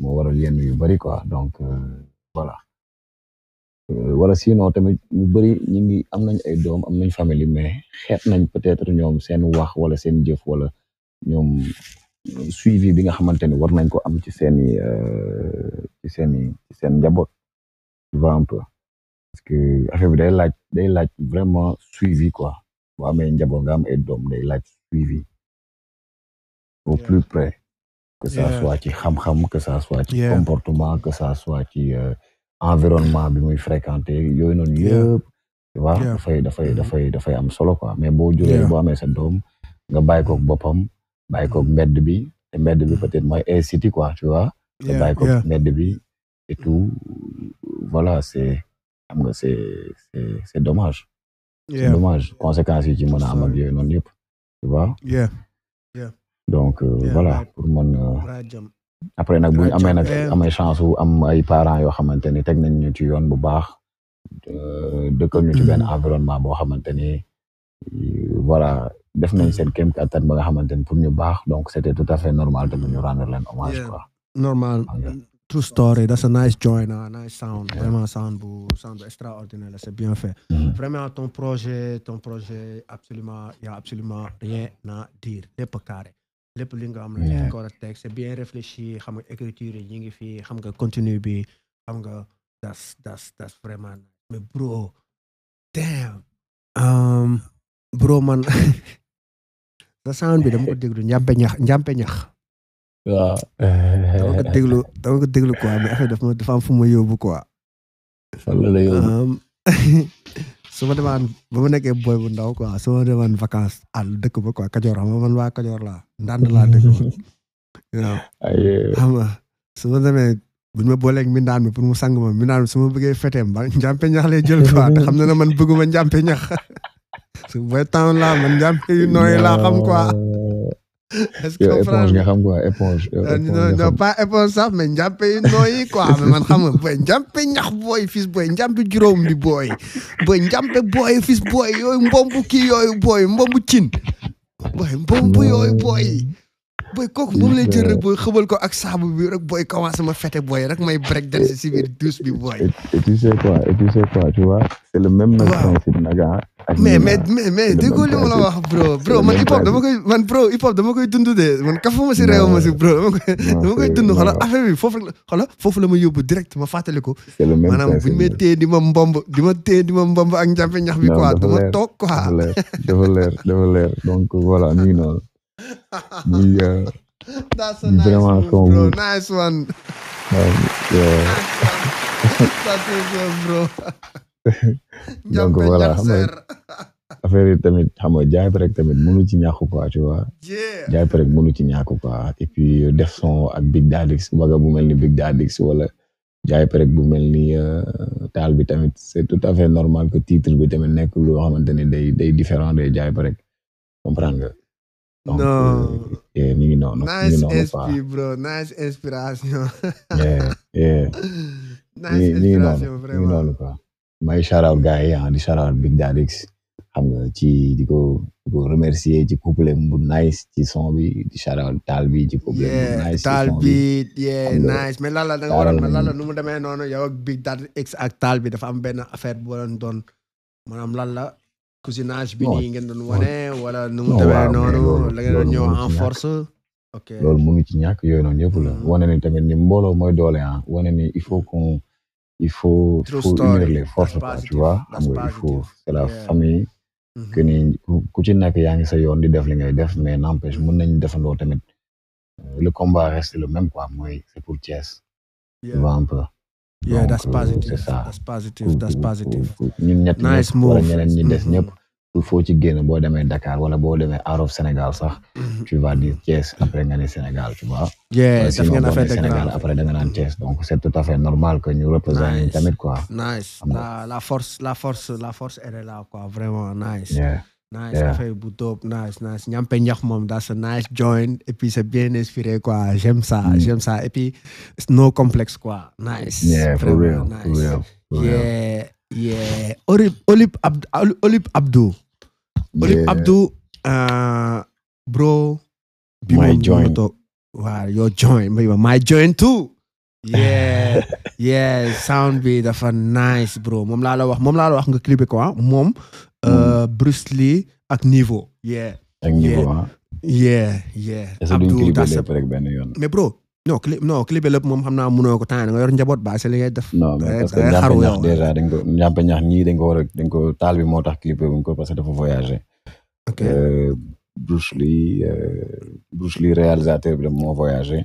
moo waral yenn yu bëri quoi donc voilà. Euh, wala sinon tamit ñu bëri ñu ngi am nañ ay doom am nañ famille mais xeet nañ peut-être ñoom seen wax wala seen jëf wala ñoom suivi bi nga xamante ni war nañ ko am ci seen i euh, ci seen i ci seen njaboot tu vois parce que affaire bi day laaj day laaj vraiment suivi quoi boo amee njaboot nga am ay doom day laaj suivi au plus près que ça soit ci xam-xam que ça soit ci comportement que ça soit ci euh, environnement bi muy fréquenté yooyu noonu yëpp tu vois dafay dafay mm-hmm. dafay dafay am solo quoi mais boo juree boo amee sa doom nga bàyyi koog boppam bàyyi koog mbedd bi te mbedd bi mm-hmm. peut-être mooy air city quoi tu vois nga bàyyi koog voilà c'est xam nga c'est c'est c'est dommage c'est dommage conséquences yi ci mën a am ak yëpp donc euh, voilà pour mën euh, après nag bu ñu amee nag amee chance wu am ay parents yoo xamante ni teg nañ ñu ci yoon bu baax euh, dëkkal ñu ci benn hmm. environnement boo xamante ni voilà def nañ hmm. seen kéem kattan ba nga xamante ni pour ñu baax donc c'était tout à fait normal tamit ñu rendre leen hommage quoi. normal ah, true story that's a nice join a nice sound vraiment sound bu sound bu extraordinaire c'est bien fait. Mm-hmm. vraiment ton projet ton projet absolument y a absolument rien à dire lépp carré. lépp li nga am la nga war a bien réfléchi xam nga écriture yi ñu ngi fi xam nga continue bi xam nga das das vraiment mais bro damn um, bro man [LAUGHS] sa sound bi dama ko déglu njàmpe ñax njàmpe ñax waaw dama ko déglu dama ko quoi mais affaire dafa dafa am fu ma yóbbu quoi la la yóbbu um, [LAUGHS] su ma demaan ba ma nekkee booy bu ndaw quoi su ma demaan vacances àll dëkk ba quoi Kajoor xam nga man waa Kajoor laa ndànd laa dëkk ba. xam nga su ma demee buñ ma booleeg mindaan mi pour mu sang ma mindaan mi su ma bëggee feteem ba njàmpe ñax lay jël quoi te xam na ne man bëgguma njàmpe ñax [LAUGHS] su booy temps laa man njàmpe nooy laa xam quoi. [LAUGHS] Ah. [LAUGHS] est-ce que éponge nga xam quoi eh, éponge. non pas éponge sax mais njàmpe yi nooyi quoi mais man xam nga [LAUGHS] booy njàmpe ñax booy fis booy njàmpe juróom bi booy booy njàmpe booy fis booy yooyu mbombu kii yooyu booy mbombu cin booy mbombu yooyu booy. booy kooku moom lay jël rek ko ak saabu bi rek booy commencé ma fete booy rek may break dance si biir douche bi booy. et tu sais quoi et tu sais quoi tu vois c'est le mais mais mais mais déggoo li ma la wax bro bro man hip hop dama koy man bro hip dama koy dund de man kafu ma si réew ma si bro dama koy dama koy dund xoolal foofu xoolal la ma yóbbu direct ma fàttali ko maanaam buñu may di ma mbomb di ma téye di ma mbomb ak njàmpe ñax bi quoi dama toog quoi dafa leer dafa leer dafa leer donc voilà ñu [LAUGHS] ngi yeah. That's a nice one, bro. tamit xam nga jaay tamit mënu ci ñàkk quoi tu vois. jaay rek mënu ci ñàkk euh, def son ak Big Daddy waga bu mel ni Big Daddy wala jaay rek bu mel ni euh, taal bi tamit c'est tout à fait normal que titre bi tamit nekk loo xamante ne day day différent day jaay rek comprendre donc ngi euh, noonu nice inspi bro nice inspiration. [LAUGHS] nice inspiration vraiment maa ngi shout out gars di shout Big Daddy X xam nga ci di ko di ko remercier ci couple bu nice ci son bi di shout out bi ci couple bu nice. taal lala da nga lala nu mu demee noonu yow ak Big Daddy X ak taal bi dafa am benn affaire bu doon doon maanaam lala. cousinage bi nii ngeen doon wane wala nu mu demee noonu la ngeen doon ñëw en force ok loolu mënu ci ñàkk yooyu noonu yëpp la wane ni tamit ni mbooloo mooy doole ah wane ni il faut qu'on il faut faut unir les forces quoi tu vois xam nga il faut c'est la famille que ni ku ci nekk yaa ngi sa yoon di def li ngay def mais n'empêche mën nañ defandoo tamit le combat reste le même quoi mooy c'est pour Thiès yeah that's positive that's positive that's positive ñun ñett nice move mm-hmm. foo ci génn boo demee Dakar wala boo demee out of Sénégal sax mm-hmm. tu vas dire Thiès après nga ne Sénégal tu vois yeah def ngeen affaire de Sénégal après da nga naan donc c'est tout à normal que ñu représente tamit quoi nice la force la force la force elle est là quoi vraiment nice nice affaire bu top nice nice ñax moom that's a nice joint et puis c'est bien inspiré quoi j'aime ça mm. j'aime ça no complexe quoi nice yeah for real nice. for real bro bi my joint my joint too yeah [LAUGHS] yeah sound bi dafa nice bro moom laa wax moom lalo wax nga clipé quoi ah. moom Euh, Bruce Lee ak Niveau. yeah ak Niveau ah. yeah yeah Abdou Dassep rek benn yoon. mais bro non cli non clip lépp moom xam naa mënoo ko temps da nga yor njaboot ba li def. non mais eh, parce que ñàmpe eh, ñax déjà dañ ko ñàmpe ñax ñii dañ ko war a dañ ko taal bi moo tax clip buñ ko parce que dafa voyagé. ok euh, Bruce li euh, Bruce Lee réalisateur bi moo voyagé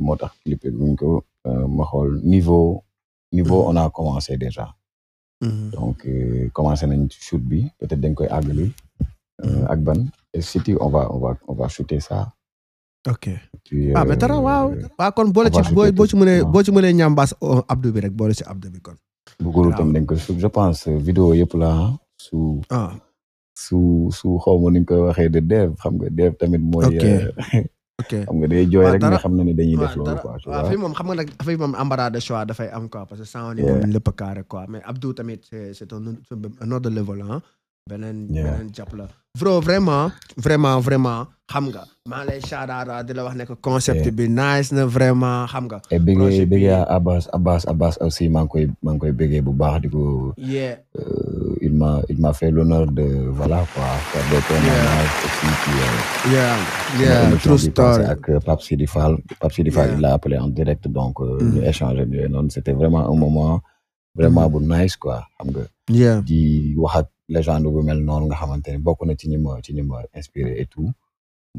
moo tax clip buñ ko ma xool niveau niveau on a commencé déjà. Mm-hmm. donc euh, commencé nañ shoot bi peut-être dañ koy àggali. Euh, ak ban et surtout on va on va on va shooter ok euh, ah mais dara kon boole ci boo boo ci mënee boo ci mënee ñambaas oh, Abdou rek boole ci Abdou bi kon. bu góor tam dañ je pense vidéo yëpp la ah. Ah. su. su su xaw ma ni koy waxee de dev xam nga dev tamit. mooy. [LAUGHS] ok xam nga day jooy rek nga xam na ne dañuy def loolu quoi. waaw fii moom xam nga nag fii moom embarras am quoi parce que. waaw sans woon ni moom lépp carré quoi mais Abdou tamit c'est level beneen beneen la vraiment vraiment vraiment xam nga maa lay ah, di la wax ne que concept bi nice na vraiment xam nga bégee bégee Abbas Abbas Abbas aussi maa ngi koy maa ngi koy bégee bu baax di ko yeah euh, il m'a il l'honneur de voilà quoi faire des témoignages aussi euh, qui yeah yeah true story ak euh, Pape Sidi Fall Pape Sidi Fall il l'a appelé en direct donc ñu échanger ñu noonu c'était vraiment un moment vraiment mm. bu nice quoi xam nga di wax légende bu mel noonu nga xamante ne bokk na ci ñi ma ci ñi inspiré et tout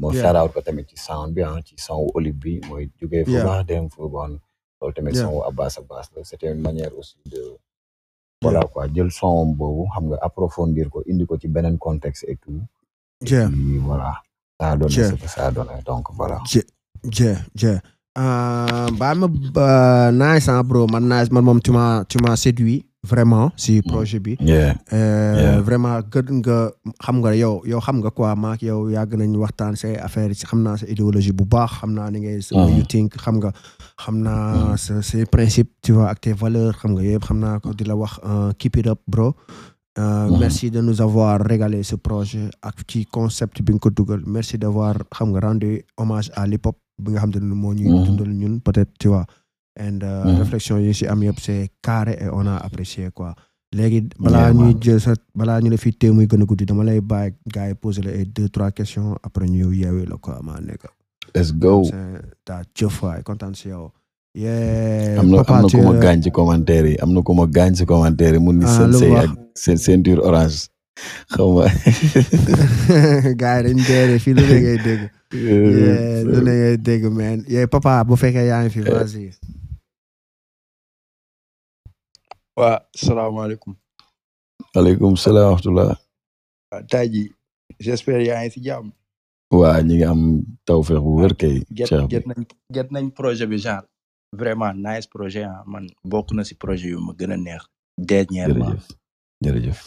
moo saraawut ko tamit ci sound bi ah, ci son wu olive bi mooy jógee fu baax ah, dem fu bon loolu tamit son wu Abbas Abbas la c'était une aussi de voilà quoi jël son boobu xam nga approfondir ko indi ko ci beneen contexte et tout et puis voilà ça a donné ce a donné donc voilà je euh, ma nice man nice man moom tu m'as tu vraiment si mm. projet bi. Euh, vraiment gën nga xam nga yow yow xam nga quoi maak yow yàgg nañ waxtaan say affaire si xam naa sa idéologie bu baax xam naa ni ngay. Mm. you think xam nga. xam naa mm. sa ses principes tu ak tes valeurs xam nga yëpp xam naa ko di la wax euh, keep it up bro. Euh, mm-hmm. merci de nous avoir régalé ce projet ak ci concept bi nga ko dugal merci d'avoir xam nga rendu hommage à l'hip hop bi nga xam te ne moo ñuy mm-hmm. dundal ñun peut-être tu and uh, mm-hmm. réflexion yi si am yëpp c'est carré apprécier on a apprécié quoi léegi balaa ñuy jël sa balaa ñu la fi téye muy gën a dama la bàyyi gars yi posé la ay deux trois questions après ñu yeewee la quoi maa nekk. let's go. daa jëf waay kontaan si yow. am na am na ku ma gaañ ci commentaire yi am na ku ma gaañ ci commentaire yi. mun ah, seen ceinture orange. xaw ma. [LAUGHS] gars yi dañ dee fii lu ne ngay dégg. [LAUGHS] lu bu fekkee yaa ngi fi eh. vas-y. waa salaamaaleykum. maaleykum salaam wa rahmatulah. waa tay ji j'espère yaa ngi si jàmm. waa ñu ngi am tawfeex bu wér kay. get nañ projet bi genre. vraiment nice projet ah man bokk na si projet yu ma gën a neex. dernièrement jërëjëf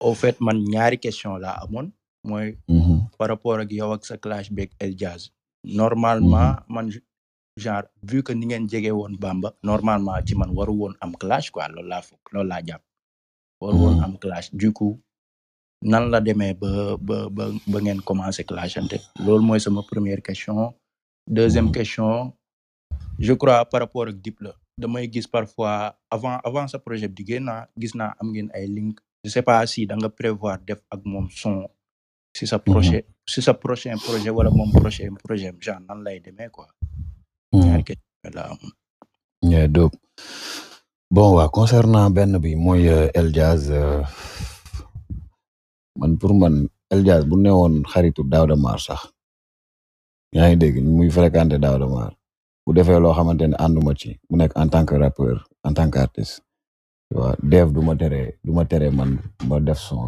au fait man ñaari question la amoon mooy mm-hmm. par rapport ak yow ak sa clash beeg El Jazz normalement mm-hmm. man genre vu que ni ngeen jege woon Bamba normalement ci man waru woon am clash quoi loolu laa foog loolu laa jàpp waru woon mm-hmm. am clash du nan la demee ba ba ba ba ngeen commencé clashante loolu mooy sama première question deuxième question je crois par rapport ak Dip damay gis parfois avant avant sa projet bi di génn ah, gis naa am ngeen ay link je sais pas si da nga prévoir def ak moom son si sa mhm. projet si sa prochain projet wala moom prochain projet genre nan lay demee koi mhm. ñaari question la bon waa concernant benn bi mooy euh, El Jazz euh, man pour man El Jazz bu newoon xaritu Daouda Maar sax yaa ngi dégg muy fréquenté Daouda Maar bu defee loo xamante ne ànduma ci mu nekk en tant que rappeur en tant qu'artiste. waaw dev du ma tere du ma tere man ma def son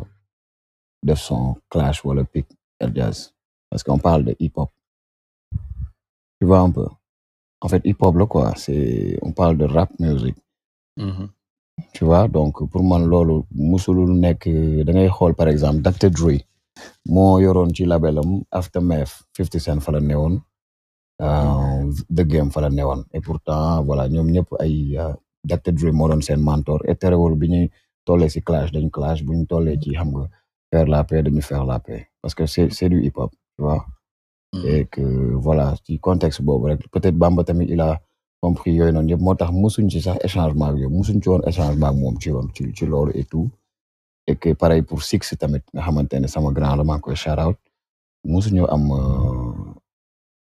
def son clash wala pic et jazz parce qu'on parle de hip hop tu vois un fait hip hop là quoi c'est on parle de rap music mm -hmm. tu donc pour man loolu musulul nekk da ngay xool par exemple Dr Dre moo yoroon ci labelam Aftermath 50 Cent fa la newoon euh, The Game fa la newoon et pourtant voilà ñoom ñëpp ay. Euh, Dr Dre moo doon seen mentor et terewul bi ñuy tollee si clash bu ñu tollee ci xam nga faire la paix dañu faire la paix parce que c'est c'est du hip hop tu vois. Mm. et que voilà ci contexte boobu rek peut-être Bamba tamit il a compris yooyu noonu yëpp moo tax musuñ ci sax échangement ak yow musuñ ci woon échangement ak moom ci loolu et tout. et que pareil pour Six tamit nga xamante ne sama grand la maa koy shout out musuñu am euh,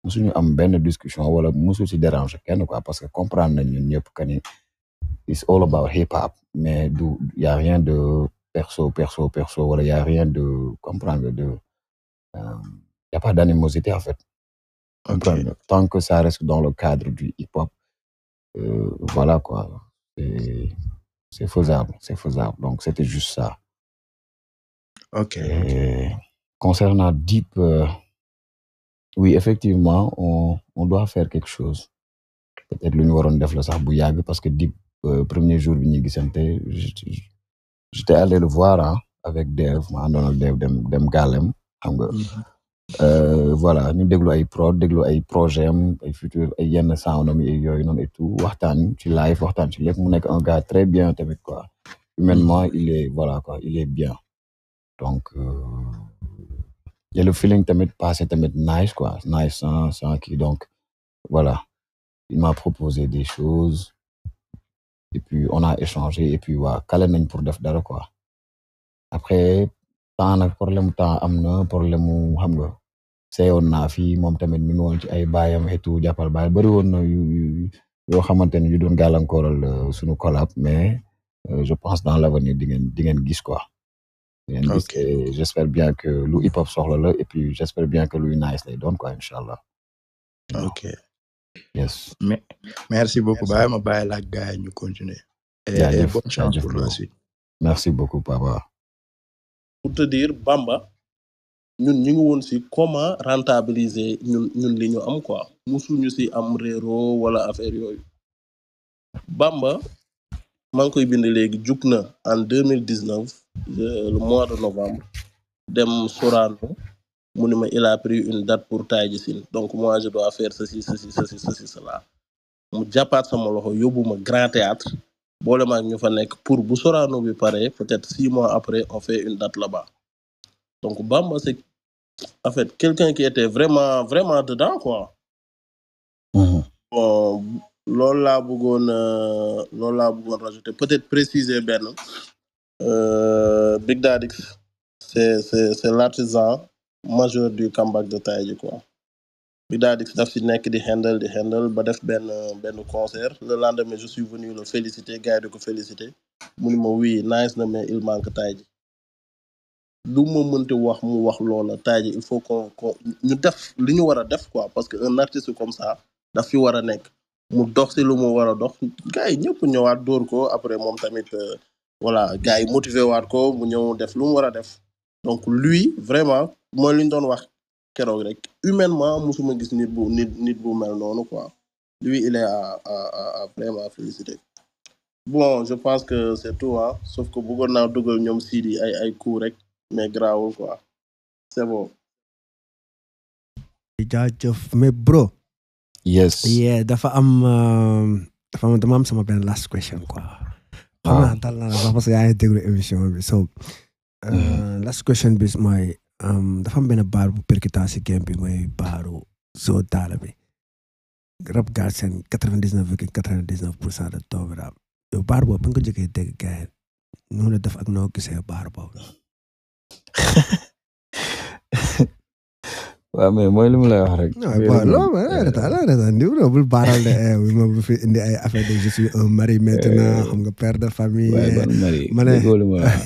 musuñu am benn discussion wala musu si déranger kenn quoi parce que comprendre nañ ñun ñëpp que ni it's all hip hop mais du y a rien de perso perso perso wala y rien de comprendre de euh, y a pas d'animosité en fait. Okay. Tant que ça reste dans le cadre du hip hop euh, voilà quoi c'est c'est faisable c'est faisable donc c'était juste ça. ok, okay. concernant Dip euh, oui effectivement on on doit faire quelque chose peut-être lu ñu waroon def la sax bu yàgg parce que Dip Euh, premier jour bi ñuy gisante j'étais allé le voir ah avec Dev ma àndoon ak Dev dem dem gàllem xam mm-hmm. euh, voilà ñu déglu ay pro déglu ay projet am ay futur ay yenn sound am yooyu noonu et tout waxtaan ci live waxtaan ci lépp mu nekk un gars très bien tamit quoi humainement mm-hmm. il est voilà quoi il est bien donc. Euh, et le feeling tamit passé tamit nice quoi nice sans sans kii donc voilà il m'a proposé des choses et puis a échangé et wa waa kale nañ pour def dara koi après temps nag problème temps am na problème mu xam nga seeyoon naa fii moom tamit mi ngi woon ci ay baayam et tout jàppal baay bëri woon na yu yoo xamante ne yu doon gàllankooral euh, suñu collab mais euh, je pense dans l'avenir di ngeen di ngeen gis quoi. di ngeen gis et j'espère bien que lu hip hop soxla la et puis j'espère bien que luy nice lay doon quoi allah. merci beaucoup ma bàyyi la ak gars yi ñu continuer. pour beaucoup papa. pour te dire Bamba ñun ñu ngi woon ci comment rentabiliser ñun li ñu am quoi musuñu ci am réero wala affaire yooyu. Bamba maa ngi koy bind léegi jug na en deux mille dix neuf mois de novembre dem Sorano. mu ne ma il a pris une date pour taay sin donc moi je dois faire ceci ceci ceci mu jàppaat sama loxo yóbbu ma grand théâtre boole ma ñu fa nekk pour bu Sorano bi pare peut-être six mois après on fait une date là donc bam c'est en fait quelqu'un qui était vraiment vraiment dedans quoi. Mmh. bon loolu laa bëggoon euh, loolu laa bëggoon rajouter peut-être préciser benn euh, Big Daddy c'est c'est c'est l'artisan majeur du comeback de Taï ji quoi bi daal di daf si nekk di handle di handle ba def benn benn concert le lendemain je suis venu le féliciter gars yi ko féliciter mu ne ma nice na mais il manque Taï ji lu wax mu wax loola Taï ji il faut qu'on ñu def li ñu war a def quoi parce que un artiste comme ça daf fi war a nekk mu dox si lu mu war a dox gars yi ñëpp ñëwaat ko après moom tamit euh, voilà gars yi motivé waat ko mu ñëw def lu mu war a def donc lui vraiment mooy li ñu doon wax keroog rek humainement musuma gis nit bu nit nit bu mel noonu quoi lui il est à à à vraiment bon je pense que c'est tout ah sauf que bëggoon naa dugal ñoom Sidi ay ay coup rek mais grawul quoi c'est bon. dafa am euh, dafa am am sama benn last question quoi. xam naa ah. na la parce que yaa ngi déglu émission so euh, mm-hmm. last question bi mooy. dafa am benn baar bu percutant si game bi mooy baaru Zo Talla bi rap Galsen quatre-vingt-dix-neuf virgule quatre-vingt-dix-neuf pour cent de temps baar boobu ba nga ko jëkkee dégg gars yi noonu la def ak noo gisee baar boobu. [LAUGHS] waaw mais mooy li mu lay wax rek. non bul baaral de eh, ma bu fi indi ay affaire de je suis mari eh. maintenant xam nga père de famille. waaye man mari déggoo li mu la wax.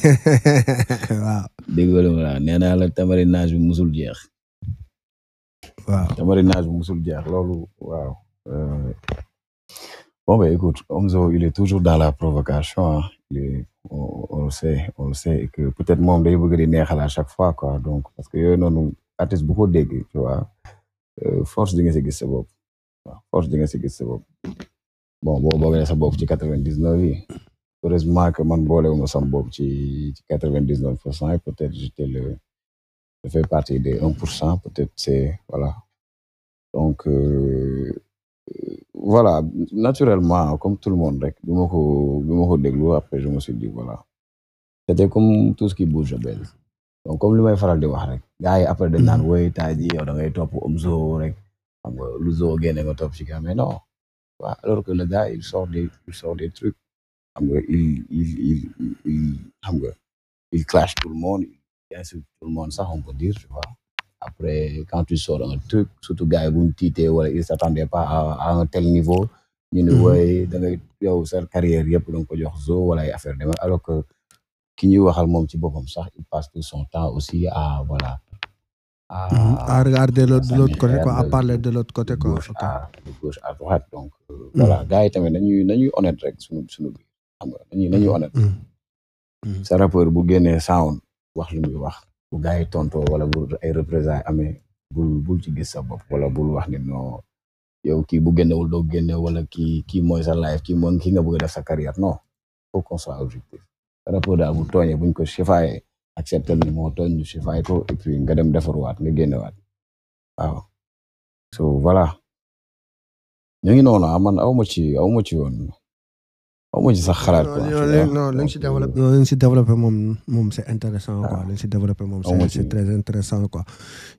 [LAUGHS] waaw musul jeex. waaw tamarinage bi musul jeex loolu waaw. Euh, bon ben écoute Omzo il est toujours dans la provocation hein. il est on, on le peut-être moom day bëgg neexal à chaque fois quoi donc parce que yooyu noonu. artiste bu ko dégg tu vois euh, force di nga si gis sa bopp waaw force di nga si gis sa bopp bon boo boole sa bopp ci quatre vingt dix neuf yi heureusement man boole wu ma sama bopp ci ci quatre vingt dix neuf pour cent et peut être partie des un pour cent peut être c'est voilà donc euh, euh, voilà naturellement comme tout le monde rek bi ma ko bi ma ko déglu après je me suis voilà c'était comme tout ce qui bouge comme li may faral di wax rek. gars yi après dañ naan woy taa ji yow top ngay topp Omzo rek xam nga lu Zo génne nga topp ci alors que le gars il sort des il nga il xam nga il clash tout le il insulte tout le sax on peut dire tu vois après quand tu sors un truc surtout gars yi bu ñu wala ils s'attendaient pas à un tel niveau. ñu ne mm-hmm. woy da ngay yow sa carrière yëpp da ko jox Zo wala ay affaire demee alors que ki ñuy waxal moom ci boppam sax il passe tout son temps aussi à voilà. à, à regarder de l'autre côté quoi à de l'autre côté quoi de gauche à droite donc euh, voilà mm. gars yi tamit nañuy nañuy honnête rek suñu suñu bi xam nga nañuy nañuy mm-hmm. honnête mm-hmm. Mm-hmm. sa rappeur bu génnee sound wax lu muy wax bu gars yi tontoo wala bu ay représenté amee bul bul ci gis sa bopp wala bul wax ni non yow kii bu génnewul doo génne wala kii kii mooy sa life kii mooy ki nga bëgg def sa carrière non faut qu'on soit objectif sa rappeur bu tooñee buñ ko chefaaye accepté ne moo tooñ ñu si fay ko nga dem defarwaat nga génnewaat waaw so voilà ñu ngi noonu ah, man aw ma ci aw ma ci woon aw ma sax xalaat quoi. non li nga si développé euh, li nga si développé moom moom c'est intéressant quoi ah. li nga si développé moom c'est très intéressant ko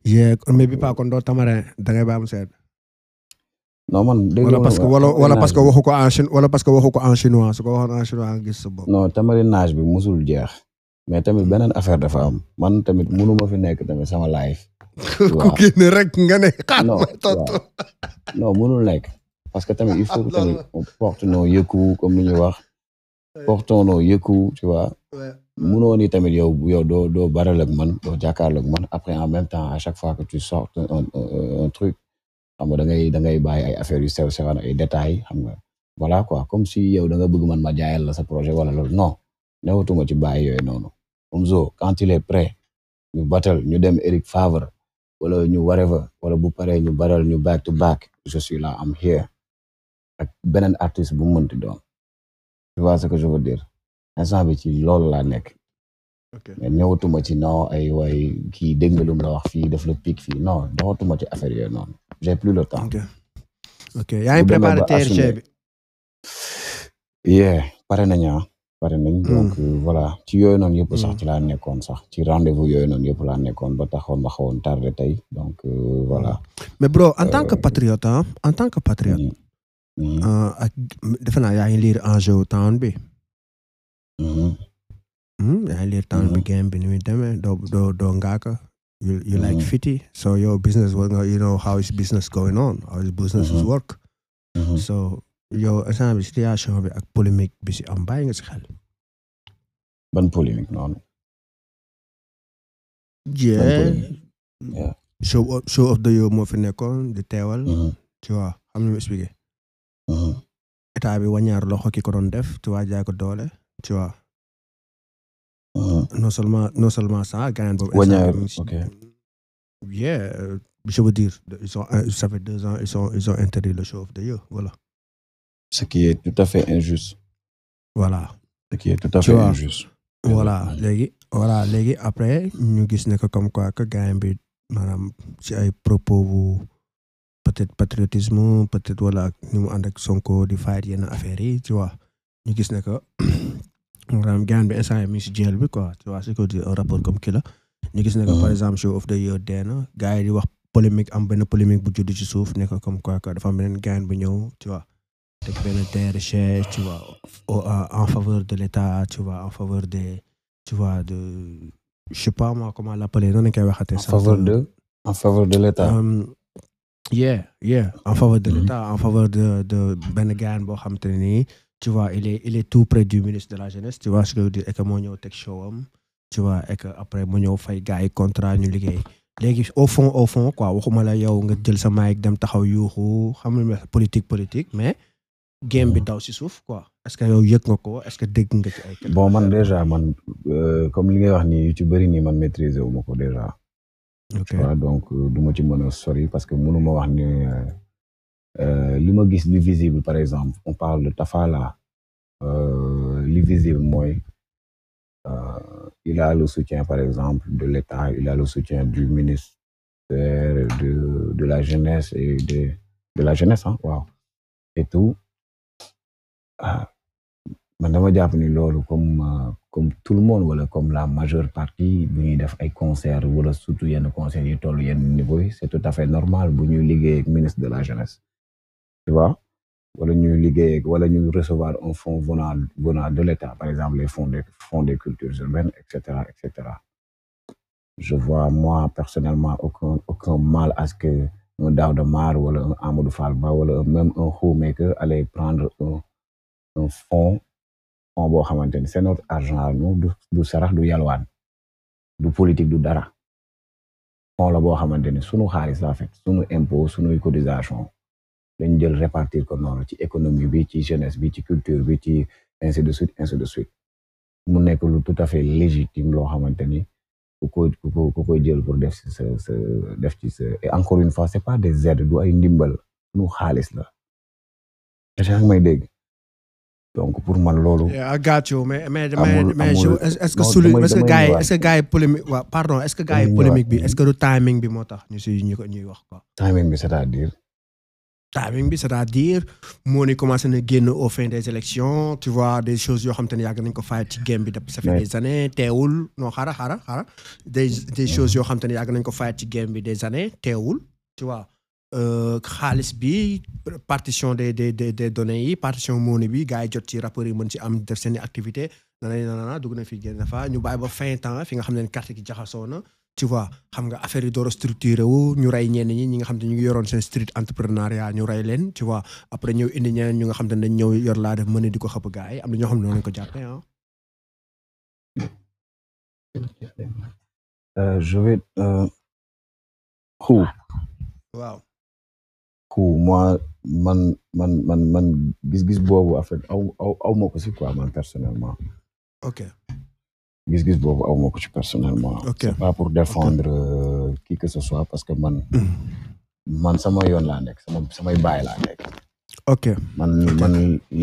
je bi pas kon doo tamarin da ngay ba am seet. man wala parce que wala wala parce que wala parce que waxu en chinois su ko waxoon en chinois gis sa bopp. non tamarinage bi musul jeex. mais tamit beneen affaire dafa am man tamit munu ma fi nekk tamit sama life. [LAUGHS] ku rek nga ne. [LAUGHS] non non munul nekk. parce que tamit il faut que tamit on porte nos yëkku comme ni ñuy wax. portons nos yëkku tu vois. tamit yow yow doo doo baral ak man doo jàkkaarloo ak man après en même temps à chaque fois que tu sors un un truc xam nga da ngay da ngay bàyyi ay affaires yu sew sewaan ay détails xam nga voilà quoi comme si yow da nga bëgg man ma jaayal la sa projet wala loolu non. newatuma ci baa yooyu noonu Omzo quand il est ñu battle ñu dem Eric Favre wala ñu whatever wala bu paree ñu baral ñu back to back je suis am here ak beneen artiste bu mu mënti doon tu vois que je veux dire instant bi ci loolu laa nekk. ok mais ñëwatuma ci non ay way kii dégg nga lu wax fii def la pic fii non doxatuma ci affaire yooyu noonu j'ai plus le temps. ok ok yaa ngi préparé TRG bi. yeah pare ah. pare nañ mm. donc euh, voilà ci yooyu noonu yëpp sax mm. ci laa nekkoon sax ci rendez-vous yooyu noonu yëpp laa nekkoon ba taxoon ma xawoon tardé tey donc euh, voilà mm. mais bro en tant que euh, patriote ah en tant que patriote naa yaa ngi liir enjeu town bi mm-hmm. hmm, yaa ngi liir town bi mm-hmm. game bi ni muy demee doo doo doo ngaaka you, like mm-hmm. fiti so your business you know how is business going on how is business is work yow instant bi situation bi ak polémique bi si am bàyyi nga si xel. ban polémique noonu. jee show of the year moo fi nekkoon di teewal. tu vois xam nga expliqué. état bi wañaar loxo ki ko doon def tu vois jaay ko doole tu vois. non seulement non seulement boobu wañaar je veux dire ils sont interdit le show of the year voilà. ce qui est tout à fait injuste. voilà. ce qui voilà léegi voilà léegi après ñu gis ne que comme quoi que gars bi maanaam ci ay propos bu peut-être patriotisme peut-être wala ni mu ànd ak di fayat yenn affaires yi tu ñu gis ne que [CLEARS THROAT] maanaam gars bi instant mi ci jël bi quoi tu vois c'est que un rapport comme kii ñu gis ne par mm. exemple show of the year dee na gars yi di wax polémique am benn polémique bu judd ci suuf ne que comme quoi dafa am beneen gars bu ñëw tu teg benn TRG tu en faveur de l'État tu en faveur des tu vois de je sais pas moi comment l'appeler noonu koy waxatee. en faveur de en faveur de l'État. Um, yeah en faveur de mhm. l'État en faveur de de benn gaan boo xam te ne nii tu vois il est tout près du ministre de la jeunesse tu vois ce que je veux dire et moo ñëw teg show am tu vois après mu ñëw fay gars yi contrat ñu liggéey. léegi au fond au fond quoi waxuma la yow nga jël sa mic dem taxaw yuuxu xam nga politique politique mais. game bi daw si suuf quoi est-ce que yow yëg nga ko est-ce que dégg nga ci bon man déjà man euh, comme li ngay wax ni yu bëri nii man maîtriser wu ko déjà. donc euh, duma ma ci mën a parce que mënu ma wax ni euh, li ma gis li visible par exemple on parle de Tafala li visible mooy il a le soutien par exemple de l'État il a le soutien du ministère de de la jeunesse de la jeunesse ah waaw ah man dama jàpp ni loolu comme euh, comme tout le wala comme la majeure partie bu ñuy def ay concert wala surtout yenn concert yi toll yenn niveau yi c'est normal bu ñuy liggéey ak ministre de la jeunesse tu vois wala ñuy liggéey wala ñuy recevoir un fonds venant venant de l'État par exemple les fonds des fonds des cultures urbaines et cetera et cetera vois moi personellement aucun aucun mal à ce que un Daouda Mar wala un Amadou Fall Ba wala même un Hoemaker allait prendre un fonds fonds boo xamante ni c'est argent nous du du sarax du yalwaan du politique du dara fonds la boo xamante ni sunu xaalis en fait sunu impôt sunuy cotisation dañ jël répartir ko ci économie bi ci jeunesse bi ci culture bi ci ainsi de suite ainsi de suite mu nekk lu tout à fait légitime loo xamante ni ku koy ku koy jël pour def ci sa sa def ci sa et encore une fois pas des aides du ay ndimbal sunu xaalis la. yaa ngi dégg. donc pour man loolu. I got you mais mais mais est-ce que sulu est-ce que gars yi est-ce que pardon est que gars yi bi est que du timing bi moo tax ñu si ñu ko ñuy wax quoi. timing bi c'est-à-dire. timing bi c'est-à-dire moo ni commencé na génn au fin des élections tu vois des choses yoo xam te ne nañ ko fay ci game bi depuis ça fait des années teewul non xaaral xaaral xaaral des des choses yoo xam te ne nañ ko fay ci game bi des années teewul tu vois. Euh, xaalis bi partition de des des des données yi partition monnaie bi gars yi jot ci rapport yi mën ci am def seeni i activité nana nana dugg na fi génn fa ñu bàyyi ba fin temps fi nga xam ne carte gi jaxasoo na tu vois xam nga affaire yi door a structuré wu ñu rey ñenn ñi nga xam ne ñu ngi yoroon seen street ñu rey leen tu vois après ñëw indi ñeneen ñu nga xam ne dañ ñëw yor laa def mën di ko xëpp gars yi am na ñoo xam ne noonu ko jàppee ah. waaw. coup moi man man man man gis-gis boobu en fait aw aw aw ma ko si quoi man personnellement. ok. gis-gis boobu aw ma ko ci personnellement. ok c'est pas pour défendre euh, qui que ce soit parce que man. man sama yoon laa nekk sama samay baay la nekk. ok man man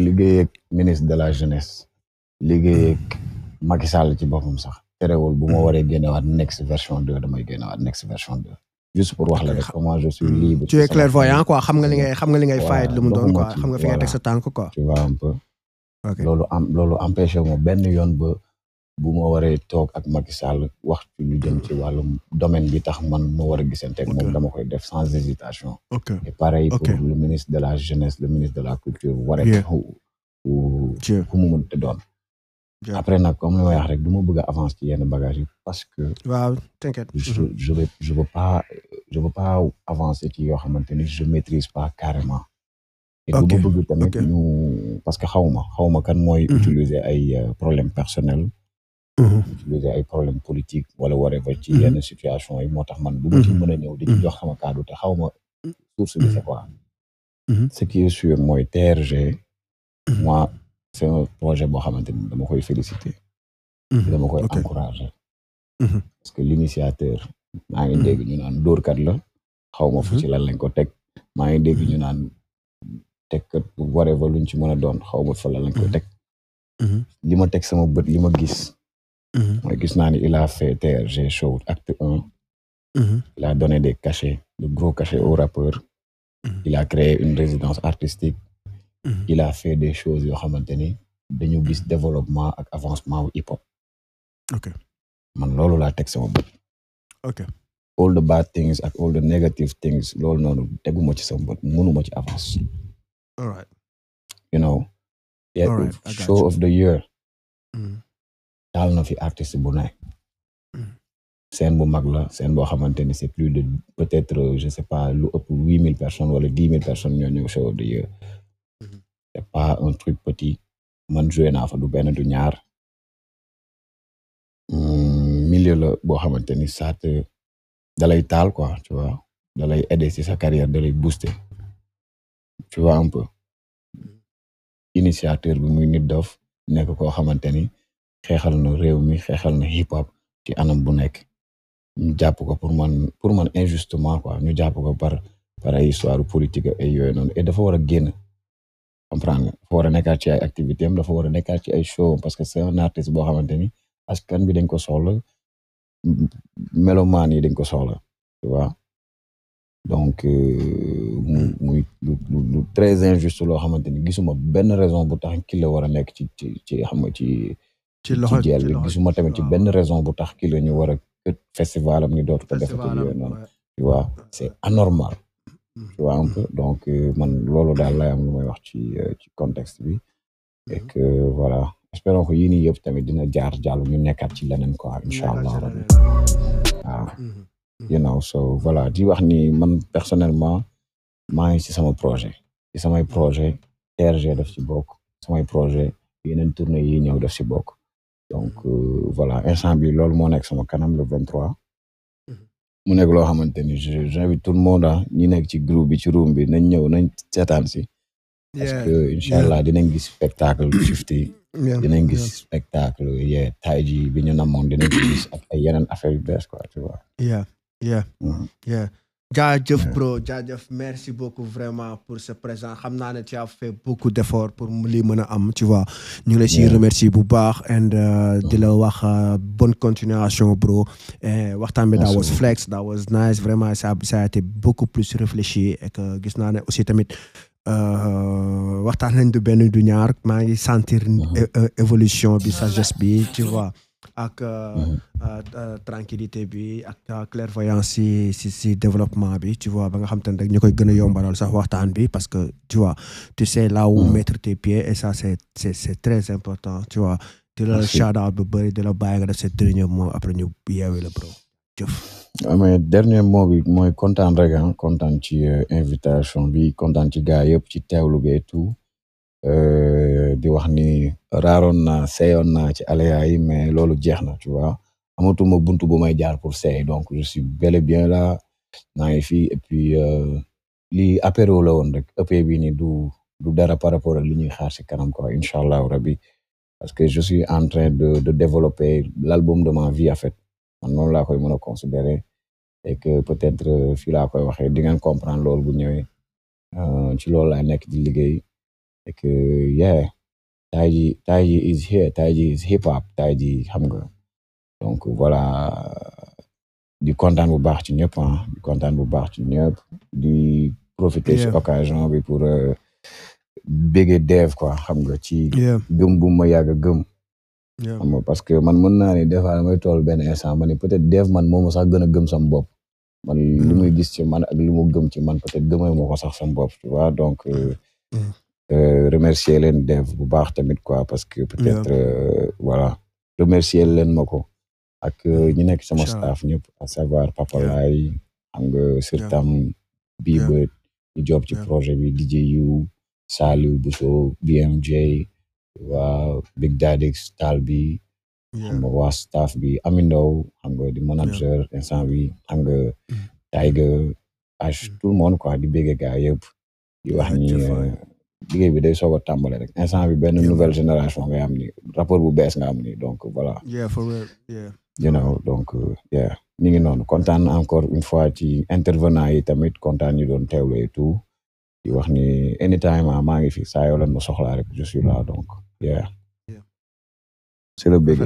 liggéey ak ministre de la jeunesse. liggéey ak Macky Sall ci boppam sax. terewul bu ma mm. waree génnewaat next version deux damay génnewaat next version deux. juste pour wax la rek comment je suis hmm. libre. tu es clairvoyant xam nga li ngay xam nga li ngay fayet lu mu doon quoi xam nga fi ngay teg sa tànk quoi. tu vois un peu. ok loolu am loolu empêché moo benn yoon ba bu ma waree toog ak Macky Sall wax ci lu jëm ci wàllum domaine bi tax man ma war a gisante ak moom dama koy def sans hésitation. ok et pareil pour le ministre de la jeunesse le ministre de la culture. waree u mu te doon. après nag comme li may wax rek du ma bëgg a avance ci yenn bagages yi parce que. waaw t'inquiète. je mhm. je veux je veux pas je veux pas avancer ci yoo xamante ni je maîtrise carrément. ok et du ma bëgg tamit ñu parce que xawma xawma kan mooy. Mhm. utiliser ay euh, problème personnel. Mhm. utiliser ay problème politique wala whatever ci yenn situation yi moo tax man. du ma mën ñëw di ci jox sama te xawma mm. source bi mooy TRG. c' projet boo xamante ni dama koy féliciter. Mhm, dama koy encourager. Mhm. parce que l' initiateur. maa ngi dégg ñu naan dóorkat la. xaw ma fu mhm. ci lan lañ ko teg. maa ngi dégg ñu naan tegkat bu waree ba luñ ci mën a doon xaw ma fa lan ko teg. li ma teg sama bët li ma gis. mooy gis naa ni il a fait TRG show acte donné des cachets de gros cachets aux rappeurs. il créer une résidence artistique. Mm-hmm. il a des choses yoo xamante ni dañu gis développement ak avancement wu hip hop. man loolu laa teg sama bët. ok all the bad things ak all the negative things loolu noonu teguma ci sama bët mënuma ci avance. all right. you show of the year. daal mm-hmm. na fi artiste bu nekk. Mm-hmm. seen bu mag la seen boo xamante ni c'est plus de peut-être je sais pas lu ëpp huit mille personnes wala dix mille personnes ñoo ñëw show of the year. c'est un truc man joué du benn du ñaar hmm, milieu la boo xamante ni ça te dalay taal quoi dalay aider ci sa carrière dalay booster tu vois un peu bi muy nit dof nekk koo xamante ni xeexal na réew mi xeexal na hip hop ci anam bu nekk ñu jàpp ko pour man pour man injustement quoi ñu jàpp ko par par ay histoire politique ay yooyu noonu et war a génn comprendre foo dafa war a nekkaat ci ay activité am dafa war a nekkaat ci ay show parce que c'est un artiste boo xamante ni askan bi dañ ko soxla yi dañ ko soxla tu vois donc euh, mu muy lu très loo xamante ni gisuma benn raison bu tax ki war a nekk ci ci ci ci ci loxo ci bi gisuma tamit ci benn raison bu tax ki la ñu war a festival am ñu dootu ko defati yooyu noonu tu anormal tu vois donc euh, man loolu daal lay am lu may wax ci euh, ci contexte bi mm-hmm. et que voilà espérons que yii nii yëpp tamit dina jaar jàll ñu nekkaat ci leneen quoi incha allah rabbi mm-hmm. Mm-hmm. so voilà di wax ni man personnellement maa ngi ci sama projet ci samay projet TRG daf ci bokk samay projet yeneen tournée yi ñëw daf ci bokk donc euh, voilà instant bi loolu moo nekk sama kanam le 23 mu nekk loo xamante ni je j'invite tout le monde ah ñi nekk ci groupe bi ci room bi nañ ñëw nañ seetaan si. parce que incha allah dinañ gis spectacle Fifty dinañ gis spectacle ye tay ji bi ñu namoon dinañ gis ak ay yeneen affaire yu bees quoi tu vois. Mm-hmm. jaajëf bro jaajëf merci beaucoup vraiment pour ce présent xam naa ne tu as fait beaucoup d'efforts pour lii mën a am tu vois ñu ngi lay si remercier bu baax and euh, di la wax euh, bonne continuation bro waxtaan bi daa was flex daa was nice vraiment ça ça a été beaucoup plus réfléchi et que gis naa ne aussi tamit euh, waxtaan nañ du benn du ñaar maa ngi sentir uh-huh. évolution bi sagesse bi tu vois ak euh, mhm. euh, euh, tranquillité bi ak clairvoyance si si si développement bi tu vois ba nga xam te rek ñu koy gën a yombalal sax waxtaan bi parce que tu vois la sais là où mhm. mettre tes et ça c'est très important tu vois di la shout bu bëri di la bàyyi nga def sa dernier mot après ñu yeewee la bro jëf ah, mais dernier mot bi mooy kontaan rek ah kontaan ci invitation bi kontaan ci gars yëpp ci teewlu bi et tout Euh, di wax ni raaroon naa seeyoon naa ci aléa yi mais loolu jeex na tu vois amatuma buntu bu may jaar pour seey donc je suis bel bien là naa ngi fii et puis euh, lii apéro la woon rek EP bi ni du du dara par rapport ak li ñuy xaar si kanam quoi incha allahu rabi parce que je suis en train de de développer l'album de ma vie en fait man noonu laa koy mën a considérer et que peut-être euh, fii laa koy waxee di ngeen comprendre loolu bu ñëwee ci loolu laa nekk di liggéey. Like, uh, yeah, Taiji, Taiji is here, Taiji is hip hop, Taiji xam nga donc voilà di kontaan bu baax ci ñëpp ah, di kontaan bu baax ci ñëpp di profiter ci occasion bi pour euh, bége dev quoi xam nga ci. gëm bu ma yàgg a gëm. xam nga parce que man mën naa ne des fois damay toll benn instant ma ne peut-être dev man moomu sax gën a gëm sam bopp. man li mm. muy gis ci man ak li mu gëm ci man peut-être gëmay moo sax sam donc. Euh, mm. Euh, remercier leen dev bu baax tamit quoi parce que peut-être euh, voilà leen ma ko ak euh, ñu nekk sama staff ñëpp à savoir papa laay xam nga surtam ci projet bi DJ yu Saliou Bousso BMJ waa Big Stal bi xam nga bi Amindow di manager instant bi xam nga mm. Tiger H mm. tout le monde quoi di bége gaa liggéey bi day soog a rek instant bi benn nouvelle génération ngay am ni rapport bu bees nga am ni donc voilà yeah for real yeah you know donc euh, yeah ñu ngi kontaan encore une fois ci intervenant yi tamit kontaan ñu doon teewle et tout di wax ni anytime ah maa ngi fi saa yoo leen ma soxlaa rek je suis donc yeah c'est le bégé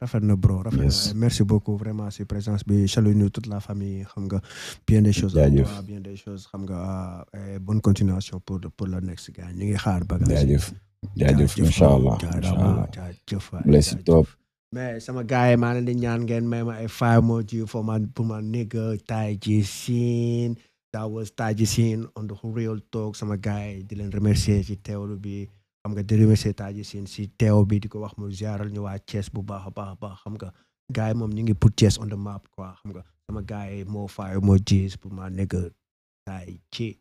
rafet na bro rafet na eh, merci beaucoup vraiment si présence bi salut nous toute la famille xam nga bien de choses jaajëf bien des choses xam nga eh, bonne continuation pour pour next gars ñu ngi xaar bagage jaajëf jaajëf incha allah mais sama gars yi maa leen di ñaan ngeen may ma ay five more ji for my pour my nigga that was Taiji Scene on the real talk sama gars yi di leen remercier ci teewlu bi xam nga di remercier Tadji Sine si teew bi di ko wax mu ziaral ñu waa cees bu baax a baax a baax xam nga gars yi moom ñu ngi put Thiès on the map ko xam nga sama gars yi moo faayo moo gis pour ma nekk saa yi ci